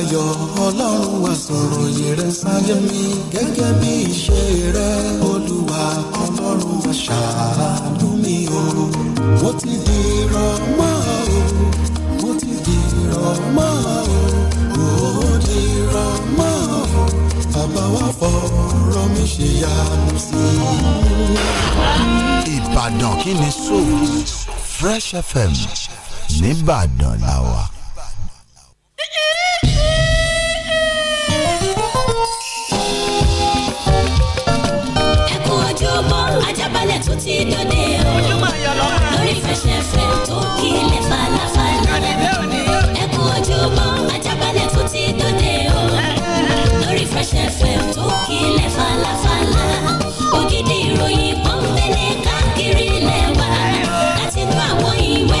ayọ̀ ọlọ́run wa sọ̀rọ̀ yìí rẹ sáyé mi gẹ́gẹ́ bí ìṣe rẹ olúwa ọlọ́run wa ṣàánú mi o mo ti di rọmọ o mo ti di rọmọ o mo di rọmọ o bàbá wa fọ̀rọ̀ mi ṣe yanu sí i. Ìbàdàn kí ni sọ Fresh FM nìbàdàn làwà. Fresh FM tó kílẹ̀ falafala. ẹ kú ojúmọ́ ajábalẹ̀ tó ti dòde o. lórí falafala. ògidì ìròyìn kan fẹ́lẹ̀ káàkiri lẹ́wà. láti nú àwọn ìwé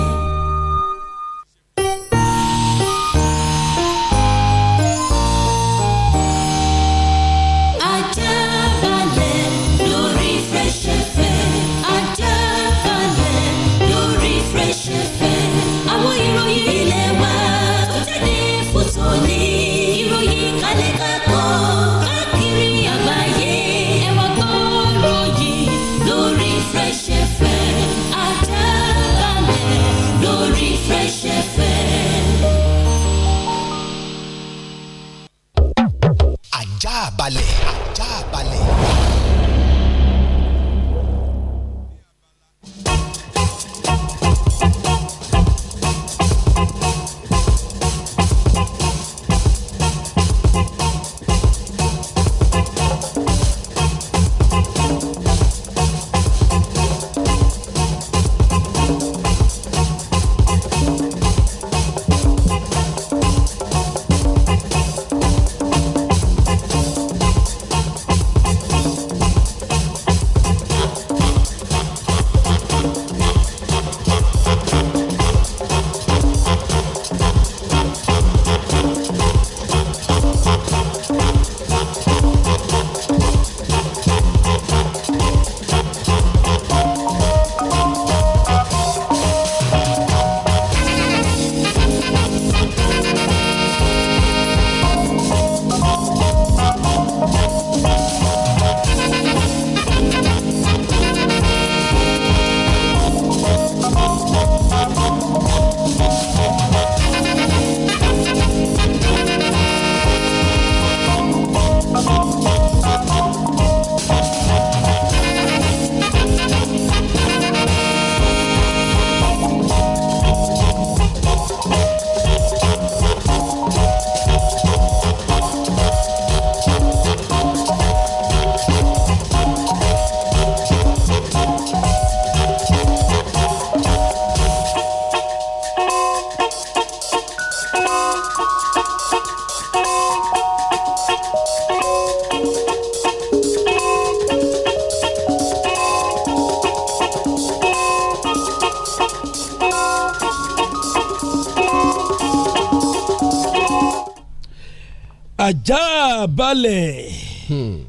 olè hmm.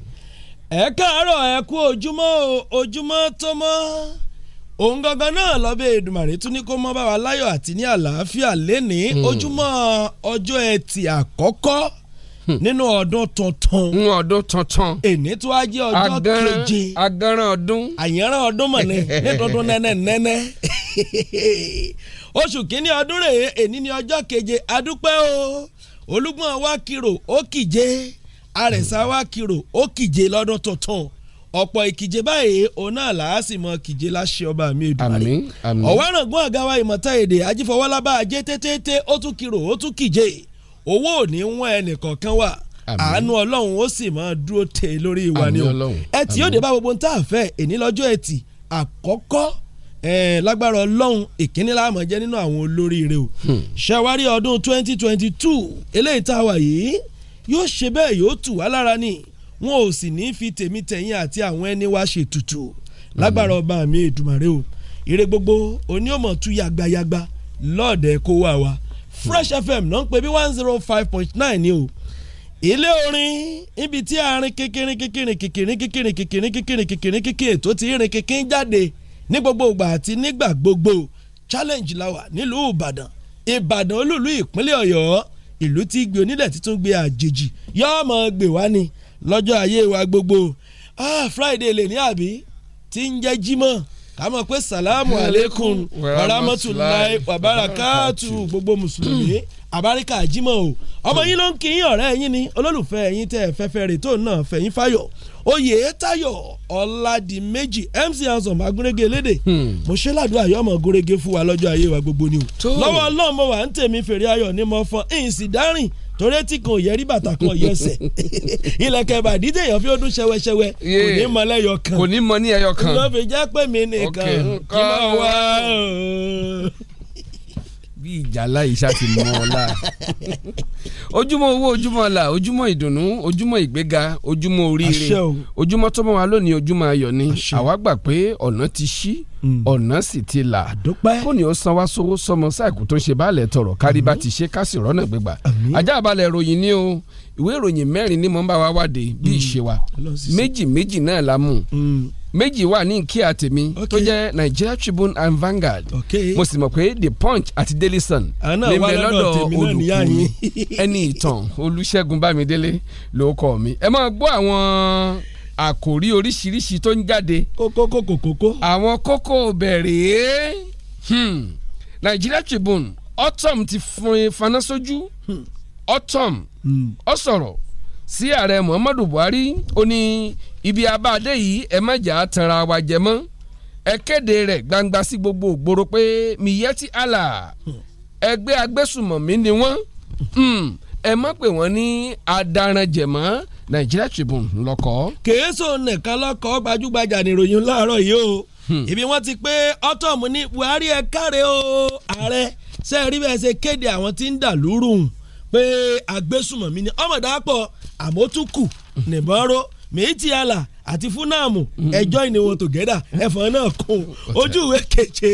ẹ káàárọ̀ ẹ kú tó mọ òun gangan náà lọ́bẹ̀ Èdùmàrè tún ní kó bá wa láyọ àti ní àlàáfíà hmm. ojúmọ ọjọ́ ẹtì àkọ́kọ́ hmm. nínú ọdún tuntun. nínú ọdún tuntun. èní tó ọjọ́ keje. agaran ọdún. ọdún mọ̀ ni ní nẹ́nẹ́ nẹ́nẹ́. oṣù kínní keje adúpẹ́ o olúgbọ́n wa kiro ó kìje àrẹ̀sà wa kiro ó kìje lọ́dún tuntun ọ̀pọ̀ ìkìje báyìí òun náà làá sì mọ kìje láṣẹ ọba mi Èdùmàrè ọ̀wọ́ ẹ̀rọ̀gbọ́n àgáwá ìmọ̀ta èdè ajífọwọ́lábá ajé tètè ó tún kiro ó tún kìje owó ò ní wọ́n ẹnìkọ̀ọ̀kan wà àánú ọlọ́run ó sì máa dúró tè lórí ìwà ni o ẹtì yóò dé bá gbogbo nta àfẹ́ èní lọ́jọ́ ẹtì àkọ́kọ́ lágbára ọlọ́run ìkíní láàmú jẹ́ nínú àwọn olóríire o hmm. ṣàwárí ọdún twenty twenty two eléyìí tá a wà yìí yóò ṣe bẹ́ẹ̀ yóò tù wá lára ni wọn ò sì ní fi tèmi tẹ̀yìn àti àwọn ẹni wa ṣètùtù lágbára ọba mi Èdùmàrè o ire gbogbo oníyọ̀mọ̀ tú yagbayagba lọ́ọ̀dẹ̀ kó wà wá Fresh FM náà ń pè bí one zero oh five point nine ni o ilé orin ibi tí àárín kékeré kékeré kékeré kékeré kékeré kékeré kékeré kékeré tó ti rìn kékeré jáde ní gbogbo ìgbà àti nígbà gbogbo challenge la wà nílùú Ìbàdàn Ìbàdàn olúlu ìpínlẹ̀ Ọ̀yọ́ ìlú tí gbé onílẹ̀ títún gbé àjèjì yọ́ọ́ mọ̀ gbé wá ni lọ́jọ́ ayé wa gbogbo ah Friday lè ní àbí tí ń jẹ́ Jímọ̀ ká mọ̀ pé salamu aleykum warahmatulahi wabarakatu gbogbo mùsùlùmí abarika ajima o ọmọ yín ló ń kí ọrẹ ọ̀rẹ́ yín ni olólùfẹ́ yín tẹ́ fẹ́fẹ́ rè tó náà fẹ̀yìn fáyọ̀ Oyètáyọ̀ Ọládìméjì MC Anson agúnrégé elédè hmm. mo ṣe ládùúgbò àyọ̀mọ̀ gúnrégé fún wa lọ́jọ́ ayé wa gbogbo ni o lọ́wọ́ ọlọ́mọ wa ń tèmi fèrè ayọ̀ ní mo fọ́n ìsìndárìn torí tí kan ò yẹ rí bàtà kan yẹ ẹsẹ̀ ilẹ̀kẹ̀ ìbàdí téèyàn fi ọdún ṣẹwẹṣẹwẹ kò ní mọ lẹ́yọ kan kò ní mọ ní ẹyọ kan ló fi jẹ́ pé mi nìkan kí ló wá bí ìjàlá yìí ṣáàtì mọ ọ la ojúmọ́ owó ojúmọ́ ọlà ojúmọ́ ìdùnnú ojúmọ́ ìgbéga ojúmọ́ oríire ojúmọ́ tó mọ́ wa lónìí ojúmọ́ ayọ̀ ni àwa gbà pé ọ̀nà ti ṣí Mm. ọ̀nà sì ti là kó ní ó san wá sówó sọmọ sáìkù tó ṣe báàlẹ̀ tọrọ kárí mm-hmm. ti ṣe ká rọ́nà gbégbà ajá balẹ̀ ròyìn ní o ìwé ìròyìn mẹ́rin ni mo ń bá wa wáde bí mm. ìṣe wa méjì méjì náà la mú mm. méjì wà ní nkí àtẹ̀mí tó jẹ́ Nigeria Tribune and Vanguard mo sì mọ̀ pé The Punch àti Daily Sun lè mẹ́ lọ́dọ̀ olùkú ẹni ìtàn Olúṣẹ́gun Bámidélé ló kọ́ mi ẹ máa gbọ́ àwọn àkòrí oríṣiríṣi tó ń jáde. kókó kókó kókó. àwọn kókó bẹ̀rẹ̀ hmm. Nigeria Tribune autumn ti faná sójú hmm. autumn hmm. ó sọ̀rọ̀ sí ààrẹ Muhammadu Buhari ó ní ibi abáadé yìí ẹ má jà á tanra wa jẹ mọ́ ẹ kéde rẹ̀ gbangba sí gbogbo ògbóró pé miyeti Allah ẹgbẹ́ agbésùmọ̀mí ni wọ́n. Hmm ẹ má pè wọ́n ní adaranjẹ̀mọ́ Nigeria Tribune lọ́kọ́. kèésò nìkan lọ́kọ́ gbajúgbajà nìròyìn láàárọ̀ yìí o hmm. ibi wọ́n ti pé ọ́tọ̀mù ní Buhari ẹ káre o ààrẹ ṣe rí bẹ́ẹ̀ ṣe kéde àwọn tí ń dà lúrù pé agbésùmọ̀mí ni ọmọdàpọ̀ àmótúkù hmm. nìbọ̀rọ̀ méjì àlà àti fúnàmù hmm. ẹjọ́ ìníwọ̀n tògẹ́dà ẹ̀fọn náà kún ojú ìwé keje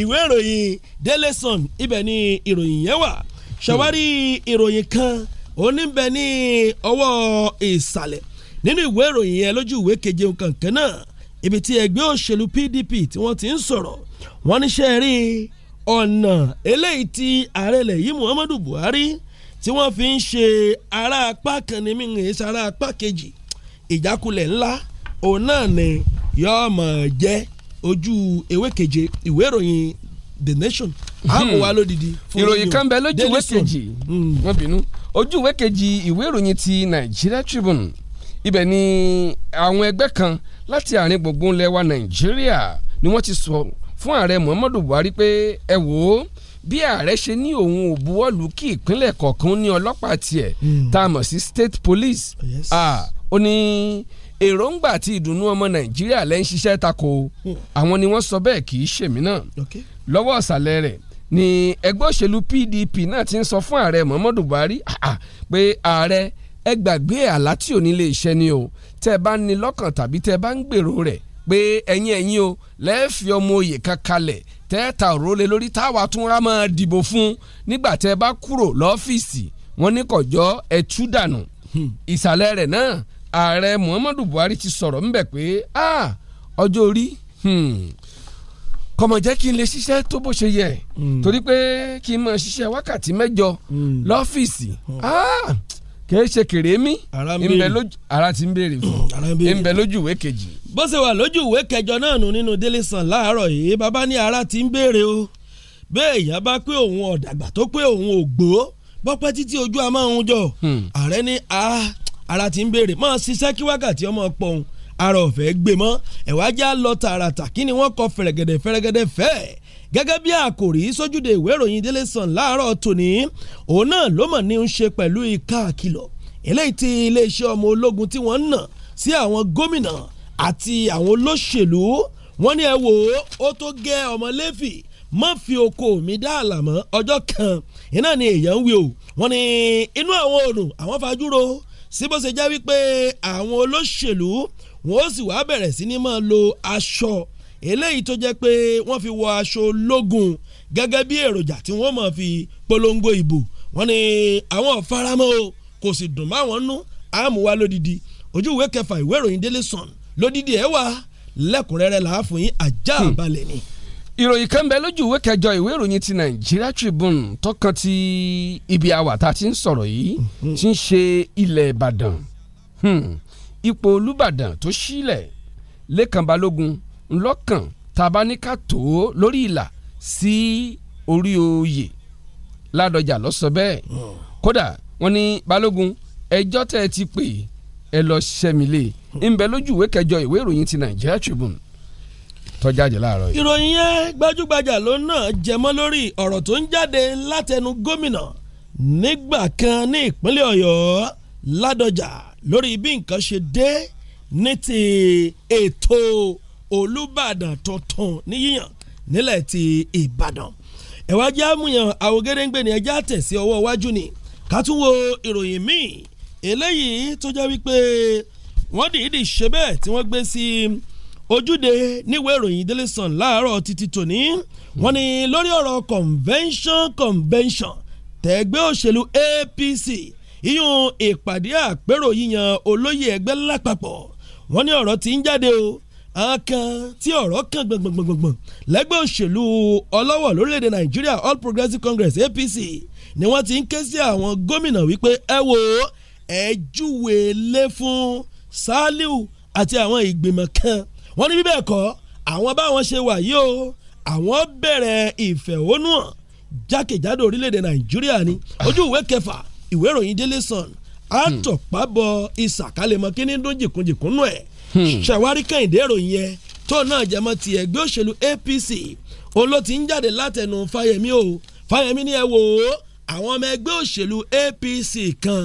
ìwé ìròyìn Daily Sun ibẹ̀ ni ìròyìn yẹn wà ṣàwárí ìròyìn kan oníbẹ ní ọwọ́ ìsàlẹ̀ nínú ìwé ìròyìn yẹn lójú ìwé keje kankan náà ibi tí ẹgbẹ́ òṣèlú PDP tí wọ́n ti ń sọ̀rọ̀ wọ́n níṣẹ́ rí ọ̀nà eléyìí tí ààrẹ ilẹ̀ yìí Muhammadu Buhari tí wọ́n fi ń ṣe ara apá kan ní mímu èyí sara apá kejì ìjákulẹ̀ ńlá òun náà ni yọ́ọ̀mọ̀ jẹ́ ojú ewé keje ìwé ìròyìn the nation. a kò wá lódìdí. ìròyìn kan bẹ lójú ìwé kejì wọn hmm. bínú ojú ìwé kejì ìwé ìròyìn ti Nigeria Tribune ibẹ̀ ni àwọn ẹgbẹ́ kan láti àárín gbùngbùn lẹwa Nàìjíríà ni wọ́n ti sọ fún ààrẹ Muhammadu Buhari pé ẹ wò ó bí ààrẹ ṣe ní òun ò buwọ́lù kí ìpínlẹ̀ kọ̀ọ̀kan ní ọlọ́pàá tiẹ̀ hmm. tá a mọ̀ sí state police ó ní èròǹgbà àti ìdùnnú ọmọ Nàìjíríà lẹ́ ń ṣiṣẹ́ tako hmm. àwọn ni wọ́n sọ bẹ́ẹ̀ kì í ṣèmi náà lọ́wọ́ ọ̀sàlẹ̀ rẹ̀ ni ẹgbẹ́ òṣèlú PDP náà ti ń sọ fún ààrẹ Muhammadu Buhari pé ààrẹ ẹ gbàgbé àlá tí ò ní lè ṣẹ ni o tẹ́ ẹ bá ní lọ́kàn tàbí tẹ́ ẹ bá ń gbèrò rẹ̀ pé ẹ̀yin ẹ̀yin o lẹ́ẹ̀fì ọmọ oyè kan kalẹ̀ tẹ́ ẹ ta òró lé lórí táwa tún rá máa dìbò fún nígbà tẹ́ ẹ bá kúrò lọ́fíìsì wọn ní kọjọ́ ẹ tú dànù hmm. ìsàlẹ̀ rẹ̀ náà ààrẹ Muhammadu Buhari ti sọ̀rọ̀ ńbẹ̀ pé ọjọ́ orí hmm, kọmọ jẹ́ kí n lè ṣiṣẹ́ tó bó ṣe yẹ hmm. torí pé kí n mọ̀ ṣiṣẹ́ wákàtí mẹ́jọ hmm. lọ́fíìsì hmm. ah! kì í ṣe kèrè mí ara ti ń béèrè fún ìbẹ̀ lójú ìwé kejì. bó ṣe wà lójú ìwé kẹjọ náà nù nínú Daily Sun láàárọ̀ yìí bàbá ní ara ti ń béèrè o bẹ́ẹ̀ èèyàn bá pé òun ọ̀dàgbà tó pé òun ò gbó bọ́pẹ́ títí ojú àmọ́ jọ ààrẹ ní ah, ara ti ń béèrè mọ́ ṣiṣẹ́ kí wákàtí ọmọ pọ̀ òun ara ọ̀fẹ́ gbé mọ́ ẹ̀wájá lọ tààràtà kí ni wọ́n kọ fẹ̀rẹ̀gẹ̀dẹ̀ fẹ̀rẹ̀gẹ̀dẹ̀ fẹ́ẹ̀ gẹ́gẹ́ bí àkòrí sójúde ìwé ìròyìn délé sàn láàárọ̀ tòní òun náà ló mọ̀ ní ń ṣe pẹ̀lú ìka àkìlọ̀ eléyìí tí iléeṣẹ́ ọmọ ológun tí wọ́n ń nà sí àwọn gómìnà àti àwọn olóṣèlú wọ́n ní ẹ wò ó ó tó gẹ́ ọmọ lẹ́fì má fi oko mi dá àlàmọ́ ọjọ́ kan iná ni èèyàn ń wí o wọ́n ní inú àwọn òòrùn àwọn fajúro síbó ṣe jẹ́ wípé àwọn olóṣèlú wọ́n ó sì wá bẹ̀rẹ̀ sí ní máa lo aṣọ eléyìí tó jẹ́ pé wọ́n fi wọ aṣọ ológun gẹ́gẹ́ bí èròjà tí wọ́n máa fi polongo ìbò wọ́n ní àwọn faramọ́ o kò sì dùn má wọn nú àmúwá lódìdí ojú kẹfà ìwé ìròyìn Daily Sun lódìdí ẹ̀ wá lẹ́kùnrẹ́rẹ́ làá fún yín ajá hmm. balẹ̀ ni. ìròyìn kan bẹ lójú ìwé kẹjọ ìwé ìròyìn ti Nigeria Tribune tọkàn ti ibi àwàtà ti ń sọ̀rọ̀ yìí hmm. ti ń ṣe ilẹ̀ Ìbàdàn. Hmm ipò olùbàdàn tó sílẹ̀ lẹ́kàn balógun ńlọ́kàn tabaníkà tó lórí ìlà sí orí oyè ládọjà ló sọ bẹ́ẹ̀ kódà wọ́n ní balógun ẹjọ́ tẹ́ ẹ ti pè ẹ lọ sẹ́milé e. ńbẹ lójú ìwé kẹjọ ìwé ìròyìn ti Nigeria Tribune tó jáde láàárọ̀ yìí. ìròyìn yẹn gbajúgbajà ló náà jẹmọ́ lórí ọ̀rọ̀ tó ń jáde látẹnu gómìnà nígbà kan ní ìpínlẹ̀ Ọ̀yọ́ ládọjà lórí bí nǹkan ṣe dé ní ti ètò Olúbàdàn tuntun ní yíyàn nílẹ̀ ti Ìbàdàn ẹ̀wájú àmúyàn àwògedengbe ni ẹjẹ́ àtẹ̀sí ọwọ́ iwájú ni ká tún wo ìròyìn míì eléyìí tó jẹ́ wípé wọ́n dìídì ṣe bẹ́ẹ̀ tí wọ́n gbé sí ojúde níwèé ìròyìn Daily Sun láàárọ̀ títí tòní wọ́n ní lórí ọ̀rọ̀ convention convention tẹ̀gbẹ́ òṣèlú APC iyún ìpàdé àpérò yíyan olóyè ẹgbẹ́ lápapọ̀ wọ́n ní ọ̀rọ̀ tí ń jáde o àwọn kan tí ọ̀rọ̀ kan gbọ̀ngbọ̀ngbọ̀ngbọ̀n lẹ́gbẹ́ òṣèlú ọlọ́wọ̀ lórílẹ̀‐èdè nàìjíríà all progressives congress apc ni wọ́n ti ń ké sí àwọn gómìnà wípé ẹ wo ẹ júwe lé fún saliu àti àwọn ìgbìmọ̀ kan wọ́n ní bíbẹ̀ kọ́ àwọn báwọn ṣe wà yìí o àwọn bẹ̀rẹ̀ ìfẹ̀hónúhàn jákèjádò orílẹ̀‐èdè nàìjíríà ni ojú ìwé kẹfà ìwé ìròyìn Daily Sun àtọ̀pábọ̀ ìsàkálẹ̀mọ́ kíní dún jìkúnjìkún nù ẹ̀ hmm. ṣàwárí kẹ́hìndé ìròyìn yẹn tó náà jẹmọ́ ti ẹgbẹ́ òṣèlú APC òun ló ti ń jáde látẹnu Fáyẹmí o Fáyẹmí ni ẹ wò ó àwọn ọmọ ẹgbẹ́ òṣèlú APC kan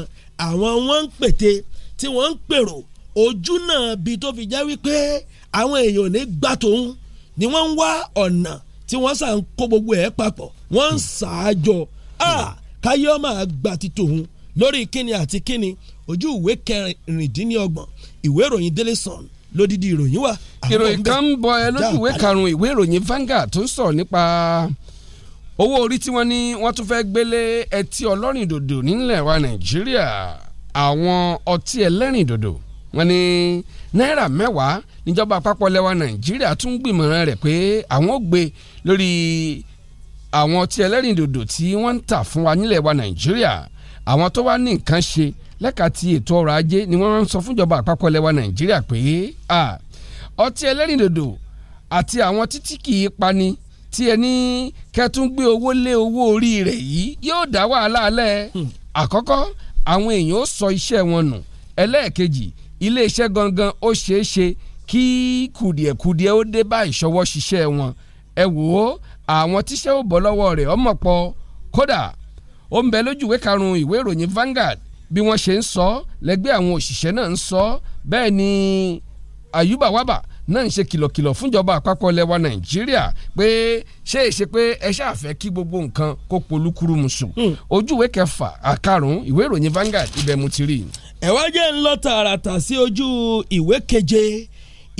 àwọn wọn ń pète tí wọ́n ń pèrò ojú náà bí tó fi jẹ́ wípé àwọn èèyàn ní gbà tóun ni wọ́n ń wá ọ̀nà tí wọ́n sàn kó gbogbo ẹ̀ papọ̀ wọ́n ń ṣàájọ. Ah, káyé ọmọ àgbà ti tòun lórí kíni àti kíni ojú ìwé kẹrìndínlọ́gbọ̀n ìwé ìròyìn Daily Sun lódìdí ìròyìn wa. ìròyìn kan ń bọ ẹ lójú ìwé karùn-ún ìwé ìròyìn Vanguard tó ń sọ̀rọ̀ nípa owó orí tí wọ́n ní wọ́n tún fẹ́ẹ́ gbélé ẹtí ọlọ́rìn dòdò nílẹ̀ wa Nàìjíríà àwọn ọtí ẹlẹ́rìn dòdò wọ́n ní náírà mẹ́wàá níjọba àpapọ̀ lẹ́wà Nàìjíríà tún gbìmọ̀ràn rẹ̀ pé àwọn ò gbé lórí àwọn tí ẹlẹ́rìndòdò tí wọ́n ń tà fún wa nílẹ̀ wa nàìjíríà àwọn tó wá ní nǹkan ṣe lẹ́ka ti ètò ọrọ̀ ajé ni wọ́n ń sọ fúnjọba àpapọ̀ ilẹ̀ wa nàìjíríà pé ọtí ẹlẹ́rìndòdò àti àwọn títí kì í pani tí ẹni kẹtún gbé owó lé owó orí rẹ̀ yìí yóò dá wàhálà alẹ́ hmm. àkọ́kọ́ àwọn èèyàn ó sọ iṣẹ́ wọn nù ẹlẹ́ẹ̀kejì iléeṣẹ́ gangan ó ṣeé kí kùdìẹ̀kùdìẹ̀ ó dé bá ìṣọwọ́ ṣiṣẹ́ wọn ẹ wò ó àwọn tíṣẹ́ ò bọ́ lọ́wọ́ rẹ̀ ọmọ pọ̀ kódà ó ń bẹ lójúwé karùn-ún ìwé ìròyìn Vanguard bí wọ́n ṣe ń sọ lẹ́gbẹ́ àwọn òṣìṣẹ́ náà ń sọ bẹ́ẹ̀ ni Ayuba Waba náà ń ṣe kìlọ̀kìlọ̀ fúnjọba àpapọ̀ lẹwa Nàìjíríà pé ṣé é ṣe pé ẹ ṣàfẹ́ kí gbogbo nǹkan kó polúkúrú musu hmm. ojúwé kẹfà àkàrùn ìwé ìròyìn Vanguard ibẹ̀ mo ti rí. ẹ wá jẹ́ ń lọ tààràtà sí ojú ìwé keje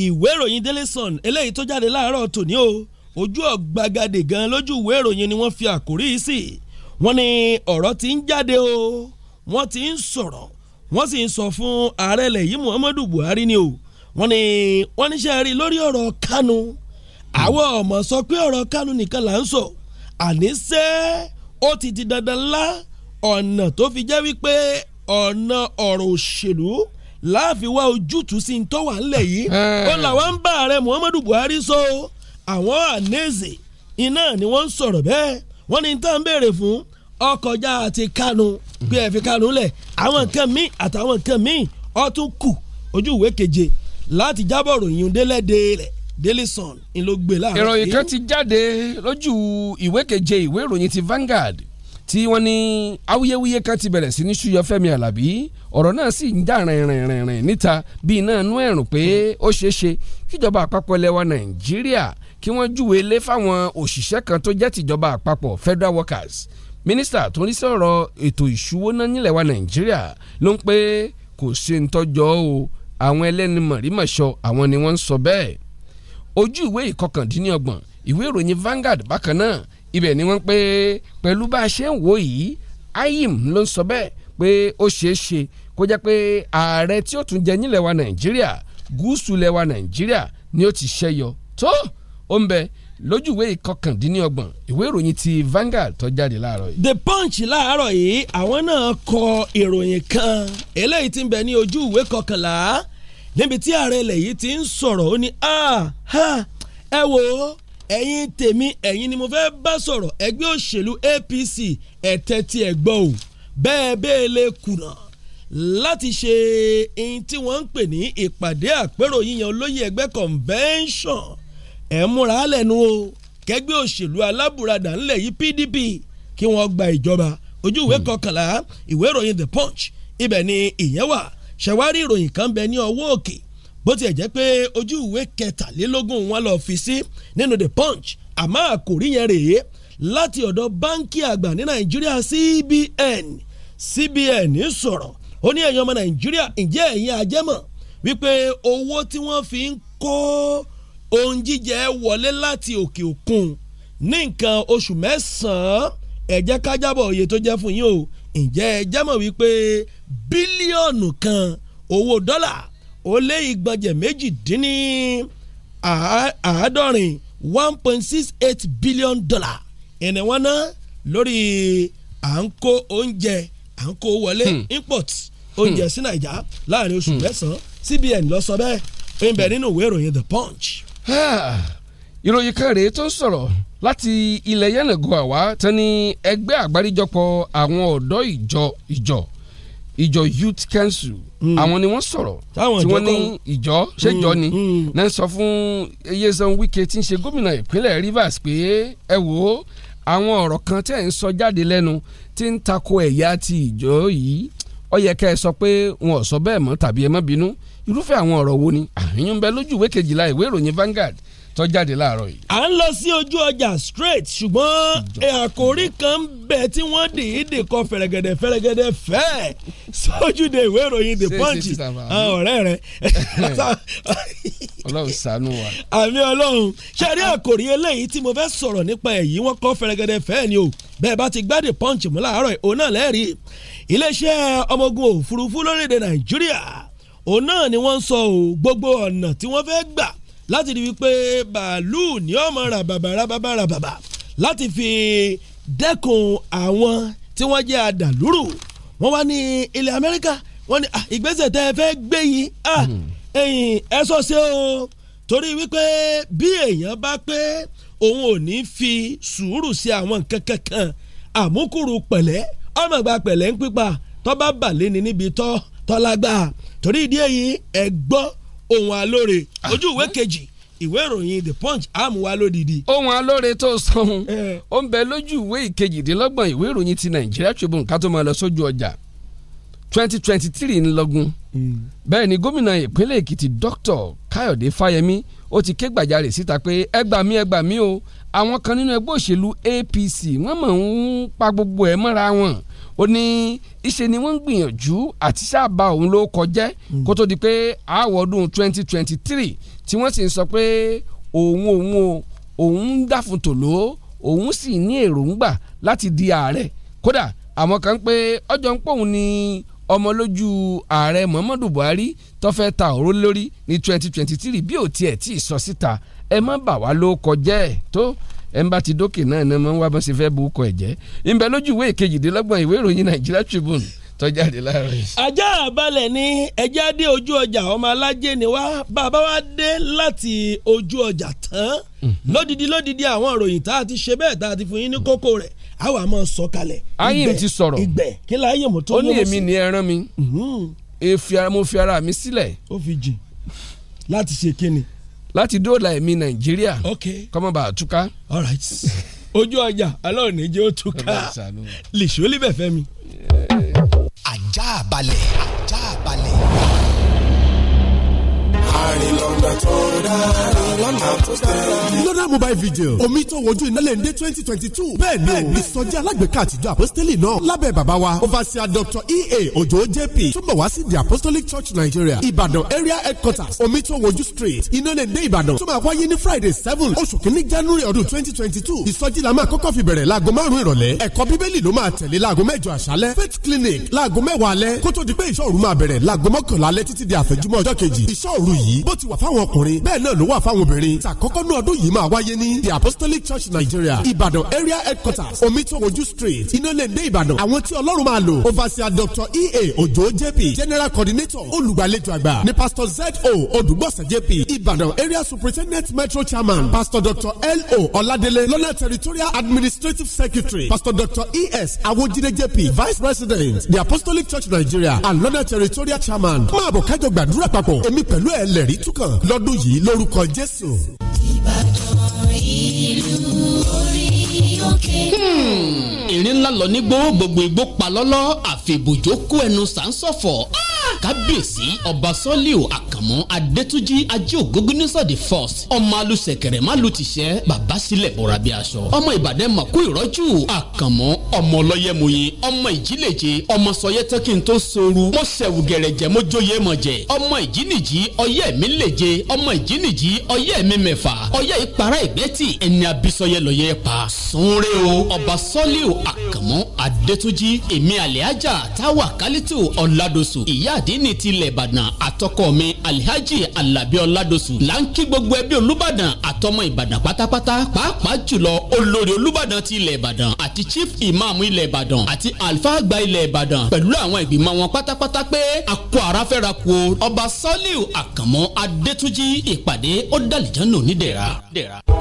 ìwé ìròyìn Daily Sun eléyìí tó jáde láàárọ̀ tòní o ojú ọ̀gbagadè gan lójú ìwé ìròyìn ni wọ́n fi àkórí yìí sí wọ́n ní ọ̀rọ̀ ti ń jáde o wọ́n ti ń sọ̀rọ̀ wọ́n sì ń sọ fún ààrẹ ilẹ̀ Muhammadu Buhari ni o wọ́n ní wọ́n níṣẹ́ rí lórí ọ̀rọ̀ Kanu àwọn ọmọ sọ pé ọ̀rọ̀ Kanu nìkan là ń sọ àníṣe ó ti di dandan lá ọ̀nà tó fi jẹ́ wípé ọ̀nà ọ̀rọ̀ òṣèlú láàfin wá ojútùú sí ń tọ́wà ńlẹ̀ yìí eh. ó làwọn ń bá ààrẹ Muhammadu Buhari sọ So, àwọn ànẹ́sì iná ni wọ́n ń sọ̀rọ̀ bẹ́ẹ̀ wọ́n ní tán béèrè fún ọkọjá àti kanu bí ẹ fi kanu lẹ̀ àwọn nǹkan míì àtàwọn nǹkan míì ọtún kù ojú ìwé keje láti jábọ̀ ròyìn délẹ́dẹ́ rẹ̀ Daily Sun ni ló gbé láàárọ̀ ìròyìn kan ti jáde lójú ìwé keje ìwé ìròyìn ti Vanguard tí wọ́n ní awuyewuye kan ti bẹ̀rẹ̀ sí ní ṣúyọ Fẹ́mi Alábí ọ̀rọ̀ náà sì ń jà rìnrìnrìn níta bíi náà nú ẹ̀rùn pé ó ṣeé ṣe kíjọba àpapọ̀ lẹwa nàìjíríà kí wọ́n júwe lé fáwọn òṣìṣẹ́ kan tó jẹ́ tìjọba àpapọ̀ federal workers minister tó ń rí sí ọ̀rọ̀ ètò ìṣúwóná nílẹ̀ wa nàìjíríà ló ń pé kò ṣe ń tọ́jọ́ o àwọn ẹlẹ́ni mọ̀rímọ̀ṣọ àwọn ni wọ́n ń sọ bẹ́ẹ̀ ojú ìwé ìkọkàndínlọ́gbọ̀n ìwé ìròyìn Vanguard bákan náà ibẹ̀ ni wọ́n pé pẹ̀lú bá a ṣe ń wò yìí ayim ló ń sọ bẹ́ẹ̀ pé ó ṣeé ṣe kó jẹ́ pé ààrẹ tí ó tún jẹ nílẹ̀ nàìjíríà gúúsù lẹwa nàìjíríà ni ó ti ṣẹyọ tó ó ń bẹ lójúwé ìkọkàndínlọ́gbọ̀n ìwé ìròyìn ti Vanguard tó jáde láàárọ̀ yìí. The Punch láàárọ̀ yìí àwọn náà kọ ìròyìn kan eléyìí ti ń bẹ ní ojú ìwé kọkànlá níbi tí ààrẹ ilẹ̀ yìí ti ń sọ̀rọ̀ ó ní ẹ wò ó ẹ̀yin tèmi ẹ̀yin ni mo fẹ́ bá sọ̀rọ̀ ẹgbẹ́ òṣèlú APC ẹ̀tẹ́ tí ẹ gbọ́ ò bẹ́ẹ̀ bẹ́ẹ̀ lè kùnà láti ṣe ihun tí wọ́n ń pè ní ìpàdé àpérò yíyan olóyè ẹgbẹ́ convention ẹ̀ múra lẹ́nu o kẹgbẹ́ òṣèlú alábùradà ńlẹ̀ yìí PDP kí wọ́n gba ìjọba ojú ìwé hmm. kọkànlá ìwé ìròyìn The Punch ibẹ̀ ni ìyẹn wà ṣẹ̀wárí ìròyìn kan bẹ ní ọwọ́ òkè bó tiẹ̀ jẹ́ pé ojú ìwé kẹtàlélógún wọn lọ fi sí nínú The Punch àmọ́ àkòrí yẹn rèé láti ọ̀dọ̀ báńkì àgbà ní Nàìjíríà CBN CBN sọ̀rọ̀ ó ní ẹ̀yin ọmọ nàìjíríà ǹjẹ́ ẹ̀yin ajẹ́mọ̀ wípé owó tí wọ́n fi ń kó ohun jíjẹ wọlé láti òkè òkun ní nǹkan oṣù mẹ́sàn-án ẹ jẹ́ ká jábọ̀ iye tó jẹ́ fún yín o ǹjẹ́ ẹ wípé bílíọ̀nù kan owó dọ́là ó lé ìgbọ̀njẹ̀ méjì dín ní àádọ́rin one point six eight billion dollar ẹni wọ́n ná lórí à ń kó oúnjẹ à ń kó wọlé hmm. import oúnjẹ hmm. sí nàìjà láàrin oṣù hmm. mẹ́sàn CBN lọ sọ bẹ́ẹ̀ ń bẹ nínú ìwé ìròyìn The Punch. ìròyìn kan rèé tó ń sọ̀rọ̀ láti ilẹ̀ yánnàgọ́ àwa tán ní ẹgbẹ́ àgbáríjọpọ̀ àwọn ọ̀dọ́ ìjọ ìjọ ìjọ youth council àwọn ni wọ́n sọ̀rọ̀ tí wọ́n ní ìjọ ṣèjọ ni náà sọ fún Nyesom Wike tí ń ṣe gómìnà ìpínlẹ̀ Rivers pé ẹ wò ó àwọn ọ̀rọ̀ kan tẹ̀ ń sọ jáde lẹ́nu tí ń tako ẹ̀yà ti ìjọ yìí ó yẹ kẹ́ ẹ sọ pé wọn ò sọ bẹ́ẹ̀ mọ́ tàbí ẹ má bínú irúfẹ́ àwọn ọ̀rọ̀ wo ni àyùnbẹ lójú ìwé kejìlá ìwé ìròyìn Vanguard tó jáde láàárọ̀ yìí. à ń lọ sí ojú ọjà straight ṣùgbọ́n àkòrí kan ń bẹ tí wọ́n dìídì kọ fẹ̀rẹ̀gẹ̀dẹ̀ fẹ̀rẹ̀gẹ̀dẹ̀ fẹ́ sójúde ìwé ìròyìn the punch ọ̀rẹ́ rẹ̀. ọlọ́run ṣàánú wa. àmì ọlọ́run ṣe rí àkòrí eléyìí tí mo fẹ́ sọ̀rọ̀ nípa èyí wọ́n kọ fẹ̀rẹ̀gẹ̀dẹ̀ fẹ́ ni o bẹ́ẹ̀ bá ti gbá the punch mú láàárọ̀ òun náà lẹ́rìí iléeṣẹ́ ọmọ ogun òfurufú lórílẹ̀ nàìjíríà òun náà ni wọ́n ń sọ gbogbo ọ̀nà tí wọ́n fẹ́ gbà láti rí wípé bàálù ní ọmọ rà bàbà rà bàbà rà bàbà láti fi dẹ́kun àwọn tí wọ́n jẹ́ àdàlúrù wọ́n wá ní ilẹ̀ Amẹ́ríkà wọ́n ní ìgbésẹ̀ tẹ́ ẹ fẹ́ gbé yìí ẹ̀yìn ẹ sọ sí o torí wípé bí èèyàn bá pé òun ò ní fi sùúrù sí àwọn nǹkan kankan àmúkúrú pẹ̀lẹ́ ọmọ ìgbà pẹ̀lẹ́ ń pípa tọ́ bá bà lé níbi tọ́ tọ́lágbá torí ìdí èyí ẹ gbọ́ ohun alóore ah. ojú ìwé kejì ìwé ìròyìn the punch àmúwá lódìdí. ohun alóore tó sọhun ó ń bẹ lójú ìwé ìkejìdínlọ́gbọ̀n ìwé ìròyìn ti nàìjíríà tribune ká tó máa lọ sójú ọjà twenty twenty three ńlọgun hmm. bẹ́ẹ̀ ni gómìnà ìpínlẹ̀ èkìtì dr káyọ̀dé fáyemí ó ti ké gbàjarè síta pé ẹ gbà mí ẹ gbà mí o àwọn kan nínú ẹgbẹ́ òṣèlú apc wọ́n mọ̀ ń pa gbogbo ẹ̀ mọ́ra wọn ó ní ìṣe ni wọ́n ń gbìyànjú àti sábà òun ló kọjẹ́ hmm. kó tó di pé àwọ̀ ọdún twenty twenty three tí wọ́n sì ń sọ pé òun òun o òun ń dàfún tòló òun sì ní èròǹgbà láti di ààrẹ kódà àwọn kan pé ọjọ́ ń pòun ni ọmọlójú ààrẹ Muhammadu Buhari tó fẹ́ ta òró lórí ní twenty twenty three bí ò tiẹ̀ tí ì sọ síta ẹ má bà wá ló kọjẹ́ tó ẹnbàtí dókè náà ni wọ́n wá bọ́n ṣe fẹ́ bu ọkọ̀ ẹ̀jẹ̀ ìbẹ̀ lójú ìwé ìkejìdínlọ́gbọ̀n ìwé ìròyìn Nigeria Tribune tó jáde láàárọ̀ yìí. ajá àbálẹ̀ ni ẹja dé ojú ọjà ọmọ alájẹ ni wá bàbá wa dé láti ojú ọjà tán mhm. lódìdí lódìdí àwọn ìròyìn tá a ti ṣe bẹ́ẹ̀ tá a ti fún yín ní kókó rẹ̀ àwa máa sọ kalẹ̀. ayim ti sọ̀rọ̀ ìgbẹ́ kí la ayim tó yẹ mọ́ sí. ó ní èmi ni ẹran mi mhm. mo fi ara mi sílẹ̀. ó fi jìn láti ṣe kíni láti dóòlà ẹ̀mí nàìjíríà kọ́mọ́ bá a túká. ojú ọjà aláwọ̀ ní jẹ́ ó túká lè ṣó lè bẹ̀ fẹ́ mi. ajá balẹ̀ ajá balẹ̀ lọ́nà mobile video. omi tó wojú ìnálẹ̀ ndé twenty twenty two bẹ́ẹ̀ ni o ìsọjí alágbèéká àtijọ́ apostoli náà lábẹ́ bàbá wa overseer doctor ea ojo jp túbọ̀ wá sí the apostolic church nigeria ìbàdàn area headquarters omi tó wojú street ìnálẹ̀ ndé ìbàdàn tó máa wáyé ní friday seven oṣù kìíní january ọdún twenty twenty two ìsọjí la máa kọ́kọ́ fi bẹ̀rẹ̀ láago márùn-ún ìrọ̀lẹ́ ẹ̀kọ́ bíbélì ló máa tẹ̀lé láago mẹ́jọ àṣálẹ́ faith clinic láago mẹ́wàá alẹ́ kó tó di pé ìṣọ́ òru máa bẹ̀rẹ̀ láago di àfẹ̀júmọ́ ọjọ́ kejì ìṣọ́ òru yìí bó ti wà fáwọn ọkùnrin bẹ́ẹ̀ náà ló wà fáwọn obìnrin tàkọ́kọ́ ní ọdún yìí máa wáyé ní the apostolic church nigeria ìbàdàn area headquarters omitowoju street inolende ìbàdàn àwọn tí ọlọ́run máa lò overseer dr ea ojo jp general coordinator olùgbàlejò àgbà ni pastor zo odùgbọ̀sẹ̀ jp ìbàdàn area superintendent metro chairman pastor dr lo ọládélé lọ́nà territorial administrative secretary pastor dr es awojide jp vice president the apostolic church nigeria and lọ́nà territorial chairman máa bọ̀ kájọ gbàdúrà papọ̀ èmi pẹ̀lú ẹ̀ lẹ́rìí ẹ̀rí túkàn lọ́dún yìí lórúkọ Jésù. Ìbàdàn ìlú orí. Hmm. ìrìn ńlá lọ nígbó gbogbo igbó pa lọ́lọ́ àfi ibùjó kó ẹnu sàǹsọ̀fọ̀ ah, kábíyèsí ọba sọ́líò àkànmú adétúnjì ajé ògógúnnísọ̀ the first ọmọ alùsẹ̀kẹ̀rẹ̀ má lu tìṣẹ́ bàbá sílẹ̀ bọ̀rọ̀ bí aṣọ ọmọ ìbàdàn màkú ìrọ́jú àkànmú ọmọ ọlọ́yẹ̀mọye ọmọ ìjìléje ọmọ sọyẹ́tẹ́ kí n tó soru mo ṣẹ̀wù gẹ̀rẹ̀jẹ̀ mo jóye mọ̀ jẹ̀ ọmọ ìjìnìjì ọyẹ́ mi léje ọmọ ìjìnìjì ọyẹ́ mi mẹ́fà ọyẹ́ ìpara ìgbẹ́tì pa sunre o. ọba sọ́líù àkànmọ́ adétúnjì èmi àlẹ́hájà táwa kálítù ọ̀làdọ̀sù ìyá àdínní tilẹ̀ ìbàdàn àtọkọ mi àlẹ́hájì alábí ọ̀làdọ̀sù là ń kí gbogbo ẹbí olùbàdàn àtọmọ ìbàdàn pátápátá pàápàá jùlọ olórí olùbàdàn ti ilẹ̀ àti chief imam ilẹ̀ ìbàdàn àti alfa àgbà ilẹ̀ ìbàdàn pẹ̀lú àwọn ìgbìmọ̀ wọn pátápátá pé akọ àràfẹ́ra kú ọba sọ́líù àkànmọ́ adétúnjì ìpàdé ó dàlìjánu nídẹ̀ra.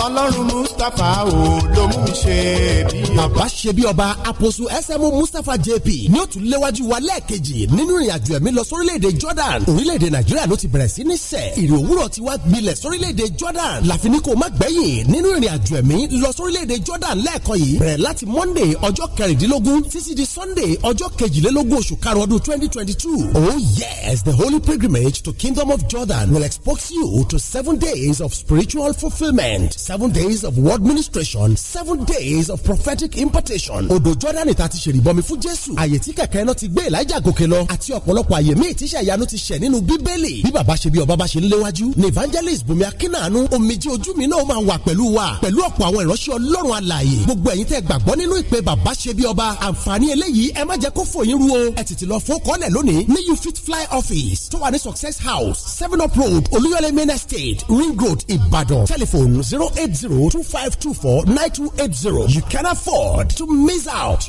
ọlọ́run mustapha ò ló mú mi ṣe jp. bàbá ṣe bí ọba àpòsù SMO Mustapha jp ní ó tún léwájú wa lẹ́ẹ̀kejì nínú ìrìnàjò ẹ̀mí lọ sórílẹ̀-èdè Jordan orílẹ̀-èdè Nàìjíríà ló ti bẹ̀rẹ̀ sí ní sẹ̀ ìrì òwúrọ̀ ti wá gbilẹ̀ sórílẹ̀-èdè Jordan láfi ní kó má gbẹ̀yìn nínú ìrìnàjò ẹ̀mí lọ sórílẹ̀-èdè Jordan lẹ́ẹ̀kan yìí bẹ̀rẹ̀ láti Monday ọjọ́ kẹrìndínlógún títí di Sunday ọjọ́ kejìlélógún oṣù karùn-ún ọdún twenty twenty two oh yes the holy pilgrimage to kingdom of Jordan will expose you to seven days of spiritual fulfilment seven days of word ministration seven days days of prophetic importation. odò Jọ́dánì ta ti ṣèrìbọmi fún Jésù àyè tí kẹ̀kẹ́ náà ti gbé Èlíjà gòkè lọ àti ọ̀pọ̀lọpọ̀ àyè míì tíṣẹ́ ìyanu ti ṣẹ̀ nínú Bíbélì bí bàbá ṣe bí ọba bá ṣe ń léwájú ni evangelist Bùnmi Akínàánú omijì ojú mi náà máa wà pẹ̀lú wa pẹ̀lú ọ̀pọ̀ àwọn ìránṣẹ́ Ọlọ́run alààyè gbogbo ẹ̀yin tẹ́ gbàgbọ́ nínú ìpè bàbá ṣe bí ọba àǹfààní eléyìí ẹ má jẹ́ kó fly office tó wà success house seven up road olúyọlé main ring road Ìbàdàn telephone zero eight zero two five two four nine two eight zero you can afford to miss out.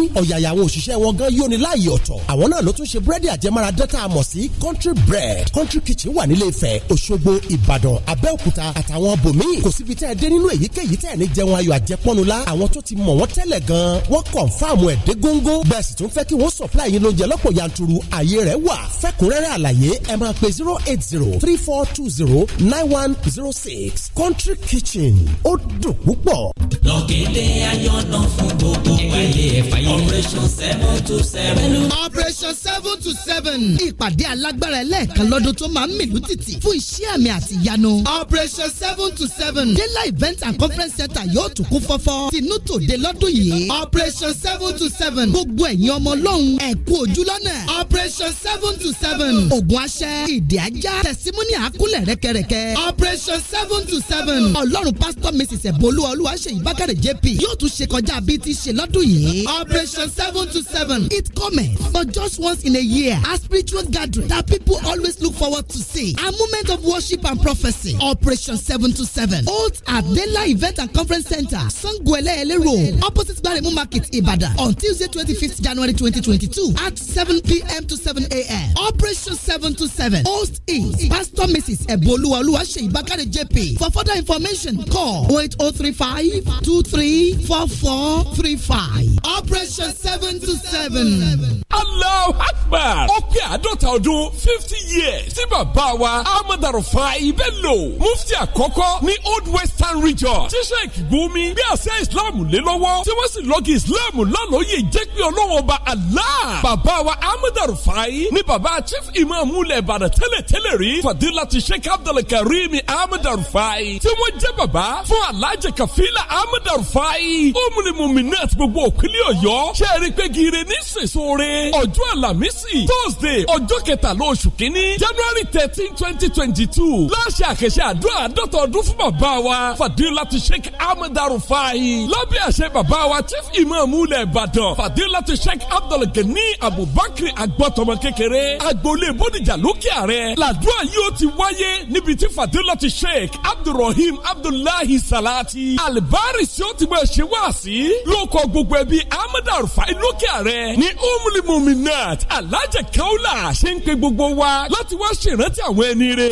ní òṣìṣẹ́ wọn gan yóni láàyè ọ̀tọ̀ àwọn náà ló tún ṣe búrẹ́dì àjẹmára dán tá sí country bread country kitchen wà nílé Ifẹ̀ Òṣogbo Ìbàdàn Abẹ́òkúta àtàwọn bòmíì kò síbi tẹ́ ẹ dé nínú èyíkéyìí tẹ́ ẹ ní jẹun ayọ̀ àjẹpọ́nu la àwọn tó ti mọ̀ wọ́n tẹ́lẹ̀ gan wọ́n kọ̀ǹfàmù ẹ̀ dé góńgó bẹ́ẹ̀ sì tún fẹ́ kí wọ́n supply yín lóúnjẹ lọ́pọ̀ yanturu ààyè rẹ̀ wà fẹ́kúnrẹ́rẹ́ àlàyé ẹ máa pe zero eight zero three four two zero nine one zero six country kitchen ó dùn púpọ̀. lọ́gẹ̀dẹ̀ ayọ̀nà fún gbogbo ẹ̀yẹ ẹ̀fà operation seven to seven. operation seven to seven ìpàdé alágbára ẹlẹ́ẹ̀kan lọ́dún tó máa ń mìlú tìtì fún iṣẹ́ àmì àti ìyanu. operation seven to seven dela event and conference center yóò tún kún fọ́fọ́ tinú tòde lọ́dún yìí. operation seven to seven gbogbo ẹ̀yin ọmọ ọlọ́run ẹ ojú lọ́nà. operation seven to seven ògùn aṣẹ ìdè ajá tẹ̀símúnì àkúnlẹ̀ rẹ́kẹrẹ́kẹ́. operation seven to seven ọlọ́run pásítọ̀ mrs ẹ̀bọ́lú olúwa ṣèyí bákàrẹ̀ jp yóò tún ṣe kọjá bíi ti ṣe lọ́dún yìí. operation Generation Seven to Seven. It comes, but just once in a year. A spiritual gathering that people always look forward to see. A moment of worship and prophecy. Operation Seven to Seven. Holds at Dela Event and Conference Center, Sangwele Ele Road, opposite Gbaremu Market, Ibadan, on Tuesday, 25th January 2022 at 7 p.m. to 7 a.m. Operation Seven to Seven. Host is Pastor Mrs. Eboluwa Oluwase Ibakare JP. For further information, call 08035 234435. Operation station seven to seven. Allahu Akbar! Ó pé àádọ́ta ọdún fifty years tí bàbá wa Amadarufa ibẹ̀ lò. Mufti àkọ́kọ́ ní Old Western Region. Tí Sheikh Gumi gbé àṣẹ Islam lé lọ́wọ́. Tí wọ́n sì lọ́gì Islam lálóye jẹ́ pé ọlọ́wọ́ ọba Allah. Bàbá wa Amadarufa ní bàbá Chief Imam Mulẹ̀ Ìbàdàn tẹ́lẹ̀tẹ́lẹ̀ rí. Fadila ti Sheikh Abdulkarim Amadarufa. Tí wọ́n jẹ́ bàbá fún Alhaji Kafila Amadarufa. Ó múni mùmí náà ti gbogbo òkèlè Ọ̀yọ́ ṣé ẹ rí i pé gire ní sèsoore. ọjọ́ àlàmísì thursday ọjọ́ kẹtàlá oṣù kínní january thirteen twenty twenty two láṣẹ àkẹṣẹ àdúrà àdọ́tọ̀ ọdún fún bàbá wa fàdílàtú sheikh ahmed arufai lábẹ́ àṣẹ bàbá wa chief imam ulẹ̀ ìbàdàn fàdílàtú sheikh abdul gani abubakar agbọ́tọmọ kékeré agboolé bódìjà lókè àrẹ làdúrà yìí ó ti wáyé níbi tí fàdílàtú sheikh abdulrahim abdullahi salati alibari tí ó ti mọ̀ ṣe wá sí lóko gbogbo ẹbí ahmed Rufai lókè àrẹ ní umri muminat alhaja kaula ṣe ń pe gbogbo wa láti wá ṣèrántí àwọn ẹni rẹ.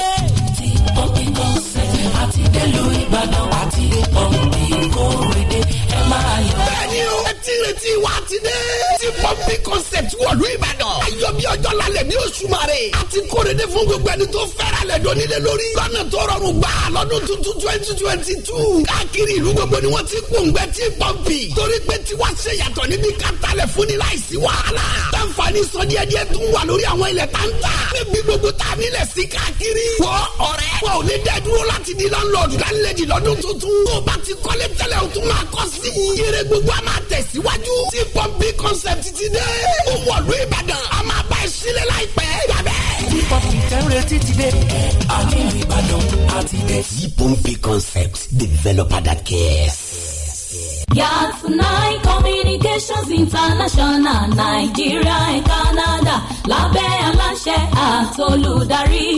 ti pọ́ńpì kọ́nsẹ̀tì àti délùú Ìbàdàn àti pọ́ńpì kórèdè ẹ máa yọ. bẹ́ẹ̀ni o retí retí wa ti dé. ti pọ́ńpì concept wọ̀lú ìbàdàn. ayọ̀ bí ọjọ́ lálẹ́ ní oṣù mare. a ti kóre dé fún gbogbo ẹni tó fẹ́ràn lẹ̀ dọ́ni lé lórí. lọ́nà tó rọrùn gbà lọ́dún tuntun twenty twenty two. káàkiri ìlú gbogbo ni wọ́n ti gbòǹgbẹ́ ti pọ́ńpì. torí pé tiwa ṣe yàtọ̀ níbi kátàlẹ̀ fúnni láìsí wàhálà. táǹfààní sọ díẹ̀ díẹ̀ tún wà lórí àwọn ilẹ̀ táǹtà. níbi gbogbo ta nílẹ̀ sí káàkiri. wọ ọ̀rẹ́ wọn ò ní dẹ́ dúró láti di lọ́nlọ́ọ̀dù lálẹ́ di lọ́dún tuntun. tó o bá ti kọ́lé tẹ́lẹ̀ o tún máa kọ́ sí i. yẹrẹ gbogbo a máa tẹ̀síwájú tí pọ́ǹpì concept ti dé. ó wọ̀lú ìbàdàn a máa bá ẹ sílẹ̀ láìpẹ́ gbàgbẹ́. tí pọ́ǹpì tẹ́rẹ̀ ti ti dé. àní ìbàdàn a ti dé. tí pọ́ǹpì concept developer that cares yat nine communications international Nigeria and canada lábẹ́ aláṣẹ àtolúdarí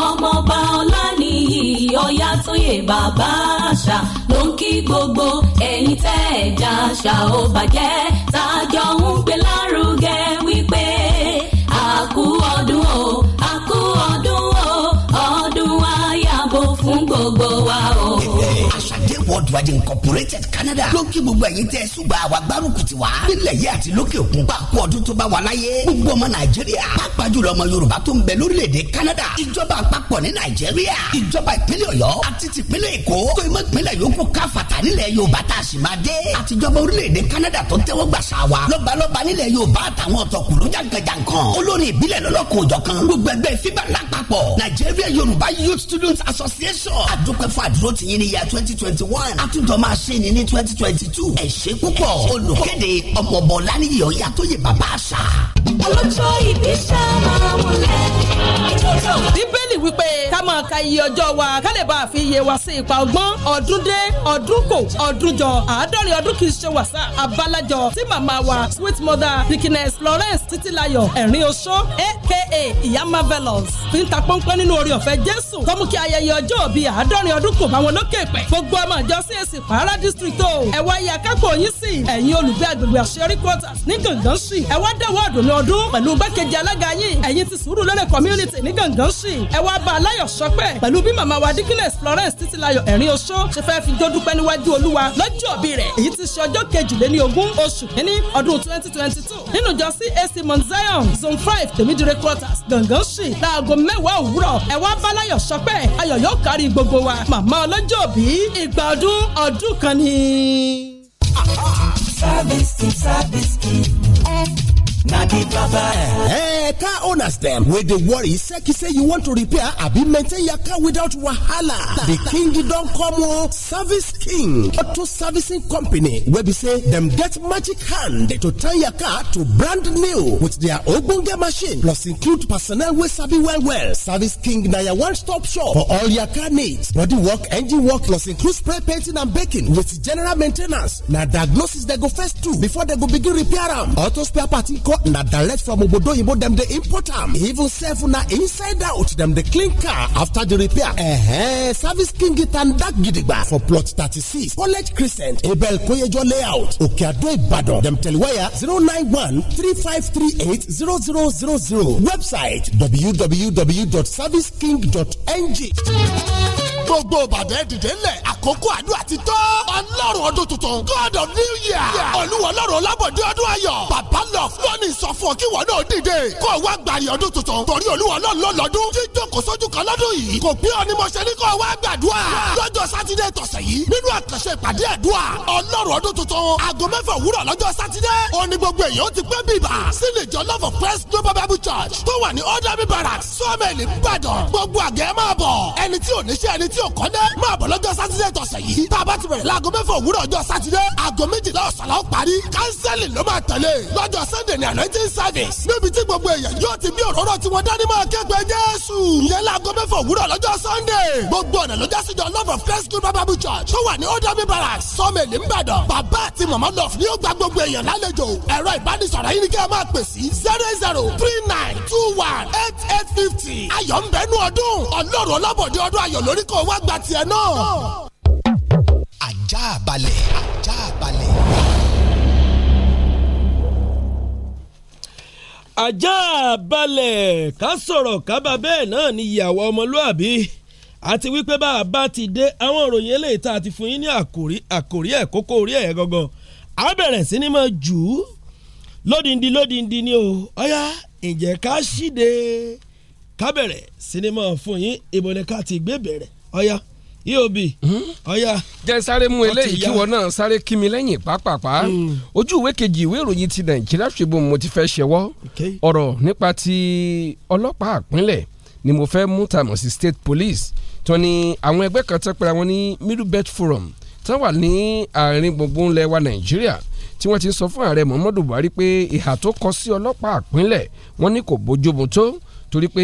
ọmọọba ọlánìyí ọ̀yàtọ̀yẹ bàbá àṣà ló ń kí gbogbo ẹ̀yin tẹ́ ẹ̀já àṣà ò bàjẹ́ tájọ ń gbé lárugẹ wí. edward incorporated canada ló ń kí gbogbo ẹ̀yin tẹ́ ṣùgbọ́n àwa gbárùkù tiwa nílẹ̀ yìí àti lókè òkun pa kú ọdún tó bá wà láyé gbogbo ọmọ nàìjíríà pàápàá jùlọ ọmọ yorùbá tó ń bẹ lórílẹ̀‐èdè canada ìjọba àpapọ̀ ní nàìjíríà ìjọba ìpínlẹ̀ ọ̀yọ́ àti tìpínlẹ̀ èkó tó ìmọ̀ ìpínlẹ̀ yòókù káfàtà nílẹ̀ yorùbá tá a sì máa dé àtijọba orílẹ̀‐èdè canada tó tẹ́wọ́ gbàṣà wa lọ́balọ́ba nílẹ̀ yorùbá àtàwọn ọ̀tọ̀kùlú jàǹkànjàǹkàn olórin ìbílẹ̀ lọ́lọ́kùnjọ̀kan gbogbo ẹgbẹ́ fíbà lápapọ̀ nàìjíríà youth students association àdúpẹ́ fún àdúró tìyín ní yà twenty àtúntò máa ṣe ni ní twenty twenty two ẹ ṣé púpọ̀ olùkéde ọmọbọ̀lá ní ìyọ̀yà tó yẹ bàbá àṣà. ọlọ́jọ́ ìbí sábà wọlé. bíbélì wípé máa ka iye ọjọ́ wa ká lè bá a fi iye wa sí ipa ọgbọ́n ọdún dé ọdún kò ọdún jọ àádọ́rin ọdún kì í ṣe wàsá abálájọ tí màmá wa sweet mother dikines Florence títílayọ̀ ẹ̀rín oṣó aka ìyá marvelous fi ń ta pọ́npọ́n nínú orí ọ̀fẹ́ Jésù tó mú kí ayẹyẹ ọjọ́ bíi àádọ́rin ọdún kò bá wọn lókè pẹ́ gbogbo ọmọ ìjọ CAC Kwara district o ẹ wá akápò yín sí ẹ̀yin olùgbé agbègbè àṣeyọrí quarters ní gàngán sí ẹ wá dẹ̀wọ́ ọdún ní ọdún pẹ̀lú gbẹ́kejì alága yín ẹ̀yin ti sùúrù lórí community ní gàngán sí ẹ wá bá aláyọ̀ ṣọ pẹ́ pẹ̀lú bí màmá wa dikines Florence Títílayọ̀ ẹ̀rín oṣó ṣe fẹ́ fi jó dúpẹ́ níwájú Olúwa lọ́jọ́ òbí rẹ̀ èyí ti ṣe ọjọ́ kejìléní ogún oṣù kínní ọdún twenty twenty two nínú ìjọ CAC Mount Zion zone five tèmídìrẹ́ quarters gangan ṣì láago mẹ́wàá òwúrọ̀ ẹ bálayọ̀ ṣọpẹ́ ayọ̀ yóò kárí gbogbo wa màmá ọlọ́jọ́ òbí ìgbà ọdún ọdún kan ni. service team service team na di baba ehh car owners dem wey dey worry seki say you want to repair abi maintain your car without wahala di king don come o service king auto servicing company wey be say dem get magic hand to turn your car to brand new with their ogbonge machine plus include personnel wey sabi well well service king na your one stop shop for all your car needs body work engine work plus include spray painting and baking with general main ten ance na diagnosis dem go first do before dem go begin repair am auto spare part in parts Okonkwo na direct from obodo oyinbo dem dey import am. Even sef na inside out dem dey clean car after the repair. Uh-huh. Service King Tandak Gidigba for plot thirty-six College Crescent Abel Koyejo layout Okeado Ibadan. Dem wire zero nine one three five three eight zero zero zero zero. Website www.serviceking.ng gbogbo ìbàdàn dìde lẹ̀ àkókò àdúrà ti tọ́ ọlọ́run ọdún tuntun god of new year olúwa ọlọ́run ọlábọ̀dé ọdún ayọ̀ bàbá lọ lónìí sọ fún ọ kí wọn náà dìde kó o wá gbàrí ọdún tuntun torí olúwa ọlọ́run lọ́dún jíjókòó sójú kan lọ́dún yìí kò pé ọ ni mo ṣe ní kó o wá gbàdúrà lọ́jọ́ sátidé tọ̀sẹ̀ yìí nínú àkànṣe ìpàdé àdúrà ọlọ́run ọdún love of christ global bible church tó wà ní ordinary barracks sọ́ọ̀mẹ̀lì ń bàdàn gbogbo àgẹ́ máa bọ̀ ẹni tí ò ní ṣe tí o kọ́ dẹ́. máa bọ̀ lọ́jọ́ sátidé tọ̀sẹ̀ yìí. tá a bá ti bẹ̀rẹ̀ láago mẹ́fà òwúrọ̀ ọjọ́ sátidé. aago méjìlá ọ̀sán la parí. kánsẹ́lì ló máa tẹ̀lé. lọ́jọ́ sunday ní anointing service. níbi tí gbogbo èèyàn yóò ti bí òróró tí wọ́n dání máa kẹ́gbẹ́ jésù. ìyẹn láago mẹ́fà òwúrọ̀ lọ́jọ́ sunday. gbogbo ọ̀nà ló ìwọ wá gbà tiẹ̀ náà. ajá balẹ̀ ajá balẹ̀. ajá balẹ̀ ká sọ̀rọ̀ kábà bẹ́ẹ̀ náà ni ìyàwó ọmọlúàbí àti wípé bá a bá ti dé àwọn òròyìn eléyìí tá a ti fún yín ní àkòrí àkòrí ẹ̀ kókó orí ẹ̀ gangan a bẹ̀rẹ̀ sí ni máa jù ú lódìndí lódìndí ni o ọ̀yá ǹjẹ́ ká ṣíde ká bẹ̀rẹ̀ sí ni máa fún yín ìbọn ni ká ti gbé bẹ̀rẹ̀ ọ̀yá eob hmm? ọ̀yá. jẹ́ sáré mú eléyìí kí wọ́n náà sáré kí mi lẹ́yìn pàápàá hmm. ojú ìwé kejì ìwé ìròyìn ti nàìjíríà Tribune mo ti fẹ́ ṣẹwọ́ ọ̀rọ̀ nípa ti ọlọ́pàá àpínlẹ̀ ni mo fẹ́ mú tàmọ̀ sí state police tó ní àwọn ẹgbẹ́ kan tẹ́ pé àwọn ní middle belt forum tán wà ní àárín gbùngbùn ilẹ̀ wa nàìjíríà tí wọ́n ti sọ fún ààrẹ muhammadu buhari pé ìhà tó kọ sí ọlọ́pàá àpínlẹ̀ wọ́n ní kò bójúmu tó torí pé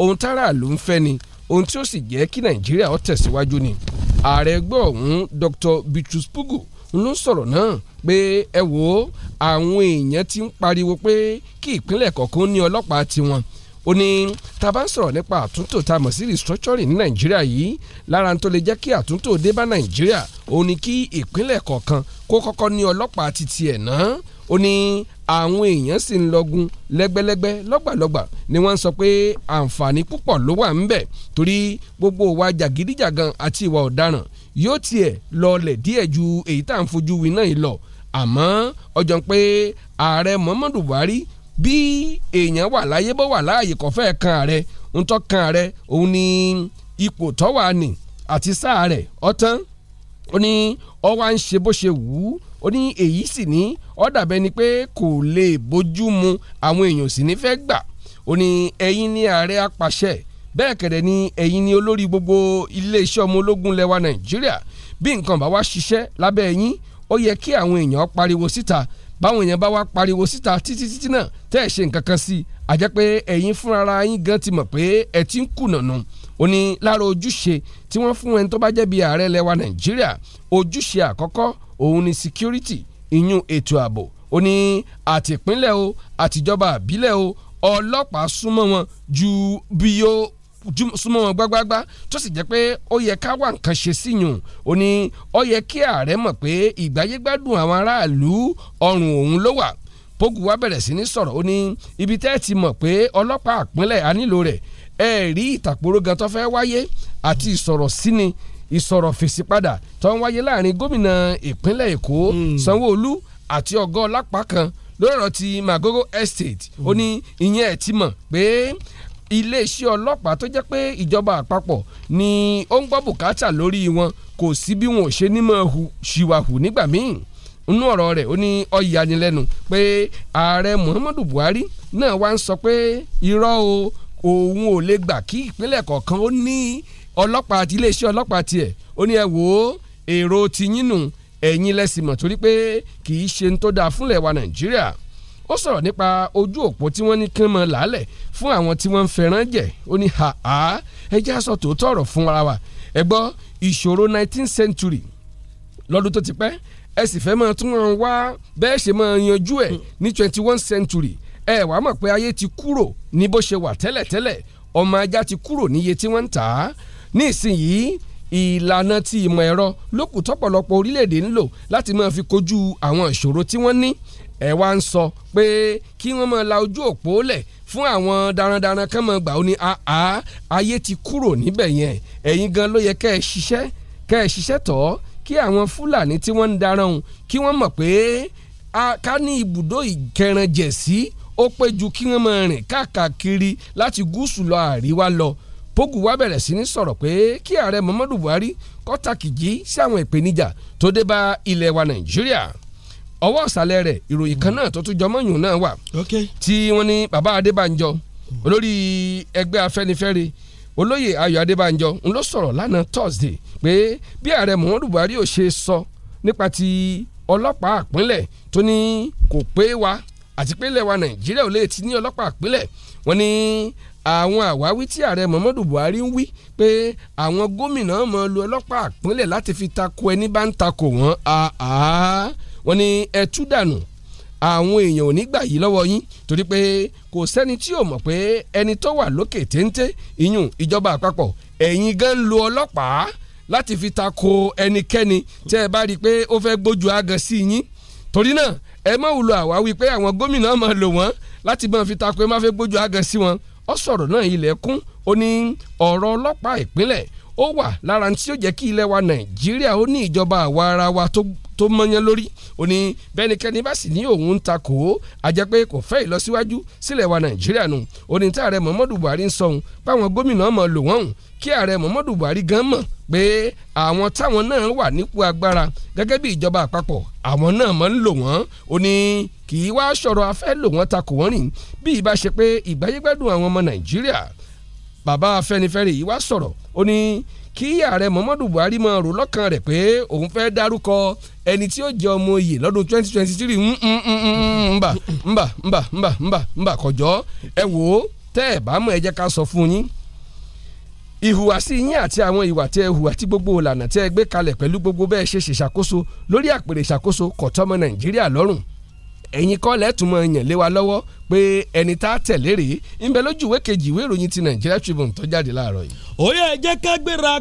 ohun tára ń fẹ́ ni ohun tí ó sì jẹ́ kí nàìjíríà ó tẹ̀síwájú ni ààrẹ ẹgbẹ́ ọ̀hún Dr. Bitrus Pugu ló sọ̀rọ̀ náà pé ẹ wo àwọn èèyàn ti ń pariwo pé kí ìpínlẹ̀ kọ̀ọ̀kan ní ọlọ́pàá tiwọn ó ní tá a bá ń sọ̀rọ̀ nípa àtúntò tá a mọ̀ sí restructuring ní nàìjíríà yìí lára tó lè jẹ́ kí àtúntò dé bá nàìjíríà ó ní kí ìpínlẹ̀ kọ̀ọ̀kan kó kọ́kọ́ ní ọlọ́pàá ti tiẹ̀ náà ó ní àwọn èèyàn sì ń lọgun lẹ́gbẹ́lẹ́gbẹ́ lọ́gbàlọ́gbà ni wọ́n ń sọ pé àǹfààní púpọ̀ ló wà ń bẹ torí gbogbo wa jàgídíjàgan àti ìwà ọ̀daràn yóò tiẹ̀ lọlẹ̀ díẹ̀ ju èyí tá à ń fojú wí náà lọ àmọ́ ọjọ́ pé ààrẹ Muhammadu Buhari bí èèyàn wà láyé bó wà láàyè kò fẹ́ kan ààrẹ ń tọ́ kan ààrẹ òun ni ipò tọ́wà nì àti sáà rẹ̀ ọ̀tán ó ní ọwọ́ à ń ṣe bó ṣe wù ú ó ní èyí sì ní ó dàbẹ́ ni pé kò lè bójú mu àwọn èèyàn sì ní fẹ́ gbà ó ní ẹ̀yin ní ààrẹ apàṣẹ bẹ́ẹ̀ kẹ̀dẹ̀ ni ẹ̀yin ní olórí gbogbo iléeṣẹ́ ọmọ ológun lẹwa nàìjíríà bí nǹkan bá wá ṣiṣẹ́ lábẹ́ ẹ̀yin ó yẹ kí àwọn èèyàn pariwo síta báwọn èèyàn bá wá pariwo síta títí títí náà tẹ́ ẹ̀ ṣe nǹkan kan sí i àjẹ́ pé ẹ̀yin fúnra yín gan ti mọ̀ pé ẹ ti ń kùnà nù ó ní lára ojúṣe tí wọ́n fún ẹni tó bá jẹ́ bí ààrẹ lẹ́wà nàìjíríà ojúṣe àkọ́kọ́ òun ni security ìyún ètò ààbò ó ní àtìpínlẹ̀ o àtìjọba àbílẹ̀ o ọlọ́pàá súnmọ́ wọn ju bí ó súnmọ́ wọn gbágbágbá tó sì jẹ́ pé ó yẹ ká wá nǹkan ṣe sí yùn ó ní ó yẹ kí ààrẹ mọ̀ pé ìgbáyégbádùn àwọn aráàlú ọrùn òun ló wà pogu wa bẹ̀rẹ̀ sí ní sọ̀rọ̀ ó ní ibi tẹ́ ẹ ti mọ̀ pé ọlọ́pàá àpínlẹ̀ a rẹ̀ ẹ rí ìtàkùrọ̀ gan tó fẹ́ wáyé àti ìsọ̀rọ̀ síni ìsọ̀rọ̀ fèsì padà tó ń wáyé láàrin gómìnà ìpínlẹ̀ èkó hmm. sanwó-olú àti ọgọ́ lápá kan lórí ti magogo estate ó ní hmm. ìyẹn ẹ̀ ti mọ̀ pé iléeṣẹ́ ọlọ́pàá tó jẹ́ pé ìjọba àpapọ̀ ni ó ń gbọ́ bùkátà lórí wọn kò sí bí wọn ò ṣe ní máa ṣìwà hù nígbà míì nínú ọ̀rọ̀ rẹ̀ ó ní ọ̀yanilẹ́nu pé ààrẹ Muhammadu Buhari náà wá ń sọ pé irọ́ o òun ò lè gbà kí ìpínlẹ̀ kọ̀ọ̀kan ó ní ọlọ́pàá àti iléeṣẹ́ ọlọ́pàá tiẹ̀ ó ní ẹ wò ó èrò tiyín nù ẹ̀yin lẹ́sìn mọ̀ torí pé kì í ṣe ń tó dáa fúnlẹ̀ wa nàìjíríà ó sọ̀rọ̀ nípa ojú òpó tí wọ́n ní kí wọ́n làálẹ̀ fún àwọn tí wọ́n ń fẹ́ràn jẹ ó ní ha ha ẹ já sọ tòótọ́ ọ̀rọ̀ fún ara wa ẹ gbọ́ ìṣòro 19th century lọ́dún tó ti pẹ́ ẹ sì fẹ́ máa tún wọn wá bẹ́ẹ̀ ṣe máa yanjú ẹ̀ ní 21st century ẹ wàá mọ̀ pé ayé ti kúrò ní bó ṣe wà tẹ́lẹ̀tẹ́lẹ̀ ọmọ ajá ti kúrò níye tí wọ́n ń tà á nísìnyìí ìlànà ti ìmọ̀ ẹ̀rọ ló kù tọ́pọ̀lọpọ̀ orílẹ̀-èdè ń lò láti máa fi kojú àwọn ìṣòro tí wọ́n ní ẹ wá ń sọ pé kí wọ́n máa la ojú òpó lẹ̀ fún àwọn darandaran kan máa gbà ó ní àá ayé ti kúrò níbẹ̀ yẹn ẹ̀yin gan ló yẹ kẹ́ ẹ ṣiṣẹ́ kẹ́ ẹ ṣiṣẹ́ tọ́ kí àwọn Fúlàní tí wọ́n ń darán kí wọ́n mọ̀ pé ká ní ibùdó ìkẹrànjẹ̀sí ó pé ju kí wọ́n máa rìn káàkiri láti gúúsù lọ àríwá lọ pogu wa bẹ̀rẹ̀ sí ní sọ̀rọ̀ pé kí ààrẹ muhammadu buhari kó tàkìjí sí àwọn ìpèníjà tó dé bá ilẹ̀ wa nàìjíríà ọwọ́ ọ̀sàlẹ̀ rẹ̀ ìròyìn kan náà tó tún jọmọ́ yùn náà wà tí wọ́n ní bàbá adébánjọ olórí ẹgbẹ́ afẹ́nifẹ́re olóyè ayọ̀ adébánjọ ń lọ sọ̀rọ̀ lánàá thursday pé bí ààrẹ muhammadu buhari ò ṣe sọ nípa ti ọlọ́pàá àpínlẹ̀ tó ní kò pé wa àti pé ilẹ̀ wa nàìjíríà ò lè ti ní ọlọ́pàá àpilẹ̀ wọ́n ní àwọn àwáwí tí ààrẹ muhammadu buhari ń wí pé àwọn gómìnà mọ lu ọlọ́pàá àpilẹ̀ láti fi tako ẹni bá ń tako wọ́n wọ́n ní ẹtú dànù àwọn èèyàn ò ní gbà yí lọ́wọ́ yín torí pé kò sẹ́ni tí ò mọ̀ pé ẹni tó wà lókè téńté iyùn ìjọba àpapọ̀ ẹ̀yin gan lo ọlọ́pàá láti fi tako ẹnikẹ́ni tẹ́ ẹ bá rí i pé ó fẹ́ gbójú agan sí yín torí náà ẹ mọ̀ wùlọ àwa wípé àwọn gómìnà máa lò wọ́n láti máa fi takò ẹ máa fẹ́ gbójú agan sí wọn ó sọ̀rọ̀ náà ilẹ̀kùn ó ní ọ̀rọ̀ ọlọ́pàá ìpínlẹ̀ ó wà lára tí ó jẹ́ kí ilẹ̀ wa nàìjíríà ó ní ìjọba àwa ara wa tó tó mọyán lórí ó ní bẹ́nikẹ́ni bá sì ní òun ń ta kò ó àjẹ́ pé kò fẹ́ ìlọsíwájú sílẹ̀ wa nàìjíríà nù ó ní tí ààrẹ muhammadu buhari ń sọ̀hún báwọn gómìnà mọ̀ lò wọ́n hùn kí ààrẹ muhammadu buhari gan mọ̀ pé àwọn táwọn náà wà nípò agbára gẹ́gẹ́ bí ìjọba àpapọ̀ àwọn náà máa ń lò wọ́n ó ní kì í wá sọ̀rọ̀ afẹ́ lò wọ́n ta kò wọ́n rìn bí ìbá ṣe pé ìgbáyégbádùn àwọn ọmọ nàìjíríà bàbá afẹ́nifẹ́re yìí wá sọ̀rọ̀ ó ní kí ààrẹ muhammadu buhari máa rò lọ́kàn rẹ̀ pé òun fẹ́ dárúkọ ẹni tí ó jẹ ọmọ oyè lọ́dún twenty twenty three nbà mm, mm, mm, nbà nbà nbà nbà nbà kọjọ́ ẹ wò ó tẹ́ ẹ bá mọ̀ ẹ jẹ́ ká sọ fún yín ìhùwàsí yín àti àwọn ìwà tí ẹ hù àti gbogbo ìlànà tí ẹ gbé kalẹ̀ pẹ̀lú gbogbo bẹ́ẹ̀ ṣe ṣèṣàkóso lórí àpèrè ìṣàkóso kò tọ́mọ nàìjíríà lọ́rùn ẹ̀yin kọ́ lẹ́tùn mọ́ yàn lé wa lọ́wọ́ pé ẹni tá a tẹ̀lé rèé ń bẹ lójú ìwé kejì ìwé ìròyìn ti Nigeria Tribune tó jáde láàárọ̀ yìí. ó yẹ ẹ jẹ́ ká gbéra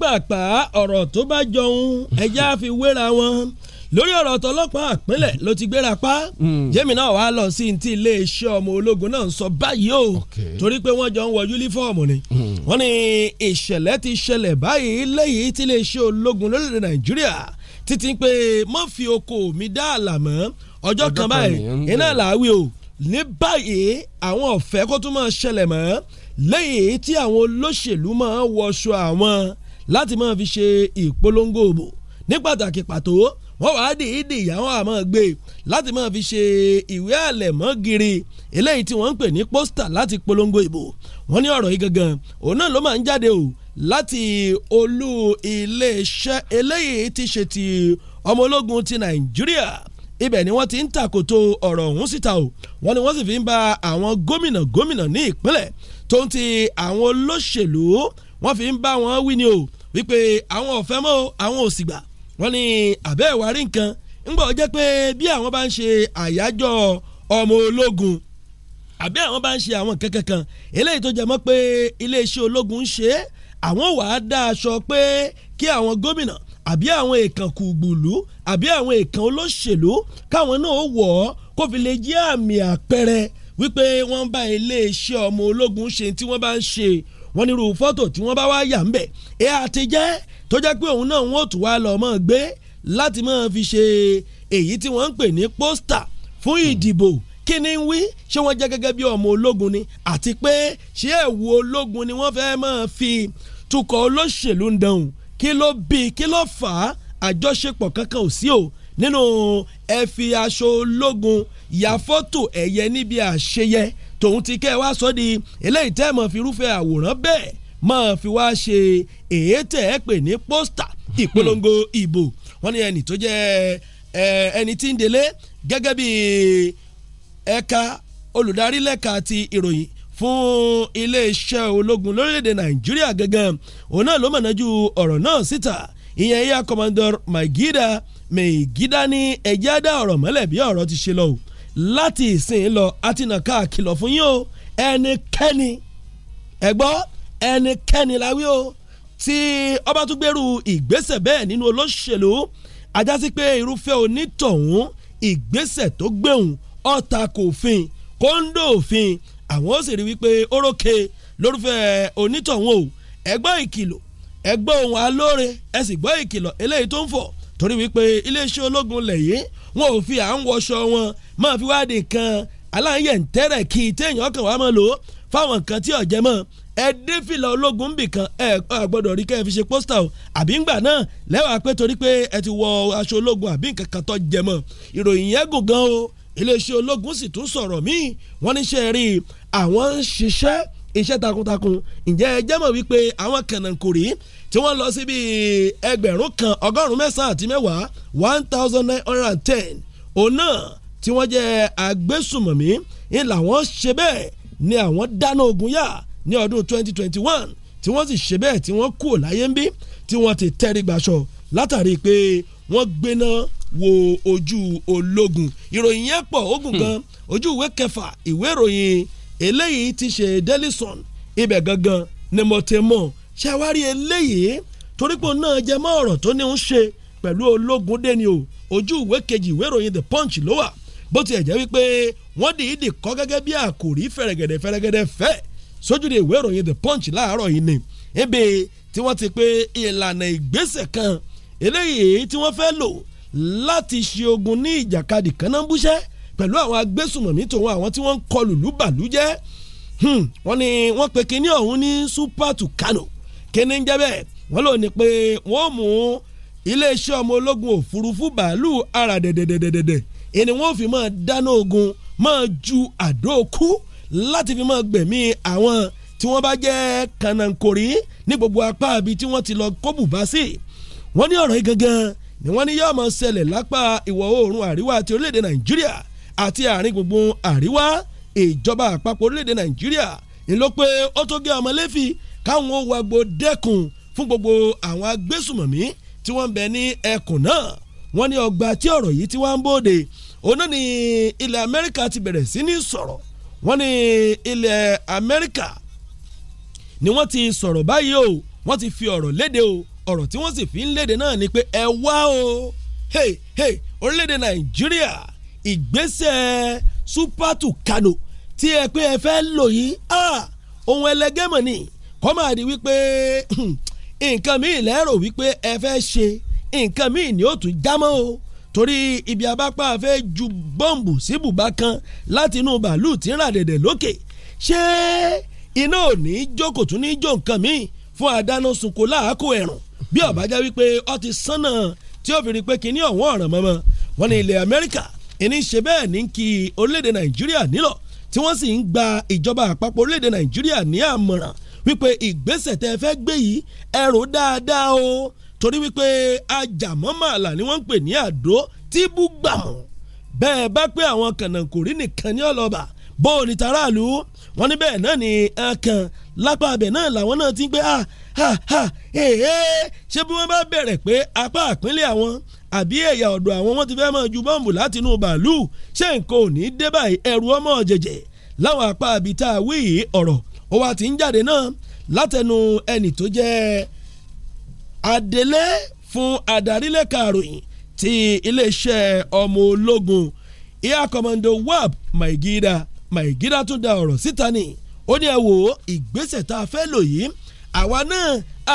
pàápàá ọ̀rọ̀ tó bá jọun ẹ jẹ́ àfi wéra wọn lórí ọ̀rọ̀ tọlọ́pàá àpínlẹ̀ ló ti gbéra pa hmm. jẹ́mi náà wàá lọ sí ti iléeṣẹ́ ọmọ ológun náà ń sọ báyìí o torí pé wọ́n jọ ń wọ yúlífọ́ọ̀mù ni hmm. wọ́n ní ìṣẹ̀lẹ̀ ti ṣẹlẹ̀ báyìí lẹ́yìn tí iléeṣẹ́ ológun lórílẹ̀ Nàìjíríà títí pé mọ́ fi oko mi dá àlà mọ́ ọjọ́ kan báyìí iná làáwí o ní báyìí àwọn ọ̀fẹ́ kó tún máa ṣẹlẹ̀ mọ́ lẹ́yìn tí àwọn olóṣèlú máa wọṣọ àwọn láti máa fi ṣe ìpolongo òbò ní pàtàkì pàtó wọ́n wàá dì í dì ìyàwó àmọ́ gbé láti máa fi ṣe ìwé àlẹ̀mọ́ gírí eléyìí tí wọ́n ń pè ní pósítà láti polongo ìbò wọ́n ní ọ̀rọ̀ yìí gangan òun náà ló máa ń jáde o láti olú iléeṣẹ́ eléyìí ti ṣe ti ọmọ ológun ti Nàìjíríà ibẹ̀ ni wọ́n ti ń tàkòtò ọ̀rọ̀ ọ̀hún síta o wọ́n ní wọ́n sì fi ń ba àwọn gómìnà gómìnà ní ìpínlẹ̀ tó ń ti àwọn olóṣèlú wọ́n fi ń bá wọn wí ni o wípé àwọn ọ̀fẹ́ mọ́ o àwọn òsìgbà wọ́n ní àbẹ́ ìwárí nǹkan ńgbọ́ jẹ́ pé bí àwọn bá ń ṣe àyájọ́ ọmọ ológun àbí àwọn bá ń ṣe àwọn kankan eléyìí tó jẹ mọ́ pé iléeṣẹ́ ológun ń ṣe àwọn wàá dá aṣọ pé kí àwọn gómìnà àbí àwọn èèkàn kùgbùlù àbí àwọn èèkàn olóṣèlú káwọn náà ó wọ̀ ọ́ kó fi lè jẹ́ àmì àpẹẹrẹ wípé wọ́n bá iléeṣẹ́ ọmọ ológun ṣe tí wọ́n bá ń ṣe wọ́n nírú fọ́tò tí wọ́n bá wá yà ń bẹ̀ ẹ àti jẹ́ tó jẹ́ pé òun náà wọ́n ò tún wá lọ mọ́ gbé láti máa fi ṣe èyí tí wọ́n ń pè ní pósítà fún ìdìbò kí ni wí ṣé wọ́n jẹ́ gẹ́gẹ́ bí ọmọ ológun ni àti pé ṣé ẹ̀wù ológun ni wọ́n fẹ́ máa fi tukọ̀ olóṣèlú ń dánwò kí ló bí kí ló fà á àjọṣepọ̀ kankan ò sí o nínú ẹ fi aṣọ ológun ya fọ́tò ẹ̀yẹ níbi àṣeyẹ tòun ti kẹ́ ẹ wá sọ di eléyìí tẹ́ ẹ mọ̀ fi irúfẹ́ àwòrán bẹ́ẹ̀ mọ̀ fi wá ṣe èyí tẹ́ ẹ pè ní pósítà ìpolongo ìbò wọ́n ní ẹni tó jẹ́ ẹni tí ń délé gẹ́gẹ́ bí ẹ̀ka olùdarí lẹ́ka ti ìròyìn fún iléeṣẹ́ ológun lórílẹ̀‐èdè nàìjíríà gangan òun náà ló mọ̀nájú ọ̀rọ̀ náà síta ìyẹn ya Commodore Maigida Maigida ní ẹjẹ́ á dá ọ̀rọ̀ mọ́lẹ̀ bí ọ̀rọ̀ ti ṣe lọ o láti ìsìn lọ àtinà káàkìlọ̀ fún yín o ẹnikẹ́ni ẹ gbọ́ ẹnikẹ́ni láwí o tí ọba tún gbèrú ìgbésẹ̀ bẹ́ẹ̀ nínú olóṣèlú ajásí pé irúfẹ́ onítọ̀hún ìgbésẹ̀ tó gbéhùn ọ̀tà kò àwọn ó sì rí wípé orókè lórúfẹ́ onítọ̀hún o ẹgbọ́n ìkìlọ̀ ẹgbọ́n ohun alóore ẹ sì gbọ́ ìkìlọ̀ eléyìí tó ń fọ̀ torí wípé iléeṣẹ́ ológun lẹ́yìn wọn ò fi à ń wọṣọ wọn máa fi wáde kan aláǹyẹ̀ ń tẹ́rẹ̀ kí téèyàn kan wá mọ́ lò ó fáwọn nǹkan tí ọ̀jẹ̀ mọ́ ẹ dé fìlà ológun ń bì kan ẹ gbọ́dọ̀ rí kẹ́ fi ṣe pósítà o àbí ń náà lẹ́wàá pé torí pé ẹ ti wọ aṣọ ológun àbí nǹkan kan tó jẹ mọ́ ìròyìn yẹn gùn gan o iléeṣẹ́ ológun sì tún sọ̀rọ̀ míì wọ́n ní ṣe rí i àwọn ń ṣiṣẹ́ iṣẹ́ takuntakun ǹjẹ́ ẹ jẹ́ mọ̀ wípé àwọn kànáńkòrí tí wọ́n lọ sí bíi ẹgbẹ̀rún kan ọgọ́rùn mẹ́sàn-án àti mẹ́wàá one thousand nine hundred and ten òun náà tí wọ́n jẹ́ agbésùmọ̀mí ń làwọn ṣe bẹ́ẹ̀ ni àwọn dáná ogun yá ní ọdún twenty twenty one tí wọ́n sì ṣe bẹ́ẹ̀ tí wọ́n kú láyé ń bí tí wọ́n ti tẹ́rí gbaṣọ látàrí pé wọ́n gbéná wo ojú ológun ìròyìn yẹn pọ̀ ogun hmm. gan ojú ìwé kẹfà ìwé ìròyìn eléyìí ti ṣe delison ibẹ̀ gangan ni mo ti mọ̀ ṣé wá rí eléyìí torípò náà jẹ mọ́ ọ̀rọ̀ tó ní ń ṣe pẹ̀lú Ológundé ni o ojú ìwé kejì ìwé ìròyìn The Punch ló wà bó ti ẹ̀ jẹ́ wípé wọ́n dìídì kọ́ gẹ́gẹ́ bí àkòrí fẹ̀rẹ̀gẹ̀dẹ̀ fẹ̀rẹ̀gẹ̀dẹ̀ fẹ́ sójúde ìwé ìròyìn The Punch láàárọ̀ yìí ni ebi tí wọ́n ti pé ìlànà ìgbésẹ̀ kan eléyìí tí wọ́n fẹ́ lò láti ṣe ogun ní ìjàkadì kan pẹ̀lú àwọn agbésùmọ̀mí tòun àwọn tí wọ́n ń kọlù lùbàlù jẹ́ hmm, wọ́n ní wọ́n pe kinní ọ̀hún ní super tucano kinní ń jẹ́ bẹ́ẹ̀ wọ́n lò ní pé wọ́n mú iléeṣẹ́ ọmọ ológun òfurufú bàálù ara dẹ̀dẹ̀dẹ̀dẹ̀dẹ̀ ẹni wọ́n fi máa dáná ogun máa ju àdó kú láti fi máa gbẹ̀mí àwọn tí wọ́n bá jẹ́ kànáńkòrí ní gbogbo apá ibi tí wọ́n ti lọ kóbù bá sí wọ́n ní ọ̀rọ̀ yìí gangan ni wọ́n ní yóò máa ṣẹlẹ̀ lápá ìwọ̀ oòrùn àríwá ti orílẹ̀-èdè Nàìjíríà àti àárín gbùngbùn àríwá ìjọba àpapọ̀ orílẹ̀-èdè nàìjíríà ńlọ pé ó tó gé ọmọ lẹ́fì káwọn ó wagbo dẹ́kun fún gbogbo àwọn agbésùmọ̀mí tí wọ́n ń bẹ ní ẹkùn náà wọ́n ní ọgbà tí ọ̀rọ̀ yìí ti wá ń bòde òun ní ilẹ̀ amẹ́ríkà ti bẹ̀rẹ̀ sí ní sọ̀rọ̀ wọ́n ní ilẹ̀ amẹ́ríkà ni wọ́n ti sọ̀rọ̀ báyìí o wọ́n ti fi ọ̀rọ̀ léde o ọ̀rọ̀ tí wọ́n sì fi ń léde náà ni pé ẹ wá o hey hey orílẹ̀-èdè nàìjíríà ìgbésẹ̀ Super Tucano tí ẹ pé ẹ fẹ́ lò yìí ohun ẹlẹgẹ́mọ̀ ni kọ́ máa di wípé nǹkan míì lẹ́rò wípé ẹ fẹ́ ṣe nǹkan míì ni ó tún jámọ́ o torí ibi abápá fẹ́ ju bọ́ǹbù sí bùbá kan láti inú bàálù tí ń rà dẹ̀dẹ̀ lókè ṣé iná ò ní jókòó tún ní jó nǹkan míì fún àdánù sunko láàkó ẹ̀rùn bí ọ̀bájá wípé ó ti sánà tí ó fi rí pé kinní ọ̀wọ́n ọ̀ràn mọ́mọ́ wọn ní ilẹ̀ Amẹ́ríkà ìní ṣe bẹ́ẹ̀ ní kí orílẹ̀-èdè nàìjíríà nílọ̀ tí wọ́n sì ń gba ìjọba àpapọ̀ orílẹ̀-èdè nàìjíríà ní àmọ̀ràn wípé ìgbésẹ̀ tẹ́ fẹ́ gbé yìí ẹ̀rù dáadáa o torí wípé ajàmọ́màlà ni wọ́n ń pè ní àdó tí bú gbàmù bẹ́ẹ̀ bá pé àwọn kànáńkòrí nìkan ní ọlọ́ba bó o ní taráàlú wọ́n ní náà ni ẹ̀kan lápá abẹ́ náà làwọn náà ti ń pé ha ah, ah, ha ah, ha eh, eh, ṣé bí wọ́n bá bẹ̀rẹ̀ pé apá àpínlẹ̀ àwọn àbí ẹ̀yà ọ̀dọ̀ àwọn wọn ti fẹ́ máa ju bọ́ǹbù láti inú bàálù ṣé nǹkan ò ní dé báyìí ẹ̀rù ọmọ jẹ̀jẹ̀ láwọn apá àbíta wíì ọ̀rọ̀ ó wá ti ń jáde náà látẹnu ẹnì tó jẹ́ adelé fún adarílẹ̀ka àròyìn ti iléeṣẹ́ ọmọ ológun air commando wap maigida maigida tún da ọ̀rọ̀ síta ni ó ní ẹ wò ìgbésẹ̀ tá a fẹ́ lò yìí àwa náà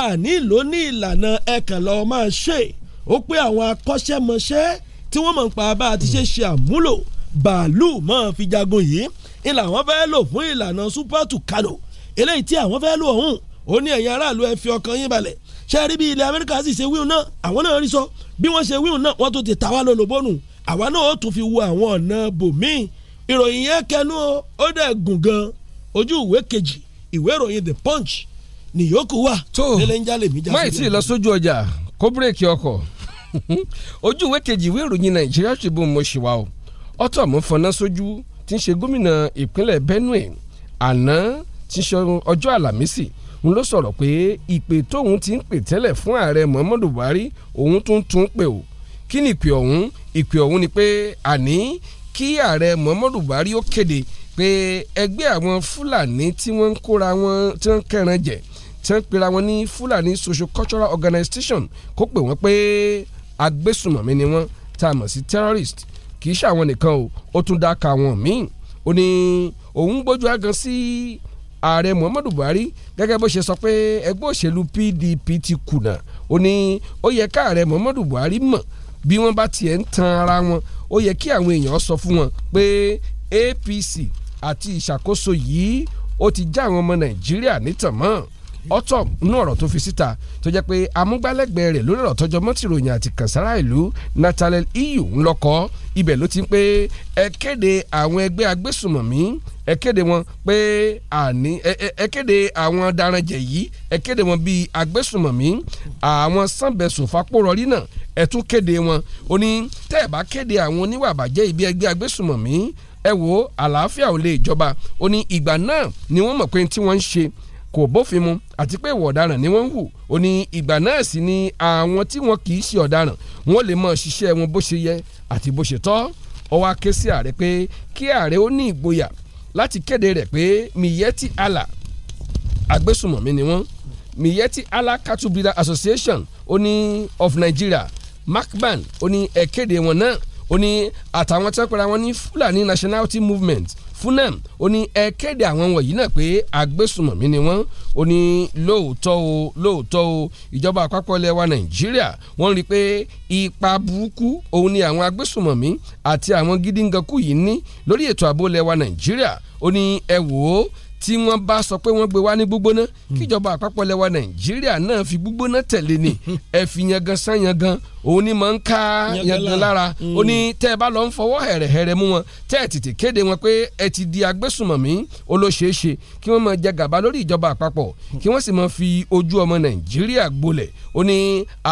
àní ló ní ìlànà ẹ̀kan lọ́ọ́ máa ṣe é ó pé àwọn akọ́ṣẹ́mọṣẹ́ tí wọ́n mọ̀ ń pa bá a ti ṣe ṣe àmúlò bàálù mọ́ fi jagun yìí ìlà àwọn fẹ́ lò fún ìlànà super tucano eléyìí tí àwọn fẹ́ lò ọ̀hún ó ní ẹ̀yin aráàlú ẹ fi ọkàn yín balẹ̀ ṣe rí bí ilẹ̀ Amẹ́ríkà sì ṣe wíwùn náà àwọn náà rí sọ bí wọ́n ṣe wíwùn náà wọ́n tún ti ta wá lólobónú àwa náà ó tún fi wo àwọn ọ̀nà bòmíì ìròyìn yẹn kẹnu ó dẹ̀ gùn gan ojú ìwé kejì ìwé ìròyìn The Punch nìyókù wà. tó lẹ́lẹ́ ń jálè mí jásílẹ̀. máì lọ sójú ọjà kó bírèkì ọkọ̀ ojú ìwé kejì ìwé ìròyìn nàìjíríà Tribune mo ṣì wà o ọtọ mo fọnà sójú tí ń ṣe gómìnà ìpínlẹ̀ Benue àná tí ń ṣe ọjọ́ àlàmísì n ló sọ̀rọ̀ pé ìpè tóun ti ń pè tẹ́lẹ̀ fún ààrẹ Muhammadu Buhari òun tún tún pè o kí ni ìpè ọ̀hún ìpè ọ̀hún ni pé àní kí ààrẹ Muhammadu Buhari ó kéde pé ẹgbẹ́ àwọn Fúlàní tí wọ́n ń kóra wọn tí wọ́n ń kẹran jẹ tí wọ́n ń pera wọn ní Fúlàní Social Cultural Organization kó pè wọ́n pé agbésùmọ̀mí ni wọ́n tá a mọ̀ sí terrorist kì í ṣàwọn nìkan o ó tún dá ka wọn míì ó ní òun gbójú agan sí ààrẹ muhammadu buhari gẹ́gẹ́ bó ṣe sọ pé ẹgbẹ́ òṣèlú pdp ti kùnà ó ní ó yẹ káàrẹ muhammadu buhari mọ̀ bí wọ́n bá tiẹ̀ ń tan ara wọn ó yẹ kí àwọn èèyàn sọ fún wọn pé apc àti ìṣàkóso yìí ó ti já àwọn ọmọ nàìjíríà nítàn mọ́ ọtọ nínú ọ̀rọ̀ tó fi síta tó jẹ́ pé amúgbálẹ́gbẹ̀ẹ́ rẹ̀ lórí ọ̀rọ̀ tọjọ mọ́tìròyìn àti kànsára ìlú nathaniel iyu ńlọkọ ibẹ̀ ló ti ń pé ẹ kéde àwọn ẹgbẹ́ agbésùmọ̀mí ẹ kéde wọn pé àní ẹ kéde àwọn daranjẹ yìí ẹ kéde wọn bíi agbésùmọ̀mí àwọn sanbẹ̀sọ̀fàpọ̀rọ̀rí náà ẹ tún kéde wọn ó ní tẹ́ ẹ bá kéde àwọn oníwà bàjẹ́ ibi ẹgbẹ́ agbésùmọ̀mí ẹ wo àlàáfíà ò lè jọba ó ní ìgbà náà ni wọ́n mọ̀ pé tí wọ́n ń ṣe kò bófin mu àti pé ìwà ọ̀daràn ni wọ́n ń wù ó ní ìgbà náà sì ni àwọn tí wọn kì í ṣe ọ̀daràn wọ́n lè mọ ṣiṣẹ́ wọn bó ṣe yẹ àti bó ṣe tọ́ ó wá ké sí ààrẹ pé kí ààrẹ ó ní ìgboyà láti kéde rẹ̀ pé Miyetti Allah agbésùmọ̀mí ni wọ́n Miyetti Allah Cattle Breeder Association ó of Nigeria macban ó ní ẹ kéde wọn náà ó àtàwọn tí wọ́n pera wọn ní Fulani Nationality Movement Fulham ó ní ẹ kéde àwọn wọ̀nyí náà pé agbésùmọ̀mí ni wọ́n ó ní lóòótọ́ o lóòótọ́ o ìjọba àpapọ̀ ilẹ̀ wa Nàìjíríà wọ́n rí i pé ipa burúkú òun ni àwọn agbésùmọ̀mí àti àwọn gidingankú yìí ní lórí ètò ààbò ilẹ̀ wa Nàìjíríà ó ní ẹ wò ó tí wọ́n bá sọ pé wọ́n gbé wá ní gbígbóná hmm. kíjọba àpapọ̀ lẹwa nàìjíríà náà fi gbígbóná tẹ̀lé ni ẹ fi yangan san yangan òun ni mọ̀ ń ká yangan lára hmm. ó ní tẹ́ ẹ bá lọ ń fọwọ́ hẹ̀rẹ̀hẹ̀rẹ̀ mú wọn tẹ́ ẹ tètè kéde wọn pé ẹ ti di agbésùmọ̀mí olóṣèṣe kí wọ́n máa jẹ gàba lórí ìjọba àpapọ̀ kí wọ́n sì máa fi ojú ọmọ nàìjíríà gbolẹ̀ ó ní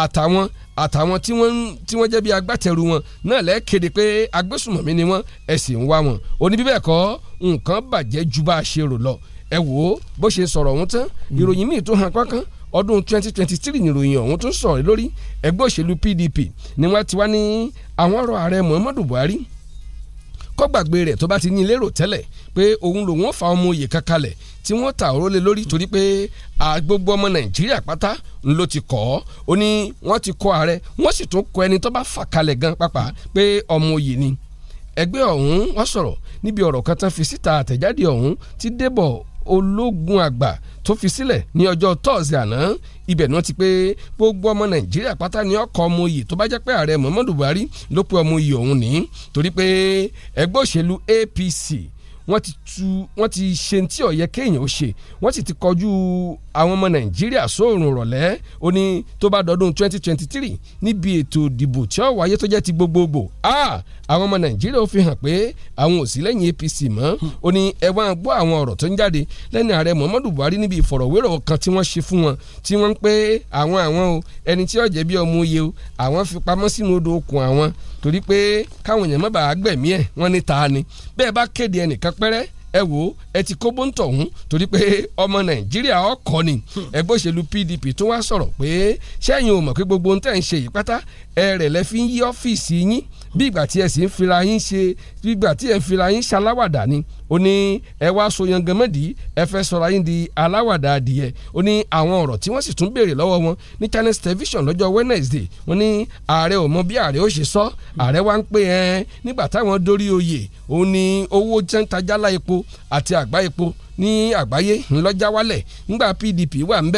àtàwọn àtàwọn tí wọ́n tí wọ́n jẹ́ bí agbátẹrù wọn náà lẹ́ẹ̀kéde pé agbésùmọ̀mí ni wọ́n ẹ̀sìn ń wá wọn ó ní bíbẹ̀ kọ́ nǹkan bàjẹ́ ju bá a ṣe rò lọ ẹ wò ó bó ṣe sọ̀rọ̀ ọ̀hún tán hmm. ìròyìn míì tó hàn pákán ọdún 2023 nìròyìn ọ̀hún tó sọ̀rọ̀ lórí ẹgbẹ́ òṣèlú PDP ni wọ́n ti wá ní àwọn ọ̀rọ̀ ààrẹ Muhammadu Buhari kó gbàgbé rẹ̀ tó bá ti ní lérò tẹ́lẹ̀ pé òun lòun fa ọmọ oyè kankanlẹ̀ tí wọ́n ta òrólé lórí torí pé gbogbo ọmọ Nàìjíríà pátá ló ti kọ́ ọ́ ó wọ́n ti kọ́ ààrẹ wọ́n sì tún kọ́ ẹni tó bá fà kalẹ̀ gan pápá pé ọmọ oyè ni ẹgbẹ́ ọ̀hún wọ́n sọ̀rọ̀ níbi ọ̀rọ̀ kan tán fi síta àtẹ̀jáde ọ̀hún ti débọ̀ ológun àgbà tó fi sílẹ̀ ní ọjọ́ tọ́ọ̀sì àná ibẹ̀ náà ti pé gbogbo ọmọ nàìjíríà pátá ni ọkọ̀ ọmọ oyè tó bá jẹ́ pé ààrẹ muhammadu buhari ló pe ọmọ oyè ọ̀hún ní torí pé ẹgbẹ́ òṣèlú apc wọ́n ti tu wọ́n ti ṣe tí ó yẹ kéèyàn ó ṣe wọ́n sì ti kọjú àwọn ọmọ nàìjíríà sóòrùn rọ̀lẹ́ ó ní tó bá dọdún 2023 níbi ètò ìdìbò tí ó wáyé tó jẹ́ ti gbogbogbò àwọn ọmọ nàìjíríà ó fi hàn pé àwọn ò sí lẹ́yìn apc mọ́ ó ní ẹ wá gbọ́ àwọn ọ̀rọ̀ tó ń jáde lẹ́nu ààrẹ muhammadu buhari níbi ìfọ̀rọ̀wérọ̀ kan tí wọ́n ṣe fún wọn tí wọ́n ń pé àwọn àwọn o ẹni tí ó jẹ̀bi ọmọ òye o àwọn fi pamọ́ sínú odò okùn àwọn torí pé káwọn èèyàn má bàa gbẹ̀mí ẹ̀ wọ́n ní ta ni bẹ́ẹ̀ bá kéde ẹnìkan pẹ́rẹ́ ẹ wò ó ẹ ti kó bóńtọ̀ ọ̀hún torí pé ọmọ nàìjíríà ọkọ ni ẹgbẹ́ òṣèlú pdp tún wá sọ̀rọ̀ pé sẹ́yìn ò mọ̀ pé gbogbo ohun tẹ̀ ń ṣe yìí pátá ẹ rẹ̀ lẹ fi ń yí ọ́fíìsì yín bí ìgbà tí ẹ sì ń fira yín ṣe bí ìgbà tí ẹ fira yín ṣaláwàdà ni ó ní ẹ wá so yangamẹ́dì ẹ fẹ́ sọra yín di aláwàdà adìyẹ ó ní àwọn ọ̀rọ̀ tí wọ́n sì tún béèrè lọ́wọ́ wọn ní Channels Television lọ́jọ́ Wednesday wọ́n ní ààrẹ ò mọ bí ààrẹ ó ṣe sọ ààrẹ wá ń pè ẹ́ nígbà táwọn dórí oyè ó ní owó jẹ́ ń tajálá epo àti àgbá epo ní àgbáyé ńlọ́jà wálẹ̀ PDP wà ń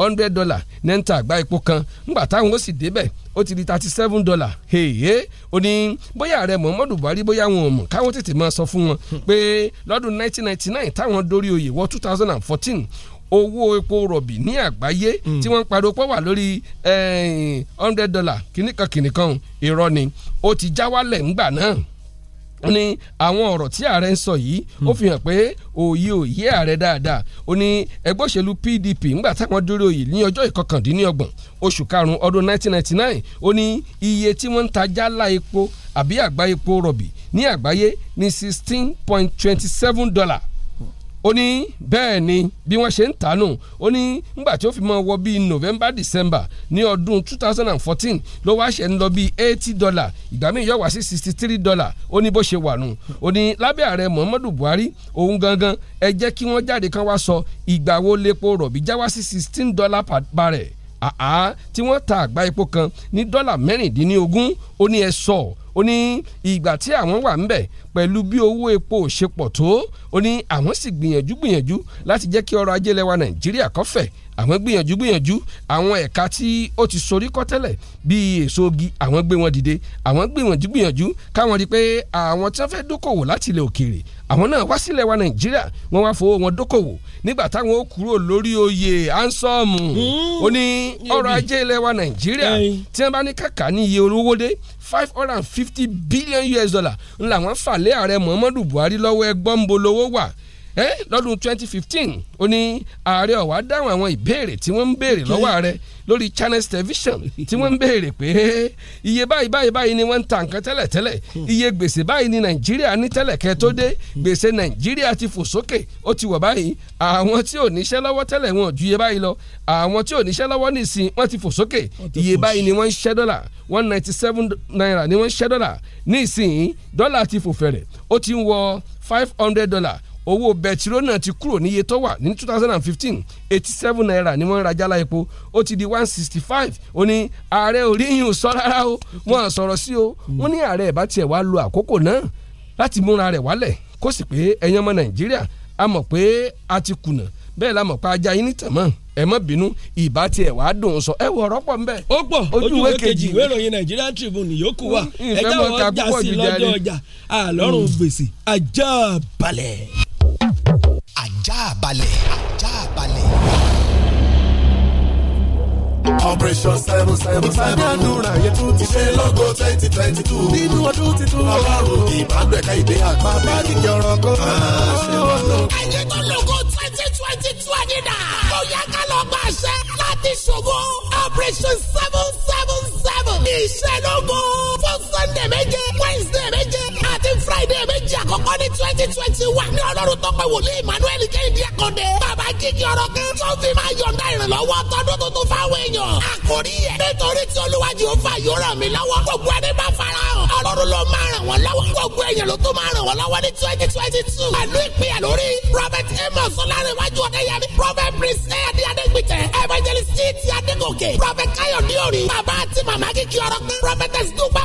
hundred dollar ní ń ta àgbá epo kan ńgbà táwọn ó sì débẹ̀ ó ti di thirty seven dollar heye ó ní bóyá ààrẹ muhammadu buhari bóyá wọn ò mọ̀ káwọn tètè máa sọ fún wọn pé lọ́dún nineteen ninety nine táwọn dórí oyè wọ two thousand and fourteen owó epo rọ̀bì ní àgbáyé tí wọ́n ń pariwo pọ̀ wà lórí eh, hundred dollar kìnnìkan kìnnìkan irọ́ ni ó ti já wálẹ̀ ńgbà náà ní àwọn ọ̀rọ̀ tí ààrẹ ń sọ yìí hmm. ó fi hàn pé òye òye ààrẹ dáadáa ó ní ẹgbẹ́ òṣèlú PDP ńgbà táwọn dúró yìí ní ọjọ́ ìkọkàndínlọ́gbọ̀n oṣù karùn-ún ọdún 1999 ó ní iye tí wọ́n ń ta jálá epo àbí àgbá epo rọ̀bì ní àgbáyé ní sixteen point twenty seven dollar ó ní bẹ́ẹ̀ ni bí wọ́n ṣe ń tà nù ó ní nígbà tí ó fi máa wọ bíi november december ní ọdún two thousand and fourteen ló wá ṣe ń lọ bíi eighty dollar ìgbà míì yọ wá sí sixty three dollar ó ní bó ṣe wà nù ó ní lábẹ́ ààrẹ muhammadu buhari òun gangan ẹ jẹ́ kí wọ́n jáde kan wá sọ ìgbà wo lepo rọ̀bì já wá sí sixteen dollar per barrel àá tí wọ́n ta àgbá epo kan ní dọ́là mẹ́rìndínlógún ó ní ẹ sọ ó ní ìgbà tí àwọn wà ń bẹ̀ pẹ̀lú bí owó epo ṣe pọ̀ tó ó ní àwọn sì gbìyànjú gbìyànjú láti jẹ́ kí ọrọ̀ ajé lẹwa Nàìjíríà kọ́fẹ̀ àwọn gbìyànjú gbìyànjú àwọn ẹ̀ka tí ó ti sorí kọ́ tẹ́lẹ̀ bíi èso ogi àwọn gbé wọn dìde àwọn gbìyànjú gbìyànjú káwọn rí i pé àwọn tí wọ́n fẹ́ dókòwò láti ilẹ̀ òkèèrè àwọn náà wá sílẹ̀ wa Nàìjíríà wọ́n wá fowó wọn dókòwò nígbà táwọn ó kúrò lórí oyè ansọ́ọ̀mù ó ní hmm, ọrọ̀ ajé ilẹ̀ wa Nàìjíríà tí wọ́n bá ní kàkà ní iye olówó dé five hundred and fifty billion US dollar ńlá wọn fà lé ààrẹ Muhammadu Buhari lọ́wọ́ ẹgbọ́n ń bo lowó wà lọ́dún twenty fifteen ó ní ààrẹ ọ̀wá dáhùn àwọn ìbéèrè tí wọ́n ń béèrè lọ́wọ́ ààrẹ lórí Channels Television tí wọ́n ń béèrè pé iye báyìí báyìí báyìí ni wọ́n ń ta nǹkan tẹ́lẹ̀ tẹ́lẹ̀ iye gbèsè báyìí ni Nàìjíríà ní tẹ́lẹ̀ kẹ́ tó dé gbèsè Nàìjíríà ti fò sókè ó ti wọ̀ báyìí àwọn tí ò níṣẹ́ lọ́wọ́ tẹ́lẹ̀ wọn ju iye báyìí lọ àwọn tí ò níṣẹ́ lọ́wọ́ nìsín wọ́n ti fò sókè iye báyìí ni wọ́n ń ṣẹ́ dọ́là one ninety seven naira ni wọ́n ń ṣẹ́ dọ́là nísìnyí dọ́là ti fò fẹ̀rẹ̀ ó ti ń wọ five hundred dollar owó bẹtiró náà ti kúrò níye tó wà ní two thousand and fifteen eighty seven naira ni wọ́n ń ra jálá epo ó ti di one sixty five ó ní ààrẹ ò rí yín sọ rárá o wọ́n sọ̀rọ̀ sí o wọ́n ní ààrẹ ìbá tiẹ̀ wá lo àkókò náà láti múra rẹ̀ wálẹ̀ kó sì pé ẹ̀yàn ọmọ nàìjíríà a mọ̀ pé a ti kùnà bẹ́ẹ̀ la mọ̀ pé ajá yín ní tẹ̀mọ́ ẹ má bínú ìbá tiẹ̀ wá dùn sọ ẹ wọ ọ̀rọ̀ pọ̀ ó pọ̀ ojú kejì ìwé ìròyìn Nigerian Tribune yòókù wa ẹ jáwọ́ ọjà sí lọ́jọ́ ọjà àlọ́run gbèsè ajá balẹ̀ ajá balẹ̀ ajá balẹ̀. Operation seven seven seven. Ìpàdé àdúrà yẹn tún ti ṣe lọ́gọ́ twenty twenty two. Nínú ọdún titun. Ọlọ́run kì í bá gbẹ̀ka ìdè àgbà. Bá dìde ọ̀rọ̀ kan. Àṣẹ ah, wọn lọ. Ayé tó lóko twenty twenty two ẹni dà. Ó yẹ ká lọ gba àṣẹ láti ṣògo. Operation seven seven seven. Ìṣẹ́lógún fún Sunday méje Wednesday méje friday méjì àkọ́kọ́ ní twenty twenty one ní ọlọ́run tó pé wòlíì emmanuel kẹ́hìndé akọ́dẹ bàbá jíjí ọ̀rọ̀ kan tó fi máa yọ̀ǹda ìrànlọ́wọ́ tọdún tuntun fáwọn èèyàn àkórí ẹ̀ nítorí tí olúwàjì ó fà yóò ràn mí lọ́wọ́ gbogbo ẹni bá fara hàn ọlọ́run ló máa ràn wọ́n lọ́wọ́ gbogbo èèyàn ló tó máa ràn wọ́n lọ́wọ́ ní twenty twenty two pẹ̀lú ìpínyà lórí prophet amos ọlárẹ̀wájú ọ̀dẹ́yẹmí prophet prince ẹ̀yàdí adégbìtẹ̀ evangelist e títí adégòkè prophet káyọ̀dé òrì bàbá àti màmá kíkí ọ̀rọ̀ kan prophetess dùn pa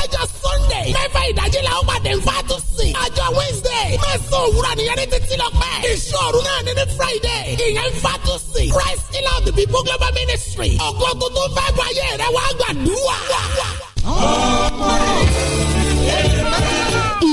lọ́jọ́ sunday mẹ́fà ìdájí la ó máa dé nfa tún sí. ọjọ́ wednesday mẹ́sàn-án òwúrọ̀ nìyẹn ní títí lọ pẹ́. ìṣòro náà ní ní friday ìyẹn nfa tún sí. christ in love the people global ministry. ọkọ tuntun fẹ́ bọ̀ ayé rẹ̀ wá gbàdúrà. ọmọ rẹ̀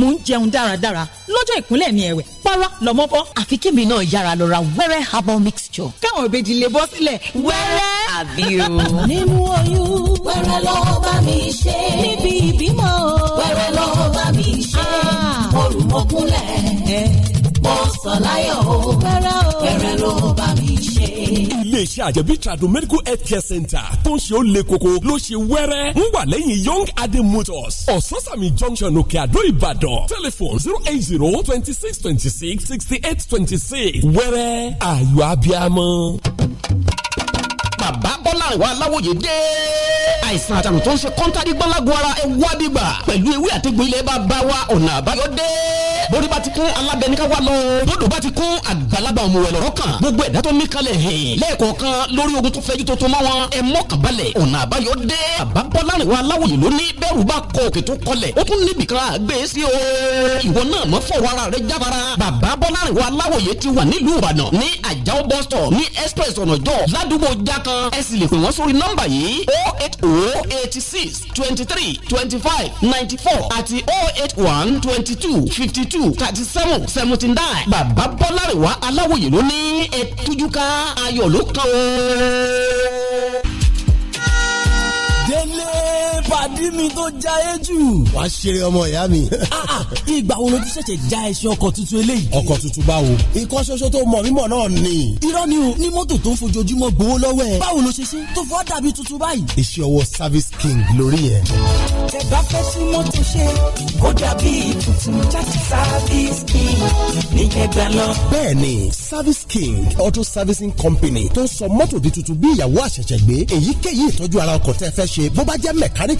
mo ń jẹun dáradára lọ́jọ́ ìkúnlẹ̀ mi ẹ̀wẹ̀ para lọ́mọ bọ́. àfi kébì náà yára lọ ra wẹ́rẹ́ herbal mixture. káwọn òbejì lè bọ́ sílẹ̀ wẹ́rẹ́. àbí o. nínú oyún wẹ́rẹ́ lọ bá mi ṣe. níbi ìbímọ wẹ́rẹ́ lọ bá mi ṣe. Ah. mo rù mọ́kúnlẹ̀ eh. mo sọ láyọ̀ o wẹ́rẹ́ ló bá mi iléeṣẹ́ àjẹbí tradu medical health care center tó ń ṣe ó le koko ló ṣe wẹ́rẹ́ ń wà lẹ́yìn young adé motors ososami junction òkè àdó ìbàdàn telephone zero eight zero twenty six twenty six sixty eight twenty six wẹ́rẹ́ ayọ̀ abiamọ. bàbá bọ́lá àwọn aláwòye dé àìsàn àtàrùn tó ń ṣe kọ́ńtàdígbọ́lágun ara ẹ̀ wá bíbà pẹ̀lú ewé àtẹ̀gbọ́ ilẹ̀ bá bá wa ọ̀nà àbáyọ dé bórí bá ti kún alábẹ́ni ká wà lọ. bódò bá ti kún àgbàlagbà ọmọ wẹ̀ lọ́rọ́ kan. gbogbo ẹ̀dá tó ní kalẹ̀ hẹ̀. lẹ́ẹ̀kọ̀ọ̀kan lórí ogun tó fẹ́jú tó tó mọ́ wọn. ẹ mọ́kànbalẹ̀ ọ̀nà àbáyọ dé. bàbá wa aláwòye ló bẹ́ẹ̀rù bá kọ òkè tó kọlẹ̀. ó tún níbi kan àgbẹ̀ o. ìwọ náà mọ fọwọ́ ara rẹ jábára. bàbá wa aláwòye ti wà nílùú ìbàdàn ní àjàó bus stop ní express ọ̀nàjọ́ ládùúgbò jákan ẹ sì lè pè wọ́n sórí nọ́mbà yìí oh eight oh eighty six twenty three twenty five ninety four àti oh eight one twenty two fifty two two thirty seven seventy nine bàbá bọ́lárẹ̀wá aláwòye ló ní ẹ̀tújúká ayọ̀ ló kàn ó. délé pàdí mi tó já e jù. wàá ṣeré ọmọ ìyá mi. Ah, ah, ìgbà wo ló ti ṣẹ̀ṣẹ̀ já ẹṣin ọkọ̀ tuntun eléyìí. ọkọ̀ tuntun báwo. ikọ́ ṣoṣo tó mọ̀ mímọ̀ náà ni. irọ́ ni o ní mọ́tò tó ń fojoojúmọ́ gbowó lọ́wọ́ ẹ̀. báwo ló ṣe ṣe tó fọ́ dàbí tuntun báyìí. iṣẹ́ ọwọ́ service king lórí yẹn. tẹ́ fẹ́ sí mọ́tò ṣe kó dàbí tuntun service king auto servicing company tó ń sọ mọ́tò di tuntun bí ìyàwó àṣẹ̀ṣẹ̀ gbé èyíkéyìí ìtọ́jú ara ọkọ̀ tẹ́ fẹ́ ṣe bó bá jẹ́ mẹkáníkì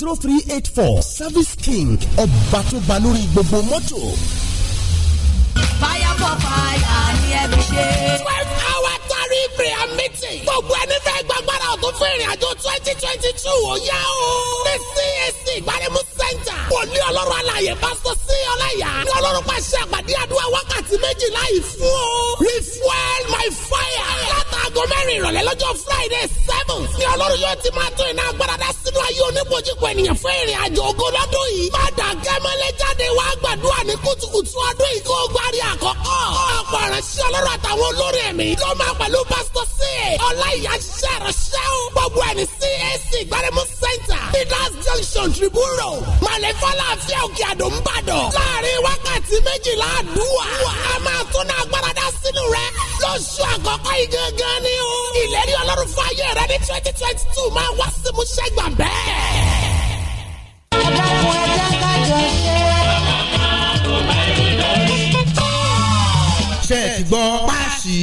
zero three eight four service king ọba tó ba lórí gbogbo mọ́tò. fire for fire ni ẹ fi ṣe. twelve hour tari prayer meeting. gbogbo ẹni fẹ́ gbàgbára ọ̀tún fún ìrìn àjò twenty twenty two ó yá o. ní csc gbaremu center. Wòlí ọlọ́run alàyè pásítọ̀ sí ọláyà. Ní ọlọ́run pàṣẹ àgbàdì àdúrà wákàtí méjìlá ìfún o. Refuel my fire. Látàgọ́ mẹ́rin ìrọ̀lẹ́ lọ́jọ́ Friday seven. Ní ọlọ́run yóò ti máa tó iná agbára dá sínú ayé oníkojúkọ ènìyàn fún ìrìn àjò ogun lọ́dún yìí. Má dàgẹ́ mọ́lẹ́ jáde wá gbàdúrà ní kùtùkùtù ọdún yìí kó o gbárí àkọ́kọ́. Ọ̀pọ̀ ìránṣẹ́ ọlọ́run àtàwọn olórin ẹ̀mí ló máa pẹ̀lú pásítọ̀ sí ẹ̀. Ọláyà ṣiṣẹ́ ìránṣẹ́ o. Gbogbo ẹni CAC Gbaremu Center, Leaders Junction, Tribune Road màlẹ́fọ́lá fi òkè àdó ń bàdàn. láàrin wákàtí méjìlá àdúrà a máa tún náà agbára dá sínú rẹ lóṣù àkọ́kọ́ yìí gangan ni o. ìlérí ọlọ́run fún ayé rẹ ní twenty twenty two máa wá símúṣẹ́gbà bẹ́ẹ̀.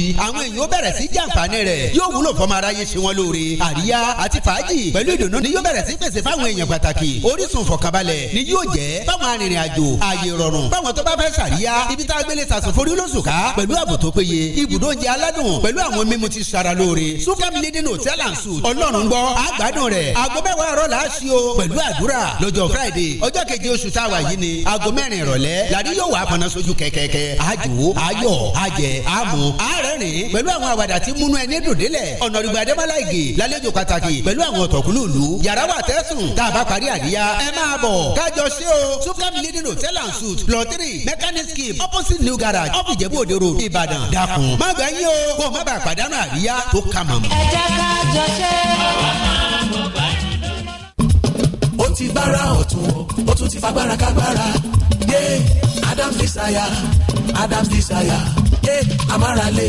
yìí àwọn èèyàn bẹ̀rẹ̀ sí jàǹfààní rẹ̀ yóò wúlò fọmọ aráyé ṣe wọn lóore àríyá àti fàájì pẹ̀lú ìdùnnú ni yóò bẹ̀rẹ̀ sí pèsè fáwọn èèyàn pàtàkì orísun fọkànbalẹ̀ ni yóò jẹ́ fáwọn arìnrìn àjò ààyè rọrùn fáwọn tó bá fẹ́ sàríyá ibi tá a gbélé sàsòforí lóṣùká pẹ̀lú ààbò tó péye ibùdó oúnjẹ aládùn pẹ̀lú àwọn mímu ti sara lóore sukami friday ọjọ́ keje oṣù táwa yìí ni aago mẹ́rin ìrọ̀lẹ́ làdí yóò wà á fọnà sójú kẹ̀kẹ́kẹ́ àjò rẹ́rìn pẹ̀lú àwọn àwàdà tí múnú ẹni dùn délẹ̀ ọ̀nàdùgbà adébálá ìgè lálejò pàtàkì pẹ̀lú àwọn ọ̀tọ̀kùlù yàrá wà tẹ́sùn tá a bá parí àríyá ẹ máa bọ̀ kájọ ṣe o sukam leading hotel and suite plot mechanic scheme opposite new garage off ìjẹ̀bú òde road ìbàdàn dákun má gbà yín o kó o má bàa pàdánù àríyá tó kà mọ́. ẹ jẹ́ kájọ ṣe. àwa ó ti gbára ọ̀tún ó tún ti fagbára kágbára yé yeah. Adam's Desire Adam's Desire ẹ amárale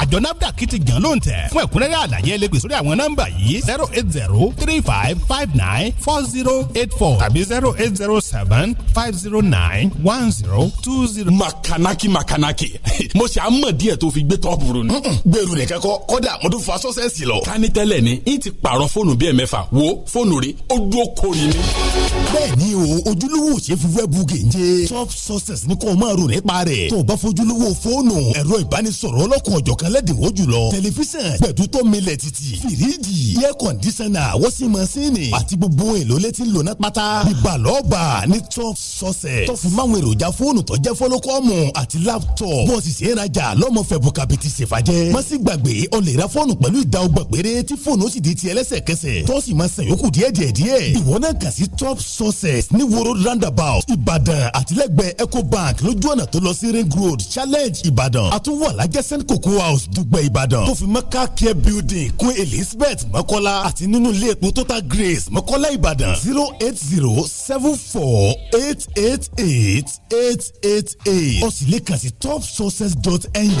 àjọ nafdac ti jàn ló ń tẹ̀ fún ẹ̀kúnrẹ́rẹ́ àlàyé ẹlẹ́gbẹ̀ sórí àwọn nọ́mbà yìí zero eight zero three five five nine four zero eight four tàbí zero eight zero seven five zero nine one zero two zero. makanaki makanaki mo ṣe àmọ̀ díẹ̀ tó fi gbé tọ́pù rò ní. gbèrú nìkan kọ́ kọ́dà mo tún fa sọ́sẹ́sì lọ. ká tẹ́lẹ̀ ni n ti pààrọ̀ fóònù bíi ẹ̀mẹ́fà wo fóònù rí ojú okòrì ni. bẹ́ẹ̀ni o ojúlówó ṣe fi wẹ́ẹ̀bù gèje top success ní kò máa rò nípa rẹ̀ tó o bá fojúlówó fóònù ẹ̀rọ ìbánisọ̀rọ̀ ọlọ́kùn ọ̀jọ̀ kan lẹ́dínwó jùlọ tẹlifíṣàn pẹ̀tù tó milẹ̀ títì fìríjì iye kọ̀ndíṣánà wọ́sí mọ́sínì àti gbogbo èlò létí lónà pátá ìbàlọ́ọ̀bà ní top success tó fi máwọn èròjà fóònù tó jẹ́ fọ́lọ́kọ́mù àti láptọ̀pù bọ́ọ̀sì sí ìrajà lọ́mọ fẹ̀bù ṣèfàjẹ́ má gbàgbé o lè ra fóònù pẹ̀lú ìdá péré tí fóònù sì di tiẹ̀ lẹ́sẹ̀kẹsẹ̀ tó sì máa san yòókù díẹ̀ díẹ̀ díẹ̀ ìwọ náà kà sí top success ní woro roundabout ìbàdàn àtìlẹ́gbẹ̀ẹ́ ecobank lójú ọ̀nà tó lọ sí ring road challenge ìbàdàn àtúwọ̀ alájẹsẹ́ kòkó wa house dùgbẹ́ ìbàdàn tó fi mọ́ káàkiri building kún elizabeth mọ́kọ́lá àti nínú ilé epo total grace mọ́kọ́lá ìbàdàn zero eight zero seven four eight eight eight eight eight eight ó sì lè kàn sí topsources.ng.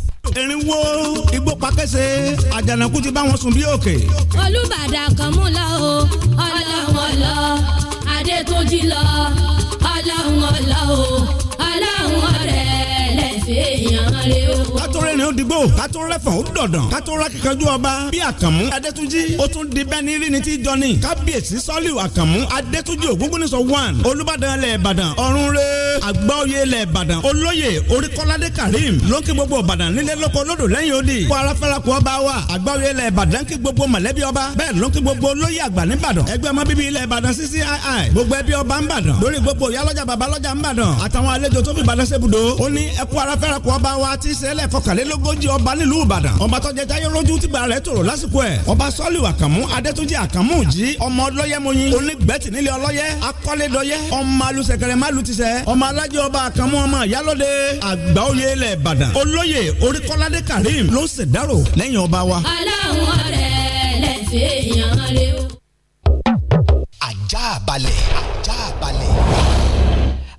irinwó igbó pakẹ́sẹ̀ àjànàkú ti bá wọn sùn bí òkè. olùbàdàn kan mú lọ o ọlọ́run ọlọ́ adé tó jí lọ ọlọ́run ọlọ́ o ọlọ́run ṣe èèyàn o. kátórẹ́rin ó digbó kátórẹ́fọ̀n ó dọ̀dàn kátóra kíkanjú ọba bí àkànmú adétúnjì ó tún di bẹ́ẹ̀ ní rí ni tí jọni kábíyèsí sọ́líù àkànmú adétúnjì ògúngúnnísọ one olúbàdàn lẹ̀ ìbàdàn ọ̀run rẹ àgbáòye lẹ̀ ìbàdàn olóyè oríkọ́ládé karim ló ń kí gbogbo ìbàdàn nílé lóko lódò lẹ́yìn odi kó aráfẹ́rakù ọba wa àgbáòye lẹ̀ ìbàdàn kí gbogbo mọ̀lẹ́bí ọba bẹ́ẹ̀ ló ń kí gbogbo olóyè àgbà níbàdàn ẹgbẹ́ ọmọ bíbí ilẹ̀ ìbàdàn ccii gbogbo ẹbí ọba ń bàdàn lórí gbogbo ìyálọ́jà babalọ́jà ń bàdàn àtàwọn àlejò tó fi farakọ ọba wa ti ṣẹlẹ̀ kọkànlélógójì ọba nílùú ìbàdàn ọba tọ́jà jayé ti gbà rẹ tòrò lásìkò ẹ ọba sọ́ọ̀lì àkànmú adétúnjì àkànmú jí ọmọ ọlọ́yẹ akọ́lédọ́yẹ ọmọ alùsẹ̀kẹrẹ málùtìsẹ̀ ọmọ alájẹ ọba ọmọ ìbàdàn olóyè karim ló ọba wa. aláwọ̀ rẹ̀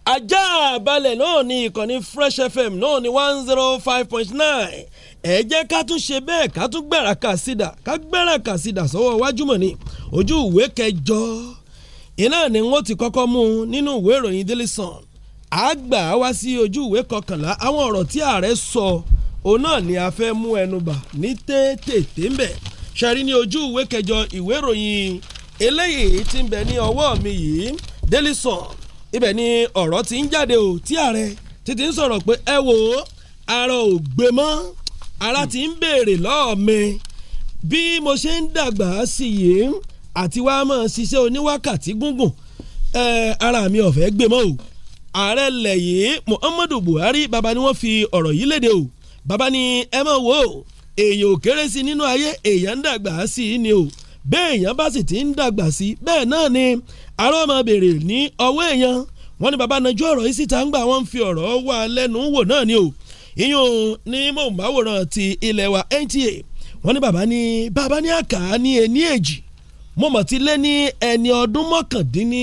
ajá balẹ̀ náà ni ìkànnì fresh fm náà ni one zero five point nine ẹ jẹ́ ká tún ṣe bẹ́ẹ̀ ká tún gbẹ̀rà kà sídà ká gbẹ̀rà kà sídà sọ́wọ́ iwájú mọ̀ ni ojú ìwé kẹjọ iná ni wọ́n ti kọ́kọ́ mú un nínú ìwé ìròyìn Daily Sun àgbà wá sí ojú ìwé kọkànlá àwọn ọ̀rọ̀ tí ààrẹ sọ òun náà ni a fẹ́ mú ẹnu bà ní tètè ń bẹ̀ ní ojú ìwé kẹjọ ìwé ìròyìn eléyìí tí ń bẹ ní ọwọ́ mi yìí Daily Sun ibẹ̀ ni ọ̀rọ̀ ti ń jáde o tí ààrẹ títí ń sọ̀rọ̀ pé ẹ wò ó ara ò gbé mọ́ ara ti ń béèrè lọ́ọ̀ mi bí mo ṣe ń dàgbà sí yìí àti wàá máa ṣiṣẹ́ oníwákàtí gúngùn ara mi ò gbé mọ́ o ààrẹ lẹ̀ yìí Muhammadu Buhari bàbá ni wọ́n fi ọ̀rọ̀ yìí léde o bàbá ni ẹ máa wò ó èèyàn ò kéré sí nínú ayé èèyàn ń dàgbà sí i ni o bẹ́ẹ̀ èèyàn bá sì ti ń dàgbà sí bẹ́ẹ̀ náà ni àrò ọmọ béèrè ní ọwọ́ èèyàn wọ́n ní baba najú ọ̀rọ̀ yìí síta ń gbà wọ́n ń fi ọ̀rọ̀ wà lẹ́nu wò náà ni o ìyún ní mòǹbáwòrán ti ilẹ̀ wa NTA wọ́n ní baba ní baba ní àkà ní ẹni èjì mo mọ̀ ti lé ní ẹni ọdún mọ́kàndínní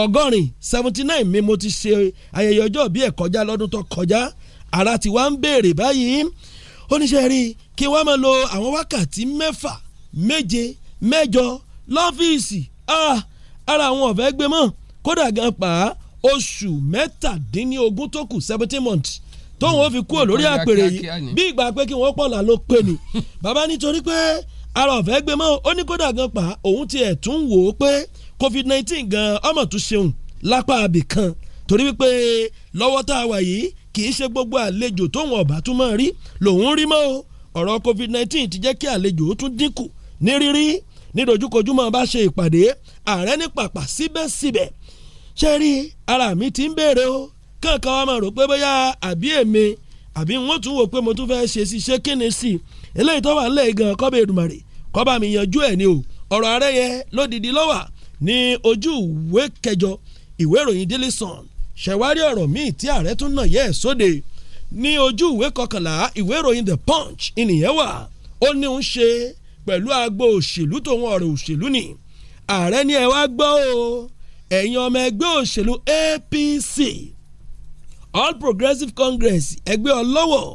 ọgọ́rin seventy nine mi mo ti ṣe ayẹyẹ ọjọ́ bí ẹ̀ kọjá lọ́dún tó kọjá ara ti wá ń béèrè báyìí oníṣẹ́ rí kí wọ́n máa lo àwọn wákàtí mẹ́fà méje mẹ́jọ lọ́fíìsì ara àwọn ọ̀fẹ́ gbé mọ́ kódà gan pa oṣù mẹ́tàdínlógún tó kù seventeen months tóun ó fi kúrò lórí àpèrè yìí bí ìgbà pé kí wọ́n pọ̀là ló pè ní bàbá nítorí pé ara ọ̀fẹ́ gbé mọ́ ó ní kódà gan pa òun ti ẹ̀ wò ó pé covid nineteen gan ọmọ tún ṣeun lápá abì kan torí wípé lọ́wọ́ tá a wà yìí kì í ṣe gbogbo àlejò tóun ọ̀bà tún máa rí lòun rí mọ́ ọ̀rọ̀ covid nineteen ti jẹ́ kí àlejò ó tún dínkù ní rírí nídojúkojú máa bá ṣe ìpàdé ààrẹ ní pàpà síbẹ̀síbẹ̀ ṣe rí ara mi ti ń béèrè o kankan wa máa rò pé bóyá àbí èmi àbí wọ́n tún wò pé mo tún fẹ́ ṣe sí ṣé kí ni sí eléyìí tó wà ńlẹ̀ gan kọ́bẹ̀ èdùmàrè kọ́bà mi yanjú ẹ̀ ni o ọ̀rọ̀ ààrẹ yẹn lódìdí lọ́wà ní ojú ìwé kẹjọ ìwé ìròyìn Daily Sun ṣẹ̀wárí ọ̀rọ̀ míì tí ààrẹ tún nà yẹ́ ẹ̀ sóde ní ojú ìwé kọkànlá ìwé ìròyìn The Punch ìnìyẹn wà ó ní ń ṣe pẹ̀lú agbo òṣèlú tòun ọ̀rọ̀ òṣèlú ni ààrẹ ni ẹ wá gbọ́ o ẹ̀yin ọmọ ẹgbẹ́ òṣèlú APC All Progressive Congress ẹgbẹ́ ọlọ́wọ̀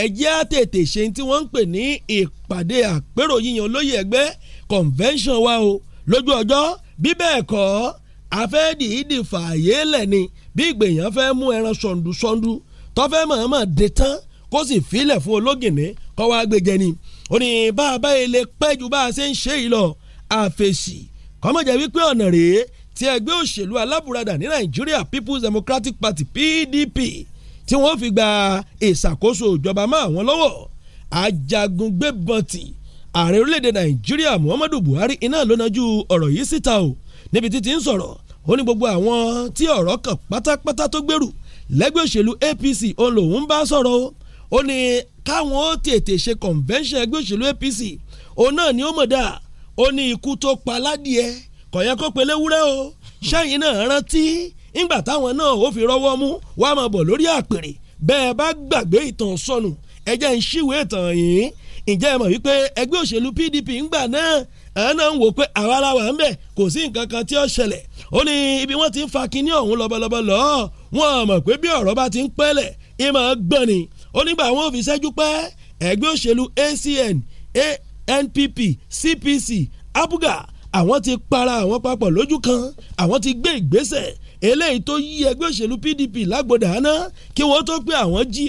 ẹjẹ́ àtètè ṣe tí wọ́n ń pè ní ìpàdé àpérò yíyan olóyè ẹgbẹ́ convention wa o lójú ọjọ́ bí bẹ́ẹ̀ kọ́ afẹ́dì ìdì fààyè lẹ̀ ni bí ìgbèyàn fẹ́ mú ẹran sọ̀ndùsọ̀ndù tọ́fẹ́ mọ̀ọ́mọ̀ dé tán kó sì filẹ̀ fún ológìnní kọ́ wá gbẹjẹ ni ó ní bá a bá ilé pẹ́ ju bá a ṣe ń ṣe yìí lọ àfẹ̀sì kọ́mọ̀jẹ̀ wípé ọ̀nà rèé tí ẹgbẹ́ òṣèlú alábùradà ní Nigeria People's Democratic Party PDP tí wọ́n fi gba ìṣàkóso ìjọba mọ́ àwọn lọ́wọ́ ajagun gbébọn tì ààrẹ orílẹ̀-èdè Nàìjíríà Muhammadu Buhari iná ló nájú ọ̀rọ̀ yìí síta o níbi títí ń sọ̀rọ̀ ó ní gbogbo àwọn tí ọ̀rọ̀ kàn pátápátá tó gbèrú lẹ́gbẹ́ òṣèlú APC òun lòun bá sọ̀rọ̀ ó ní káwọn ó tètè ṣe convention ẹgbẹ́ òṣèlú APC òun náà ni ó mọ̀ dáa ó ní ikú tó pa ládìẹ kò yẹ kó pelé wúrẹ́ o ṣẹ́yìn náà rántí ńgbà táwọn náà ó fi rọ́wọ́ mú wàá máa bọ̀ lórí àpèrè bẹ́ẹ̀ bá gbàgbé ìtàn sọnù ẹjẹ́ ń ṣíwèé tàn yìí ǹjẹ́ ẹ mọ̀ wípé ẹgbẹ́ òṣèlú PDP ńgbà náà àwọn náà ń wò pé àwa ara wa ń bẹ̀ kò sí nǹkan kan tí ó ṣẹlẹ̀ ó ní ibi wọ́n ti ń fa kinní ọ̀hún lọ́bọ̀lọ́bọ̀ lọ́ọ́ wọn mọ̀ pé bí ọ̀rọ̀ bá ti ń pẹ́lẹ̀ ìmọ̀ gbọ́n ni ó nígbà wọn ò fi ṣẹ́jú pẹ́ ẹgbẹ́ òṣèlú ACN ANPP CPC abuga àwọn ti para àwọn papọ̀ lójú kan àwọn ti gbé ìgbésẹ̀ eléyìí tó yí ẹgbẹ́ òṣèlú PDP lágbódà áná kí wọ́n tó pé àwọn jí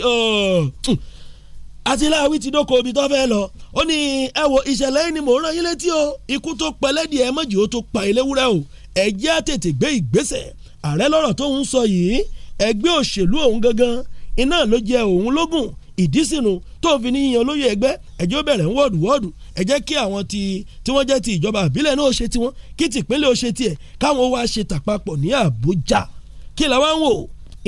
àtìláwí ti dóko omi tó fẹ́ lọ ó ní ẹ wo ìṣẹ̀lẹ̀ yìí ni mò ń rán yín létí o ikú tó pẹlẹ́dì ẹ mọ̀jì ó tó pa eléwúrẹ́ o ẹ jẹ́ tètè gbé ìgbésẹ̀ ààrẹ lọ́rọ̀ tó ń sọ yìí ẹgbẹ́ òṣèlú òun gangan iná ló jẹ òun lógún ìdí sínú tó fi ní yíyan olóyè ẹgbẹ́ ẹjẹ́ ó bẹ̀rẹ̀ ń wọ́ọ̀dù wọ́ọ̀dù ẹ jẹ́ kí àwọn tí tí wọ́n jẹ́ ti ìjọba àbílẹ̀ náà ó ṣe tiwọn kí tìpínlẹ̀ ó ṣe tiẹ̀ káwọn wá ṣe tàpapọ̀ ní Àbújá kí la ń wò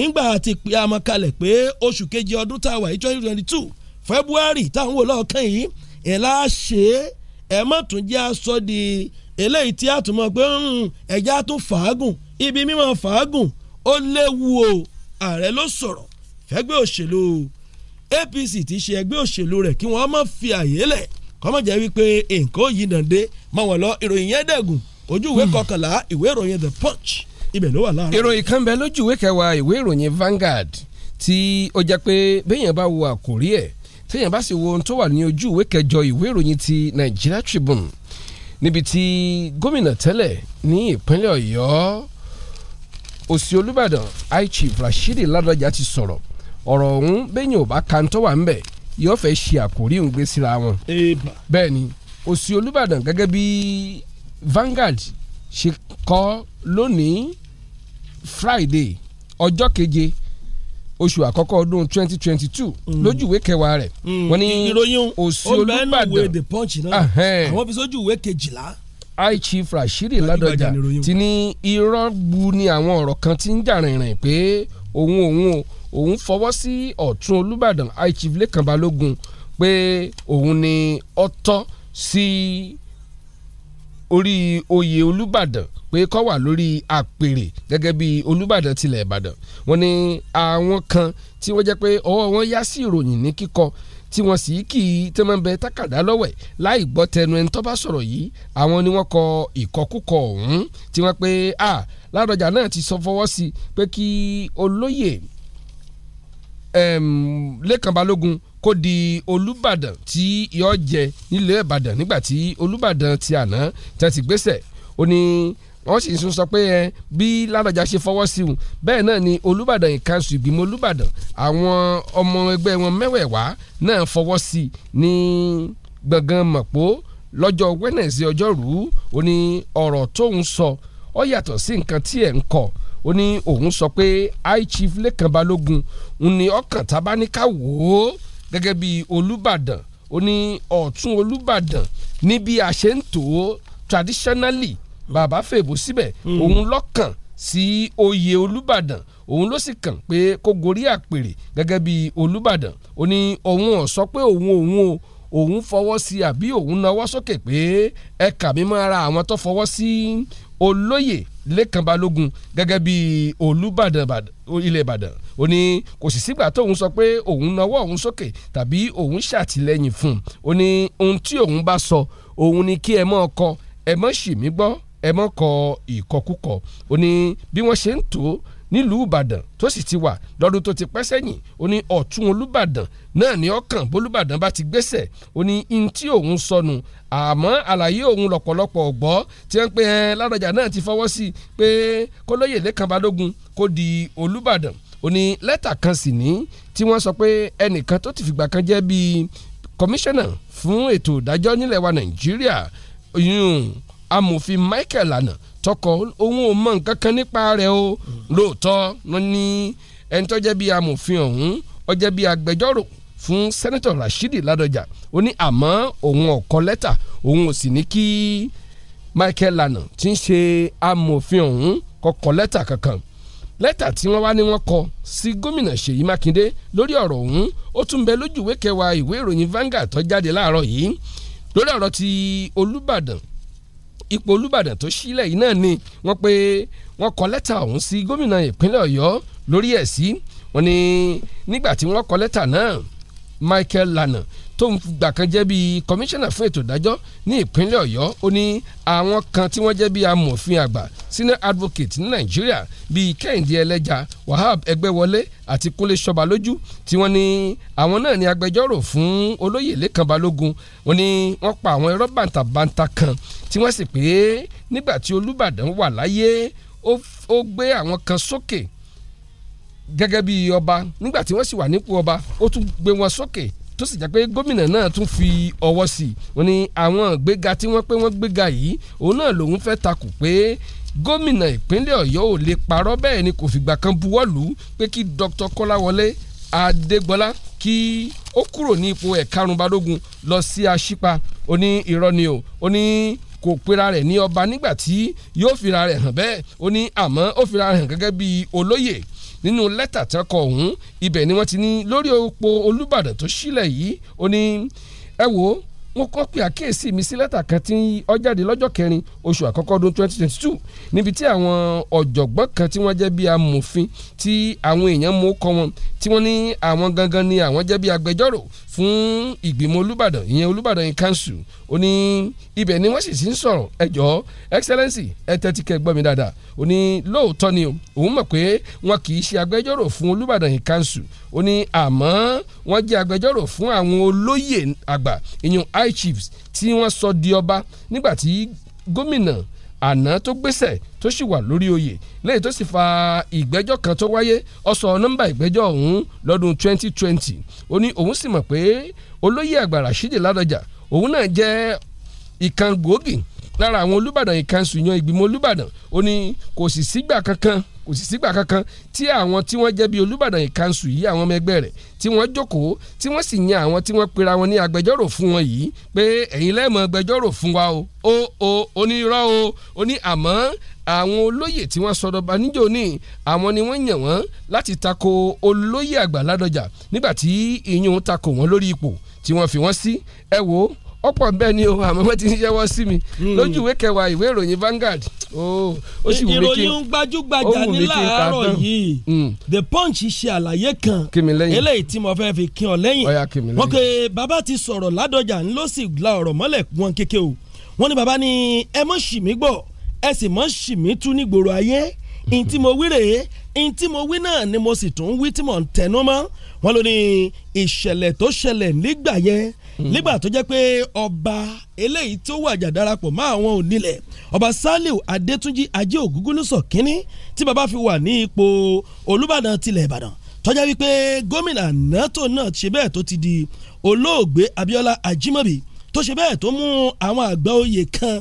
ńgbà àti pé a mọ̀ kalẹ̀ pé oṣù keje ọdún tá a wà yìí twenty twenty two February tá à ń wò lọ́ọ̀kan yìí ẹ̀ la ṣe ẹ̀ mọ̀ tún jẹ́ aṣọ di eléyìí tí a tún mọ̀ pé ẹ̀já tún fàágùn ibi mímọ̀ fàágùn ó léwu o ààrẹ ló sọ̀rọ̀ fẹ́gbẹ́ òṣèlú APC ti ṣe ẹgbẹ́ òṣèlú rẹ̀ kí wọ́n má fi àyè lẹ̀ kọ́mọ̀ jẹ́ wípé nǹkan yìí nàndé mọ̀ wọ́n lọ ìròyìn yẹn dẹ̀gùn ojú ìwé hmm. kọkànlá ìwé ìròyìn The Punch ibẹ̀ ló wà lára. ìròyìn kan bẹ lójú ìwé kẹwàá ìwé ìròyìn Vanguard tí ó jẹ́ pé béèyàn bá wo àkórí ẹ̀ téèyàn bá sì wo ohun tó wà ní ojú ìwé kẹjọ ìwé ìròyìn ti Nigeria Tribune níbi tí gómìnà tẹ́lẹ̀ ní ìpínlẹ̀ Ọ̀yọ́ Òsì Olúbàdàn High Chief Rashidi Ládọjà ti sọ̀rọ̀ ọ̀rọ̀ ọ̀hún bẹ́yìn ò bá kan tó wà ń bẹ̀ yóò fẹ́ ṣe àkórí òun síra wọn. bẹ́ẹ̀ ni òsì olùbàdàn gẹ́gẹ́ bí Vanguard ṣe kọ lónìí Friday ọjọ́ keje oṣù àkọ́kọ́ ọdún twenty twenty two mm. lójú ìwé kẹwàá rẹ̀ mm. wọ́n ní òsì olùbàdàn àwọn fi sójú ìwé kejìlá high chief Rashidi Ládọjà ti ní irọ́ gbu ni àwọn ọ̀rọ̀ kan ti ń jà rìnrìn pé òun òun o òun fọwọ́ sí ọ̀tún olùbàdàn high chief lẹ́kàn balógun pé òun ni ó tọ́ sí orí oyè olùbàdàn pé kó wà lórí àpèrè gẹ́gẹ́ bí olùbàdàn tilẹ̀ ìbàdàn wọ́n ni àwọn kan tí wọ́n jẹ́ pé ọwọ́ wọn yá sí ìròyìn ní kíkọ tí wọ́n sì kì í tẹ́ máa bẹ tákàdá lọ́wẹ̀ láì gbọ́ tẹnu ẹni tó bá sọ̀rọ̀ yìí àwọn ni wọ́n kọ ìkọkúkọ ọ̀hún tí wọ́n pé a ládọjà náà ti sọ fọwọ́ sí pé kí olóyè Lékan Balógun kó di Olúbàdàn tí yọ jẹ nílẹ̀ Ìbàdàn nígbà tí Olúbàdàn ti àná tẹ́ ti gbéṣẹ̀ ó ní wọ́n sì sọ pé ẹ bí Ládọ̀jà ṣe fọwọ́ sí un bẹ́ẹ̀ náà ni Olúbàdàn ìkanṣu ìgbìmọ̀ Olúbàdàn àwọn ọmọ ẹgbẹ́ wọn mẹ́wẹ̀ẹ̀wá náà fọwọ́ sí ní gbọ̀ngàn mọ̀pọ̀ lọ́jọ́ Wednesday ọjọ́rú ó ní ọ̀rọ̀ tóun sọ ó yàtọ̀ sí nǹkan tí ẹ̀ ń kọ ó ní òun sọ pé high chief Lékan Balógun ń ní ọkàn tábà ní ká wò ó gẹ́gẹ́ bí Olúbàdàn ó ní ọ̀tún Olúbàdàn ní bí a ṣe ń tò ó traditionally bàbá fèbó síbẹ̀ hmm. òun lọ́kàn sí oyè Olúbàdàn òun ló sì kàn pé kó gorí àpèrè gẹ́gẹ́ bí Olúbàdàn ó òun ò sọ pé òun òun o òun fọwọ́ sí àbí òun nawọ́ sókè pé ẹ̀ka mímọ́ ara àwọn tó fọwọ́ sí olóyè lẹ́kàn balógun gẹ́gẹ́ bí olùbàdàn ilẹ̀ ìbàdàn ó ní kò sì sígbà tóun sọ pé òun nawọ́ òun sókè tàbí òun ṣàtìlẹ́yìn fún un ó ní ohun tí òun bá sọ òun ni kí ẹ mọ́ ọkọ ẹ mọ́ ṣì mí gbọ́ ẹ mọ́ kọ ìkọkúkọ ó ní bí wọ́n ṣe ń tó nílùú ìbàdàn tó sì ti wà lọ́dún tó ti pẹ́ sẹ́yìn ó ní ọ̀tún olùbàdàn náà ní ọkàn bólúbàdàn bá ti gbéṣẹ̀ ó ní in tí òun sọnù àmọ́ àlàyé òun lọ́pọ̀lọpọ̀ ọ̀gbọ́ tí wọ́n pe eh, ládọjà náà ti fọwọ́ sí i pé kólóyè lẹ́kàn balógun kó di olùbàdàn ó ní lẹ́tà kan sì ní tí wọ́n sọ pé ẹnìkan tó ti fìgbà kan jẹ́ bíi kọmíṣánná fún ètò ìdájọ́ nílẹ̀ wa nàìjíríà amòfin Michael lànà tọkọ òun ò mọ nǹkan kan nípa rẹ̀ o lóòótọ́ wọn ní ẹni tó jẹ́ bí amòfin ọ̀hún ó bí agbẹjọ́rò fún sẹ́nẹ́tọ̀ Rashidi Ládọjà ó ní àmọ́ òun ò kọ lẹ́tà òun ò sì ní kí Michael lànà tí ń ṣe amòfin ọ̀hún kó kọ lẹ́tà kankan lẹ́tà tí wọ́n wá ní wọ́n kọ sí gómìnà Ṣèyí Mákindé lórí ọ̀rọ̀ ọ̀hún ó tún bẹ lójú kẹwàá ìwé ìròyìn Vanguard tó jáde láàárọ̀ yìí lórí ọ̀rọ̀ ti Olúbàdàn ipò olùbàdàn tó sílẹ̀ yìí náà ni wọ́n pé wọ́n kọ lẹ́tà ọ̀hún sí gómìnà ìpínlẹ̀ ọ̀yọ́ lórí ẹ̀ sí wọ́n ní nígbà tí wọ́n kọ lẹ́tà náà Michael Lana tó ń gbà kan jẹ́ bíi kọmíṣánná fún ètò ìdájọ́ ní ìpínlẹ̀ ọ̀yọ́ ó ní àwọn kan tí wọ́n jẹ́ bíi amòfin àgbà senior advocate ní nàìjíríà bíi kẹ́hìndé ẹlẹ́jà wahab ẹgbẹ́wọlé àti kúnlé ṣọba lójú tí wọ́n ní àwọn náà ní agbẹjọ́rò fún olóyè lẹ́kàn balógun wọ́n ní wọ́n pa àwọn irọ́ bàǹtàbàǹtà kan tí wọ́n sì pé nígbà tí olúbàdàn wà láyé ó gbé àwọn kan sókè gẹ́gẹ́ bíi ọba nígbà tí wọ́n sì wà nípò ọba ó tún gbé wọn sókè tó sì jẹ́ pé gómìnà náà tún fi ọwọ́ sí i wọ́n ní àwọn ìgbéga tí wọ́n pé wọ́n gbéga yìí òun náà lòun fẹ́ takò pé gómìnà ìpínlẹ̀ ọ̀yọ́ ò lè parọ́ bẹ́ẹ̀ ni kò fìgbà kan buwọ́lù pé kí dr kọ́láwọlé adégbọ́lá kí ó kúrò ní ipò ẹ̀karùn balógun lọ sí aṣípa ó irọ́ ni o ó kò pera rẹ̀ ní ọba nígbà tí yóò fira rẹ̀ hàn bẹ́ẹ̀ ó àmọ́ ó fira rẹ̀ hàn gẹ́gẹ́ bíi olóyè nínú lẹ́tà tí kọ ọ̀hún ibẹ̀ ni wọ́n ti ní lórí òpó Olúbàdàn tó sílẹ̀ yìí ó ní ẹ wò ó wọ́n kọ́ pé àkíyèsí mi sí lẹ́tà kan tí ó jáde lọ́jọ́ kẹrin oṣù àkọ́kọ́ ọdún twenty twenty two níbi tí àwọn ọ̀jọ̀gbọ́n kan tí wọ́n jẹ́ bí amòfin tí àwọn èèyàn mú kọ́ wọn tí wọ́n ní àwọn gangan ni àwọn jẹ́ bí agbẹjọ́rò fún ìgbìmọ̀ olùbàdàn ìyẹn olùbàdàn yìí kanṣu ó ní ibẹ̀ ni wọ́n sì ti ń sọ̀rọ̀ ẹ jọ̀ọ́ excellency ẹ tẹ́tí kẹ́ gbọ́ mi dáadáa ó ní lóòótọ́ ni òun mọ̀ pé wọn kì í ṣe agbẹjọ́rò fún olùbàdàn yìí kanṣu ó ní àmọ́ wọ́n jẹ́ agbẹjọ́rò fún àwọn olóyè àgbà ìyún high chiefs tí wọ́n sọ di ọba nígbà tí gómìnà àná tó gbéṣẹ̀ tó sì wà lórí oyè lẹ́yìn tó sì fa ìgbẹ́jọ́ kan tó wáyé ó sọ nọ́mbà ìgbẹ́jọ́ ọ̀hún lọ́dún 2020 ó ní òun sì mọ̀ pé olóyè àgbà Rashidi Ládọjà òun náà jẹ́ ìkan gbòógì lára àwọn olùbàdàn ìkànsù yan ìgbìmọ̀ olùbàdàn ó ní kò sì sígbà kankan kò sì sígbà kankan tí àwọn tí wọ́n jẹ́ bí olùbàdàn ìkànsù yìí àwọn ọmọ ẹgbẹ́ rẹ̀ tí wọ́n jókòó tí wọ́n sì yan àwọn tí wọ́n pera wọn ní agbẹjọ́rò fún wọn yìí pé ẹ̀yin lẹ́mọ̀ agbẹjọ́rò fún wa o ó o onírọ́ o ó ní àmọ́ àwọn olóyè tí wọ́n sọ̀rọ̀ banijó ní àwọn ni wọ́n yàn wọ́n láti tako olóyè àgbà Ládọjà nígbà tí ìyún tako wọn lórí ipò tí wọ́n fi wọ́n sí ẹ wo ọ̀pọ̀ bẹ́ẹ̀ ni o àmọ́ wọ́n ti ń yẹ́wọ́ sí mi hmm. lójú ìwé kẹwàá ìwé ìròyìn Vanguard ó sì wù mí kí ìròyìn gbajúgbajà ní láàárọ̀ yìí hmm. The Punch ṣe àlàyé kan eléyìí tí mo fẹ́ fi kí ọ lẹ́yìn wọ́n pe bàbá ti sọ̀rọ̀ ládọjà ńlọ sì la ọ̀rọ̀ mọ́lẹ̀ wọn kéke o wọ́n ní bàbá ni ẹ mọ̀ ṣì mí gbọ́ ẹ sì mọ̀ ṣì mí tú ní gbòòrò ayé n tí mo wí rèé n tí mo wí náà ni mo sì tún wí tí mo ń tẹnu mọ́ wọn ló ìṣẹ̀lẹ̀ tó ṣẹlẹ̀ nígbà yẹn Hmm. nígbà tó jẹ́ pé ọba eléyìí tó wàjà darapọ̀ mọ́ àwọn onílẹ̀ ọba Saliu Adétúnjì Ajé Ògúngúnnísọ kínní tí bàbá fi wà ní ipò Olúbàdàn tilẹ̀ Ìbàdàn tọ́já wípé gómìnà nàtò náà ṣe bẹ́ẹ̀ tó ti di olóògbé Abíọ́lá Ajímọ̀bí tó ṣe bẹ́ẹ̀ tó mú àwọn àgbà oyè kan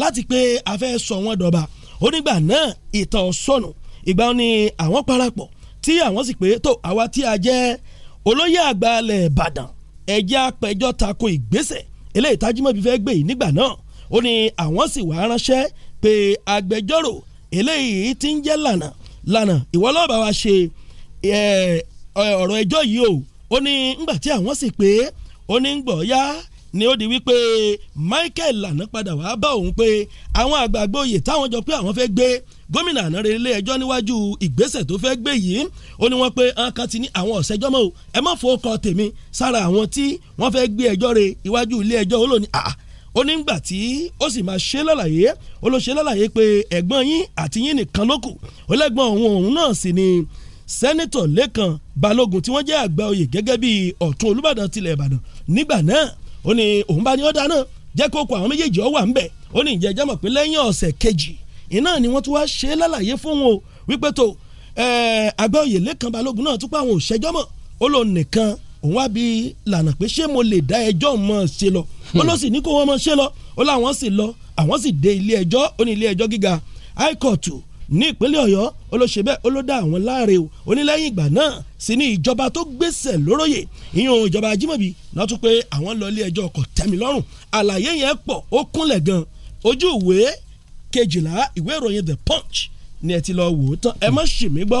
láti pé a fẹ́ sọ wọ́n dọba onígbà náà ìtàn sọnù ìgbà ni àwọn parapọ̀ tí àwọn sì pé tó àwa tí a jẹ́ olóyè àgbà alẹ̀ Ìbàdàn ẹjẹ́ apẹjọ́ tako ìgbésẹ̀ eléyìí tájúmọ̀bí fẹ́ gbé yìí nígbà náà ó ní àwọn sì wá ránṣẹ́ pé agbẹjọ́rò eléyìí ti ń jẹ́ lànà lànà ìwọ ló bá wa ṣe ọ̀rọ̀ ẹjọ́ yìí o ó ní ngbà tí àwọn sì pé ó ní gbọ̀ yá ni ó di wípé Michael lànà padà wàá bá òun pé àwọn àgbààgbà oyè táwọn jọ pé àwọn fẹ́ gbé gómìnà àná rẹ ilé ẹjọ́ níwájú ìgbésẹ̀ tó fẹ́ gbé yìí ó ní wọ́n pé ọkàn ti ní àwọn ọ̀sẹ́jọ́ mọ́ o ẹ má fọ ọkọ̀ tèmi sára àwọn tí wọ́n fẹ́ gbé ẹjọ́ rẹ iwájú ilé ẹjọ́ ó lò ní àà ó ní gbà tí ó sì máa ṣe lálàyé ó ló ṣe lálàyé pé ẹ̀gbọ́n yín àti yín nìkan ló kù ó lẹ́gbọ́n òun òun náà sì ni sẹ́nitọ̀ lẹ́kan balógun tí wọ́n jẹ́ àgbà oyè gẹ́gẹ́ bí ọ̀tún olùbàdàn tilẹ̀ ìbàdàn nígbà náà ó ní òun bá ní ọ̀dà náà jẹ́ kó kó àwọn méjèèjì ó wà ńbẹ̀ ó ní ìjẹ́jẹ́ mọ̀ pé lẹ́yìn ọ̀sẹ̀ kejì iná ni wọ́n tún wá ṣe é lálàyé fún wọn o wípé tó Àgbàoyè Lékan Balógun náà tún pé àwọn òṣèjọ́ mọ̀ ó lò nìkan òun wá bí lànà pé ṣé mo lè dá ẹjọ́ mọ̀ ṣe lọ ó lọ sì ní kó wọ́n mọ̀ ṣe lọ ó láwọn sì lọ àwọn sì dé ilé ẹjọ́ ó ní ilé ẹjọ́ gíga high court ní ìpínlẹ̀ Ọ̀yọ́ ó ló ṣe bẹ́ẹ̀ ó ló dá àwọn láre o ó ní lẹ́yìn ìgbà náà sì ni ìjọba tó gbèsè lóróyè ìyẹn ìjọba Ajímọ̀bí náà tún pé àwọn lọ ilé ẹjọ́ kò tẹ́mi lọ́rùn àlàyé yẹn pọ̀ ó kúnlẹ̀ gan ojú ìwé kejìlá ìwé ìròyìn the punch ni ẹ ti lọ wò ó tán ẹ má ṣì mí gbọ́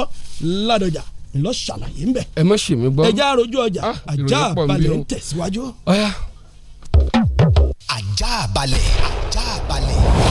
ládọjà ńlọ ṣàlàyé ńbẹ. ẹ má ṣì mí gbọ́. ẹja àròjù ọjà ah, ajá balẹ̀ ń tẹ̀síwájú. ajá balẹ̀ ajá balẹ̀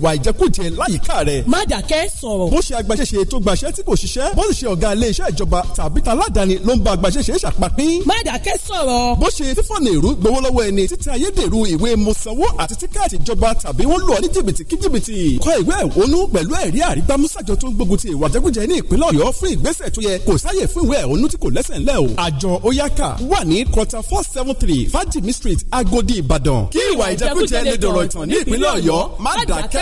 ìwà ìjẹkújẹ láyìíká rẹ̀. má dàkẹ́ sọ̀rọ̀. bó ṣe agbaṣẹ́ṣe tó gbaṣẹ́ tí kò ṣiṣẹ́ bó sì ṣe ọ̀gá ilé iṣẹ́ ìjọba tàbí taládàáni ló ń bá agbaṣẹ́ṣe ṣàpapín. má dàkẹ́ sọ̀rọ̀. bó ṣe fífọ́nà ìrú gbowó lọ́wọ́ ẹni títí ayédèrú ìwé mọ̀sánwó àti tíkẹ́ẹ̀tì ìjọba tàbí wọ́n lò ní jìbìtì kí jìbìtì. kọ ìwé ẹ̀hónú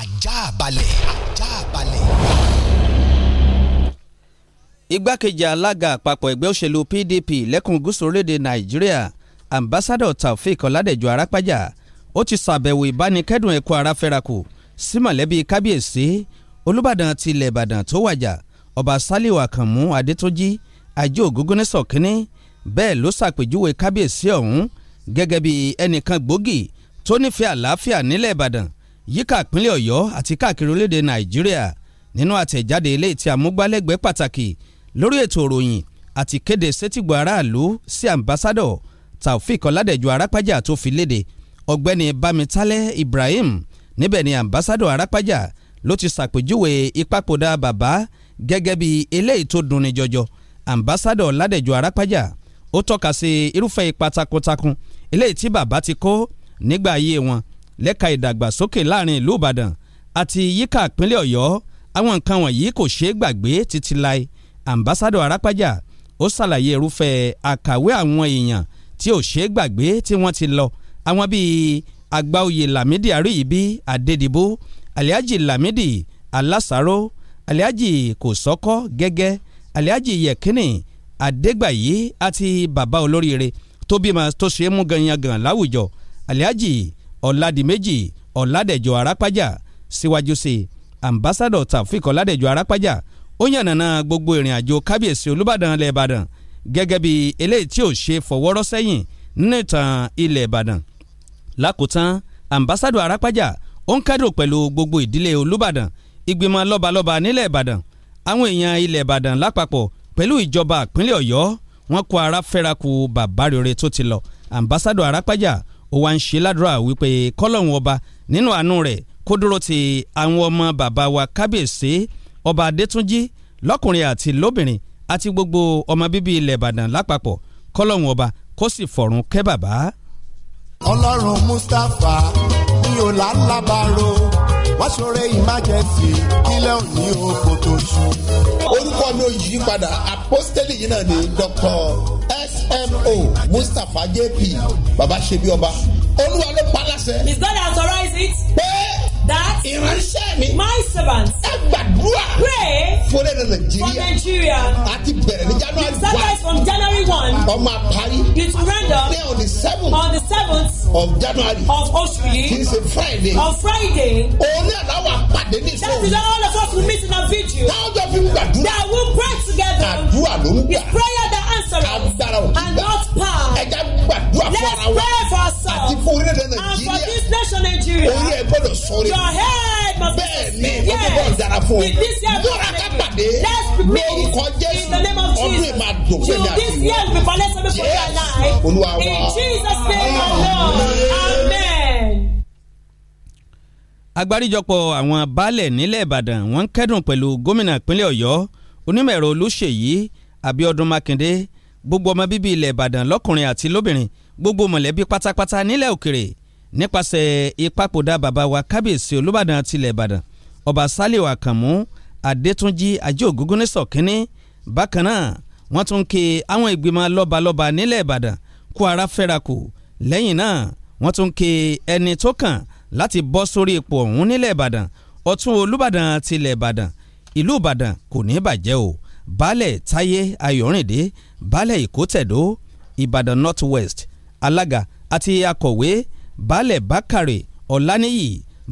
àjàbalẹ̀ àjàbalẹ̀. igbákejì alága àpapọ̀ ẹgbẹ́ òṣèlú PDP lẹ́kùn gúúsù orílẹ̀-èdè Nàìjíríà ambassadọ Taofik Ọládẹ̀jọ Arápájà ó ti ṣàbẹ̀wò ìbánikẹ́dùn ẹ̀kọ́ ara fẹ́rakù sí mọ̀lẹ́bí kábíyèsí Olúbàdàn ti ilẹ̀ Ìbàdàn tó wàjà ọba Sálíù Àkànmú Adétúnjì Ajé Ògúngúnnísọ̀ kínní bẹ́ẹ̀ ló ṣàpèjúwe kábíyèsí ọ̀hún gẹ́gẹ́ bí ẹnìkan gbòógì tó nífẹ̀ẹ́ àlàáfíà nílẹ̀ Ìbàdàn yíká ìpínlẹ̀ ọ̀yọ́ àti káàkiri orílẹ̀-èdè nàìjíríà nínú àtẹ̀jáde ilé tí amúgbálẹ́gbẹ̀ẹ́ pàtàkì lórí ètò òròyìn àti kéde sétígbọ̀ aráàlú sí ambassadọ̀ taofik ọládẹ̀jọ arápájà tó fi léde ọ̀gbẹ́ni bamitalẹ ibrahim níbẹ̀ ni ambassadọ̀ arápájà ló ti ṣàpèjúwe ìpapòdà bàbá gẹ́gẹ́ bí eléyìí tó dunni jọjọ ambassadọ̀ ọládẹ̀jọ arápájà ó tọ́ka sí irúfẹ́ ipa takuntakun eléyìí tí bàbá ti kó nígbà ayé wọn lẹ́ka ìdàgbàsókè láàrin ìlú Ìbàdàn àti yíká ìpínlẹ̀ Ọ̀yọ́ àwọn nǹkan wọ̀nyí kò ṣeé gbàgbé títí láì ambassadọ Arápájà ó ṣàlàyé irúfẹ́ àkàwé àwọn èèyàn tí ò ṣeé gbàgbé tí wọ́n ti lọ àwọn bíi àgbáòye Lámídì Àríyìbí Adédìbò Alhaji Lámídì Alásàró Alhaji Kòsọ́kọ́ Gẹ́gẹ́ Alhaji Yẹ̀kínì Adégbàyí àti bàbá olóríire tó bímọ tó ṣe é mú ganyangan láwùjọ Alhaji ọ̀làdìmẹ́jì ọ̀làdẹ̀jọ arápájà síwájú sí i ambassadọ̀ taofik ọ̀làdẹ̀jọ arápájà ó yànnàná gbogbo ìrìn àjò kábíyèsí olúbàdàn ilẹ̀ ìbàdàn gẹ́gẹ́ bí eléyìí tí ò ṣe fọwọ́rọ́ sẹ́yìn nìtàn ilẹ̀ ìbàdàn lákòótán ambassadọ̀ arápájà ó ń kẹ́dùn pẹ̀lú gbogbo ìdílé olúbàdàn ìgbìmọ̀ lọ́balọ́ba nílẹ̀ ìbàdàn àwọn èèyàn ilẹ̀ ìbàdàn lápapọ̀ pẹ̀lú ìjọba ìpínlẹ̀ ọ̀yọ́ wọn kó ara fẹ́ra ku bàbá rere tó ti lọ ambassadọ̀ arápájà ó wá ń ṣe ládùúrà wípé kọ́lọ́hún ọba nínú àánú rẹ̀ kó dúró ti àwọn ọmọ bàbá wa kábíyèsí ọba adétúnjì lọ́kùnrin àti lóbìnrin àti gbogbo ọmọ bíbí ilẹ̀ ìbàdàn lápapọ̀ kọ́lọ́hún ọba kó sì fọ̀rùn kẹ́ bàbá. ọlọ́run mustapha mi ò lálábàárò wá ṣoore emergency kílẹ̀ òní oko tó ṣú. orúkọ mi ò yí padà apostoli yìí náà ni dr smo mustapha jp baba ṣebi ọba olúwa ló pa láṣẹ. Is God authorize it? pé. that my servant pray for Nigeria for Nigeria àti January one from January one it will render on, on the seventh on the seventh of January of oṣù it is a Friday on Friday òun náà that is all of us will meet in a video that we pray together àdúrà prayer that sorrow. and not power. let's pray for ourselves. and for this nation Nigeria. your head must be sustained. bẹ́ẹ̀ with this year let's be made in the name of Jesus. ọdún this year will be for your life. in Jesus name alone amen agbáríjọpọ̀ àwọn baálẹ̀ nílẹ̀ ìbàdàn wọ́n ń kẹ́dùn pẹ̀lú gómìnà ìpínlẹ̀ ọ̀yọ́ onímọ̀ ẹ̀rọ olúṣèyí Abíọ́dún Mákindé gbogbo ọmọ bíbí ilẹ̀ Ìbàdàn lọ́kùnrin àti lóbìnrin gbogbo mọ̀lẹ́bí pátápátá nílẹ̀ òkèrè nípasẹ̀ ìpapòdà bàbá wa kábíyèsí Olúbàdàn tilẹ̀ Ìbàdàn ọba Sálíù Àkànmú Adétúnjì Ajé Ògúngúnnísọ̀ kínní bákan náà wọ́n tún ké àwọn ìgbìmọ̀ lọ́balọ́ba nílẹ̀ Ìbàdàn kó ara fẹ́ra kù lẹ́yìn náà wọ́n tún ké ẹni tó kàn láti bọ́ sórí ipò ọ̀hún nílẹ̀ Ìbàdàn ọ̀tún Olúbàdàn tilẹ̀ Ìbàdàn ìlú Ìbàdàn kò ní bàjẹ́ o baálẹ̀ táyé ayọ̀rìndé baálẹ̀ ìkótẹ̀dó ìbàdàn north west alága àti akọ̀wé baálẹ̀ bákàrè ọláníyì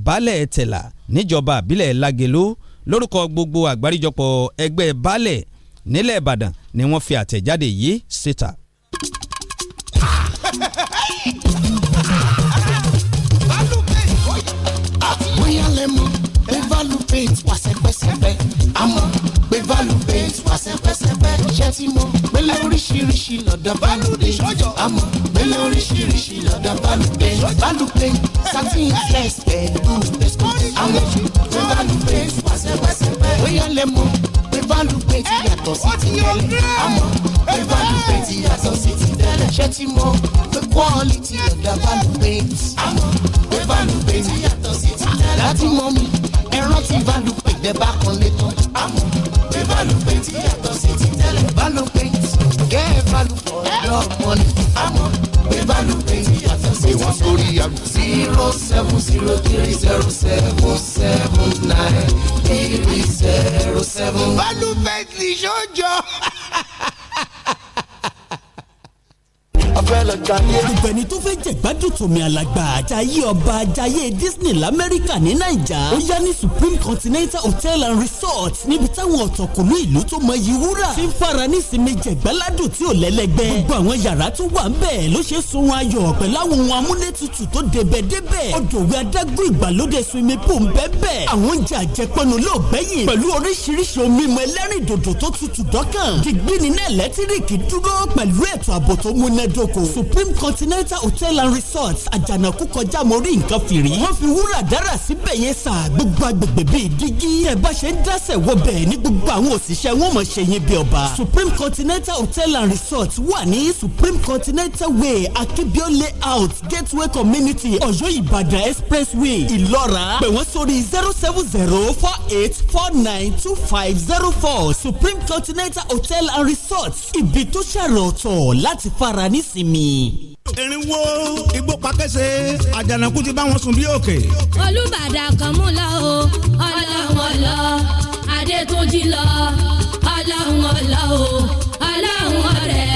baálẹ̀ tẹ̀là níjọba àbílẹ̀ lágelú lórúkọ gbogbo àgbáríjọpọ̀ ẹgbẹ́ baálẹ̀ nílẹ̀ ìbàdàn ni wọ́n fi àtẹ̀jáde yìí síta. bóyá lẹ́mu evaluate wàṣẹ́pẹ́sẹ́pẹ́ àmọ́ street wá sẹ́pẹ́sẹ́pẹ́ iṣẹ́ tí mo gbélé oríṣiríṣi lọ́dọ̀ balùdé àmọ́ gbélé oríṣiríṣi lọ́dọ̀ balùdé balùdé satin flex pẹ̀lú pesco àwọn gbé balùdé wá sẹ́pẹ́sẹ́pẹ́ bóyá lẹ mọ̀ pé balùdé ti yàtọ̀ sí ti tẹ́lẹ̀ àmọ́ pé balùdé ti yàtọ̀ sí ti tẹ́lẹ̀ iṣẹ́ tí mo gbé quality lọ́dọ̀ balùdé àmọ́ pé balùdé ti yàtọ̀ sí ti tẹ́lẹ̀ láti mọ mi rántí balùwẹ̀ ìgbẹ́ bá kan lé tán. àmọ́ pé balùwẹ̀ ti yàtọ̀ sí ti tẹ́lẹ̀. balùwẹ̀ kẹ́ ẹ balùwẹ̀ lọ́pọ̀ ni. àmọ́ pé balùwẹ̀ ti yàtọ̀ sí ti tẹ́lẹ̀. ìwọ sórí àgbà. zero seven zero three zero seven seven nine three zero seven. balùwẹ̀ ti ṣojo. afẹ́lẹ̀ jayé. gbogbo ẹni tó fẹ́ jẹ̀gbádùn tòmí alàgbà jayé ọba jayé Disney lamẹ́ríkà ní nàìjà ó yá ní Supreme Continental Hotel and Resort níbi táwọn ọ̀tọ̀kùnrin ìlú tó mọ iye wúrà ti ń fara nísìnyí jẹ̀gbáládùn tí ò lẹ́lẹ́gbẹ́. gbogbo àwọn yàrá tó wà ń bẹ̀ ló ṣe sun ayọ̀ pẹ̀lú àwọn ohun amúlétutù tó débẹ̀débẹ̀ odòwe adágún ìgbàlódé swimming pool ń bẹ́ẹ̀ bẹ́ẹ̀ àwọn oúnjẹ àjẹpọnu ìkòkò Supreme Continental Hotel and Resorts àjànàkú kọjá mo rí nǹkan fìrí wọ́n fi wúrà dára síbẹ̀ yẹn sà gbogbo agbègbè bíi dígí ẹ̀ bá ṣe ń dẹ́sẹ̀ wọbẹ̀ ní gbogbo àwọn òṣìṣẹ́ wọn mọ̀ ṣe yín bí ọba Supreme Continental Hotel and Resorts wà ní Supreme Continental Way Akibio Layout Gateway Community Ọ̀yọ́ Ìbàdàn Expressway Ìlọ́ra pè wọ́n sórí zero seven zero four eight four nine two five zero four Supreme Continental Hotel and Resorts ibi tó ṣàrọ̀ láti fara ní sí mi. irinwó igbó pakẹ́sẹ̀ àjànàkú ti bá wọn sùn bí òkè. olùbàdàn kan mú lọ o ọlọ́run ọlọ́ adétúnjì lọ ọlọ́run ọlọ́ o ọlọ́run ọrẹ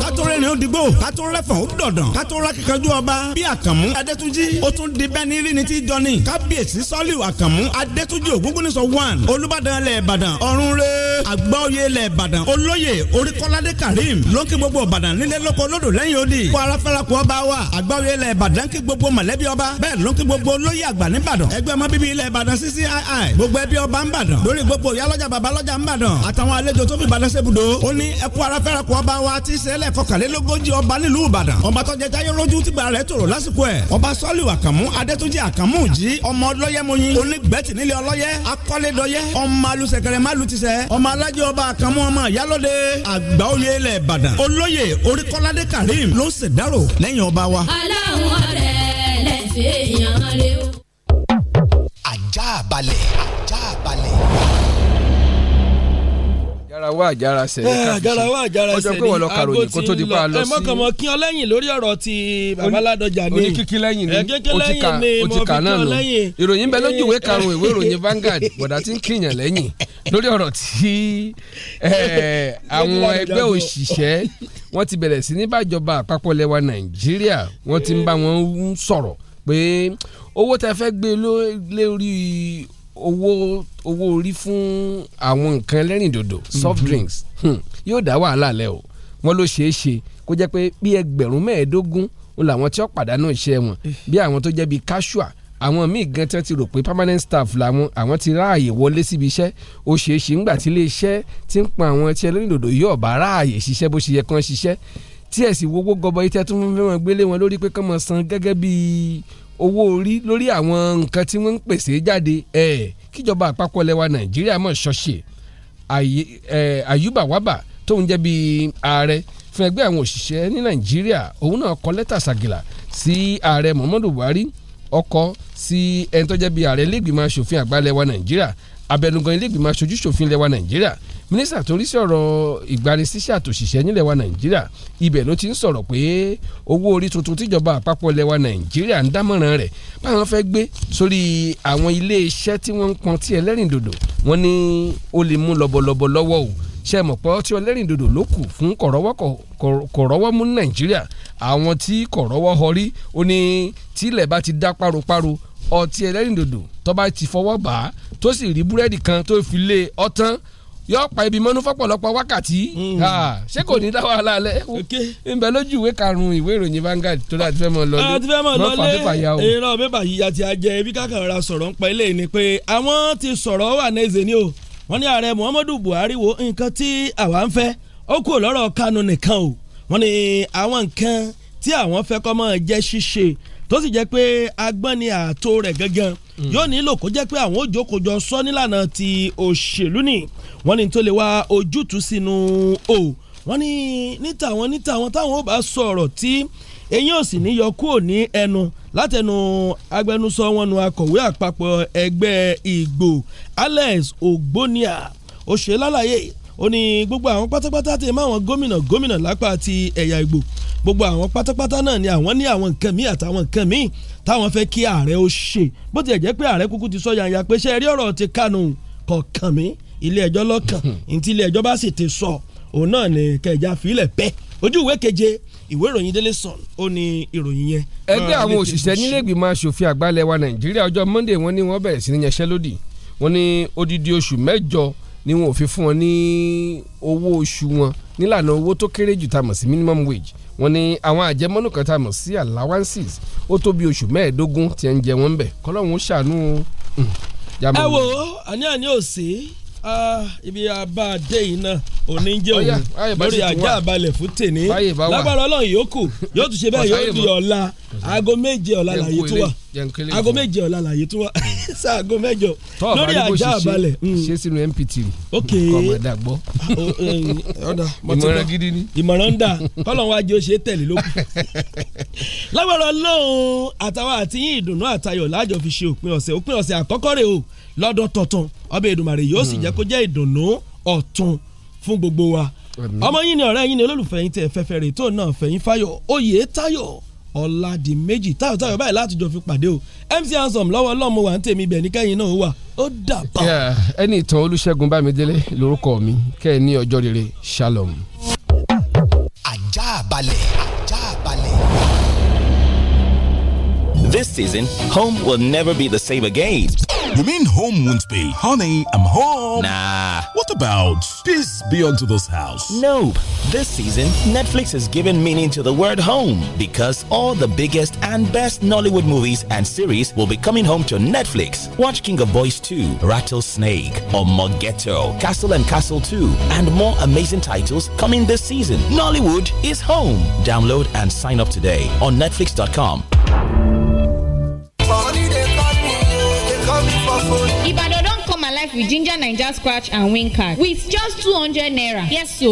kátóré ni ó digbó kátóré fọ̀ ó dọ̀dàn kátóré kíkanjú ọba bí àkànmú adétúnjì ó tún di bẹ́ẹ̀ ní rí ni tí jọni kábíyèsí sọ́líù àkànmú adétúnjì ògúngúnnísọ one olúbàdàn ilẹ̀ ìbàdàn ọ̀run re àgbáòye ilẹ̀ ìbàdàn olóyè oríkọ́ládé karim ló ń kí gbogbo ìbàdàn nílé lóko lódò lẹ́yìn odi kó aráfẹ́rakù ọba wa àgbáòye ilẹ̀ ìbàdàn kí gbogbo mọ̀lẹ́bí ọba bẹ́ẹ̀ ló ń kí gbogbo olóyè àgbà níbàdàn ẹgbẹ́ ọmọ bíbí ilẹ̀ ìbàdàn ccii gbogbo ẹbí ọba ń bàdàn lórí gbogbo ìyálọ́jà babalọ́jà ń bàdàn àtàwọn àlejò tó àfẹ́rẹ́kọ ọba wa ti ṣẹlẹ̀ kọkànlélógójì ọba nílùú ìbàdàn ọba tó jẹ jayé lójú tìgbà rẹ̀ tòrò lásìkò ẹ̀ ọba sọ́ọ̀lì àkànmú adétúnjì àkànmú jí ọmọ ọlọ́yẹmọyin onígbẹ́tì nílé ọlọ́yẹ akọ́lédọ́yẹ ọmọ alùsẹ̀kẹrẹ málùtìsẹ ọmọ alájẹ ọba àkànmú ọmọ ìyálóde àgbáwọlé ilẹ̀ ìbàdàn olóyè oríkọ́ládé karim ló ń ṣèdárò lẹ́yìn ọba wa. aláwọ̀ rẹ̀ lẹ́fẹ̀ẹ́ àjàrà eh, wá àjàrà sẹ̀lẹ̀ káfíṣe àjàrà wá àjàrà sẹ̀lẹ̀ ọjọ́ pé wọ́n lọ karòyìn kó tó di pa lọ sí. ẹ̀mọ́kànmọ́ kí ọ lẹ́yìn lórí ọ̀rọ̀ ti babaládojà ní. oníkíkí lẹ́yìn ni o eh, ti kà náà nù ìròyìn bẹ lójú ìwé karùn-ún ìwé ìròyìn Vanguard bọ̀dà tí ń kíyàn lẹ́yìn lórí ọ̀rọ̀ tí eh, àwọn ẹgbẹ́ òṣìṣẹ́ wọ́n ti bẹ̀rẹ̀ sí ní bájọba àpapọ̀ lẹ́wà Nàìjíríà wọ́n ti ń bá wọn sọ̀rọ̀ pé owó tẹ fẹ́ gbé lórí owó owó orí fún àwọn nǹkan ẹlẹ́rìndòdò soft mhm. drinks hmm, yóò dá wàhálà lẹ o wọn ló ṣeé ṣe kó jẹ́ pé bí ẹgbẹ̀rún mẹ́ẹ̀ẹ́dógún ń làwọn tí ó pàdánù iṣẹ́ wọn eh. bí àwọn tó jẹ́ bíi casual àwọn míì gan tán ti rò pé permanent staff làwọn àwọn ti ráàyè wọlé síbi iṣẹ́ ó ṣeé ṣe ńgbà tí iléeṣẹ́ ti ń pa àwọn ẹtí ẹlẹ́rìndòdò yóò bá ráàyè ṣiṣẹ́ bó ṣe yẹ kán ṣiṣẹ́ tí ẹ̀ sì wọ́wọ́ gọbọ yìí tẹ́ tún fẹ́ wọn gbélé wọn lórí pé kán mọ̀ san gẹ́gẹ́ bíi owó orí lórí àwọn nǹkan tí wọ́n ń pèsè jáde ẹ̀ kíjọba àpapọ̀ lẹwa nàìjíríà mọ̀ ṣọ́ṣe àyùbá wábà tóun jẹ́ bíi ààrẹ fún ẹgbẹ́ àwọn òṣìṣẹ́ ní nàìjíríà òun náà kọ lẹ́tà ṣàgìlà sí ààrẹ muhammadu buhari ọkọ sí ẹni tó jẹ́ bíi ààrẹ ilé ìgbìmọ̀ asòfin àgbà lẹwa nàìjíríà abẹnugan ilé ìgbìmọ̀ aṣojú mínísítà tó rí sí ọ̀rọ̀ ìgbanisíṣẹ́ àtòṣìṣẹ́ nílẹ̀ wa nàìjíríà ibẹ̀ ló ti ń sọ̀rọ̀ pé owó orí tuntun tíjọba àpapọ̀ ilẹ̀ wa nàìjíríà ń dámọ̀ràn rẹ̀ báwọn fẹ́ gbé sórí àwọn ilé iṣẹ́ tí wọ́n ń pọn tí ẹlẹ́rìndòdò wọ́n ní ó lè mú lọ́bọ̀lọ́bọ̀ lọ́wọ́ o ṣe mọ̀ pé ọtí ẹlẹ́rìndòdò ló kù fún kọ̀rọ́wọ́ mú nàìjíríà àwọn tí kọ̀rọ́wọ́ họrí ó ní tílẹ̀ bá ti dá páropáro ọtí ẹlẹ́rìndòdò tó bá ti fọwọ́ bá tó sì rí búrẹ́dì kan tó fi lé ọtán yọ pa ibi mọ́nú fọ́pọ̀lọpọ̀ wákàtí hmm. ṣé kò ní dá wàhálà lẹ nbẹ lójú ìwé karùn-ún ìwé ìròyìn Vanguard tó dà tí fẹ́ mọ lọ lé tí fẹ́ mọ lọ lé ìran bébà yìí àti ajẹ ibi kákan ra sọ̀rọ̀ ń pa ilé ni pé àwọn ti sọ̀rọ̀ wà ní eze o wọ́n ní ààrẹ Muhammadu Buhari wo nǹkan tí àwa ń fẹ́ ó kù lọ́rọ̀ kanu nìkan o wọ́n ní àwọn nǹkan tí àwọn fẹ́ kọ́ mọ́ jẹ́ ṣíṣe tó sì jẹ́ pé agbọ́n ni ààtò rẹ̀ gangan hmm. yóò nílò kó jẹ́ pé àwọn òjòkòjọ sọ nílànà ti òṣèlú nìyí wọ́n ní tó lè wá ojútùú sínú o wọ́n ní níta wọn níta wọn táwọn ò bá sọ̀rọ̀ tí eyín ò sì ní yọ kúrò ní ẹnu látẹnu agbẹnusọ wọn nu akọ̀wé àpapọ̀ ẹgbẹ́ Ìgbò Alex Ogbonia ó ó ní gbogbo àwọn pátápátá ti máa wọn gómìnà gómìnà lápá ti ẹ̀yà Ìgbò gbogbo àwọn pátápátá náà ni àwọn ní àwọn nǹkan míì àtàwọn nǹkan míì táwọn fẹ́ kí ààrẹ ó ṣe bó ti ẹ̀ jẹ́ pé ààrẹ kúkú ti sọ yanya pé ṣe rí ọ̀rọ̀ ti kánú kọ̀ọ̀kan mi ilé ẹjọ́ lọ́kàn ntí hmm. ilé ẹjọ́ bá sì ti sọ òun náà ni kẹjà fílẹ̀ bẹ́ẹ̀ ojú ìwé keje ìwé ìròyìn Daily Sun ó ní ìròyìn yẹn. ẹgbẹ́ àwọn òṣìṣẹ́ nílẹ̀gbìmọ̀ asòfin àgbàlẹ̀ wa Nàìjíríà ọjọ́ Monday wọ́n ní wọ́n bẹ̀rẹ̀ sí ní yanṣẹ́ lódì wọ́n ní odidi oṣù mẹ́jọ ni wọn ò fi fún wọn ní owó oṣù wọn nílànà owó tó kéré jù tá a mọ̀ sí minimum wage wọ́n ní àwọn àjẹmọ́nù kan tá a mọ̀ sí allowances ó tó bí oṣù mẹ́ẹ̀ẹ́dógún tí ń jẹ wọ́n bẹ̀ kọ́lọ́hún Ah, ibi abá dé yìí náà òní jẹ́ òun lórí ajá àbálẹ̀ fún tèní lágbára ọlọ́run yòókù yóò tún ṣe bẹ́ẹ̀ yóò di ọ̀la aago méje ọ̀la làyè tó wà aago méje ọ̀la làyè tó wà sí aago mẹ́jọ lórí ajá àbálẹ̀. ṣé mm. sínú MPT kọ̀mọ̀dà gbọ́. Ah, eh, ìmọ̀ràn gidi ni. ìmọ̀ràn ń dà kọ́lọ́n wájú ó ṣe é tẹ̀lé lókun. lágbára ọlọ́run àtàwọn àtìyìn ìdùnnú àtayọ̀ lájọ fi ṣe òpin ọ̀sẹ̀ òpin ọ̀sẹ̀ àkọ́kọ́ rẹ̀ o lọ́dún tuntun ọbẹ̀ Èdùmàrè yóò sì hmm. jẹ́ kó jẹ́ ìdùnnú ọ̀tun fún gbogbo wa ọmọ yìí ni ọ̀rẹ́ yìí ni olólùfẹ́ yìí tẹ̀ fẹ́fẹ́ rè tó náà fẹ̀yìn fáyọ̀ oyè táyọ̀ ọ̀la méjì táyọ̀ táyọ̀ báyìí láti jọ fi pàdé o MC Ansom lọ́wọ́ ọlọ́mọ wa ń tèmi bẹ̀ ní kẹ́yìn náà wà ó dàbà. ẹni ìtàn Olúṣẹ́gun Bámidélé lórúkọ mi kẹ́ ẹ ní ọjọ́ rere shalom. ajá balẹ̀ ajá balẹ̀. This season, home will never be the same again. You mean home won't be? Honey, I'm home. Nah. What about peace be unto this house? Nope. This season, Netflix has given meaning to the word home because all the biggest and best Nollywood movies and series will be coming home to Netflix. Watch King of Boys 2, Rattlesnake, Omogeto, Castle and Castle 2, and more amazing titles coming this season. Nollywood is home. Download and sign up today on Netflix.com. with ginger naija scratch and win card with just two hundred naira yes o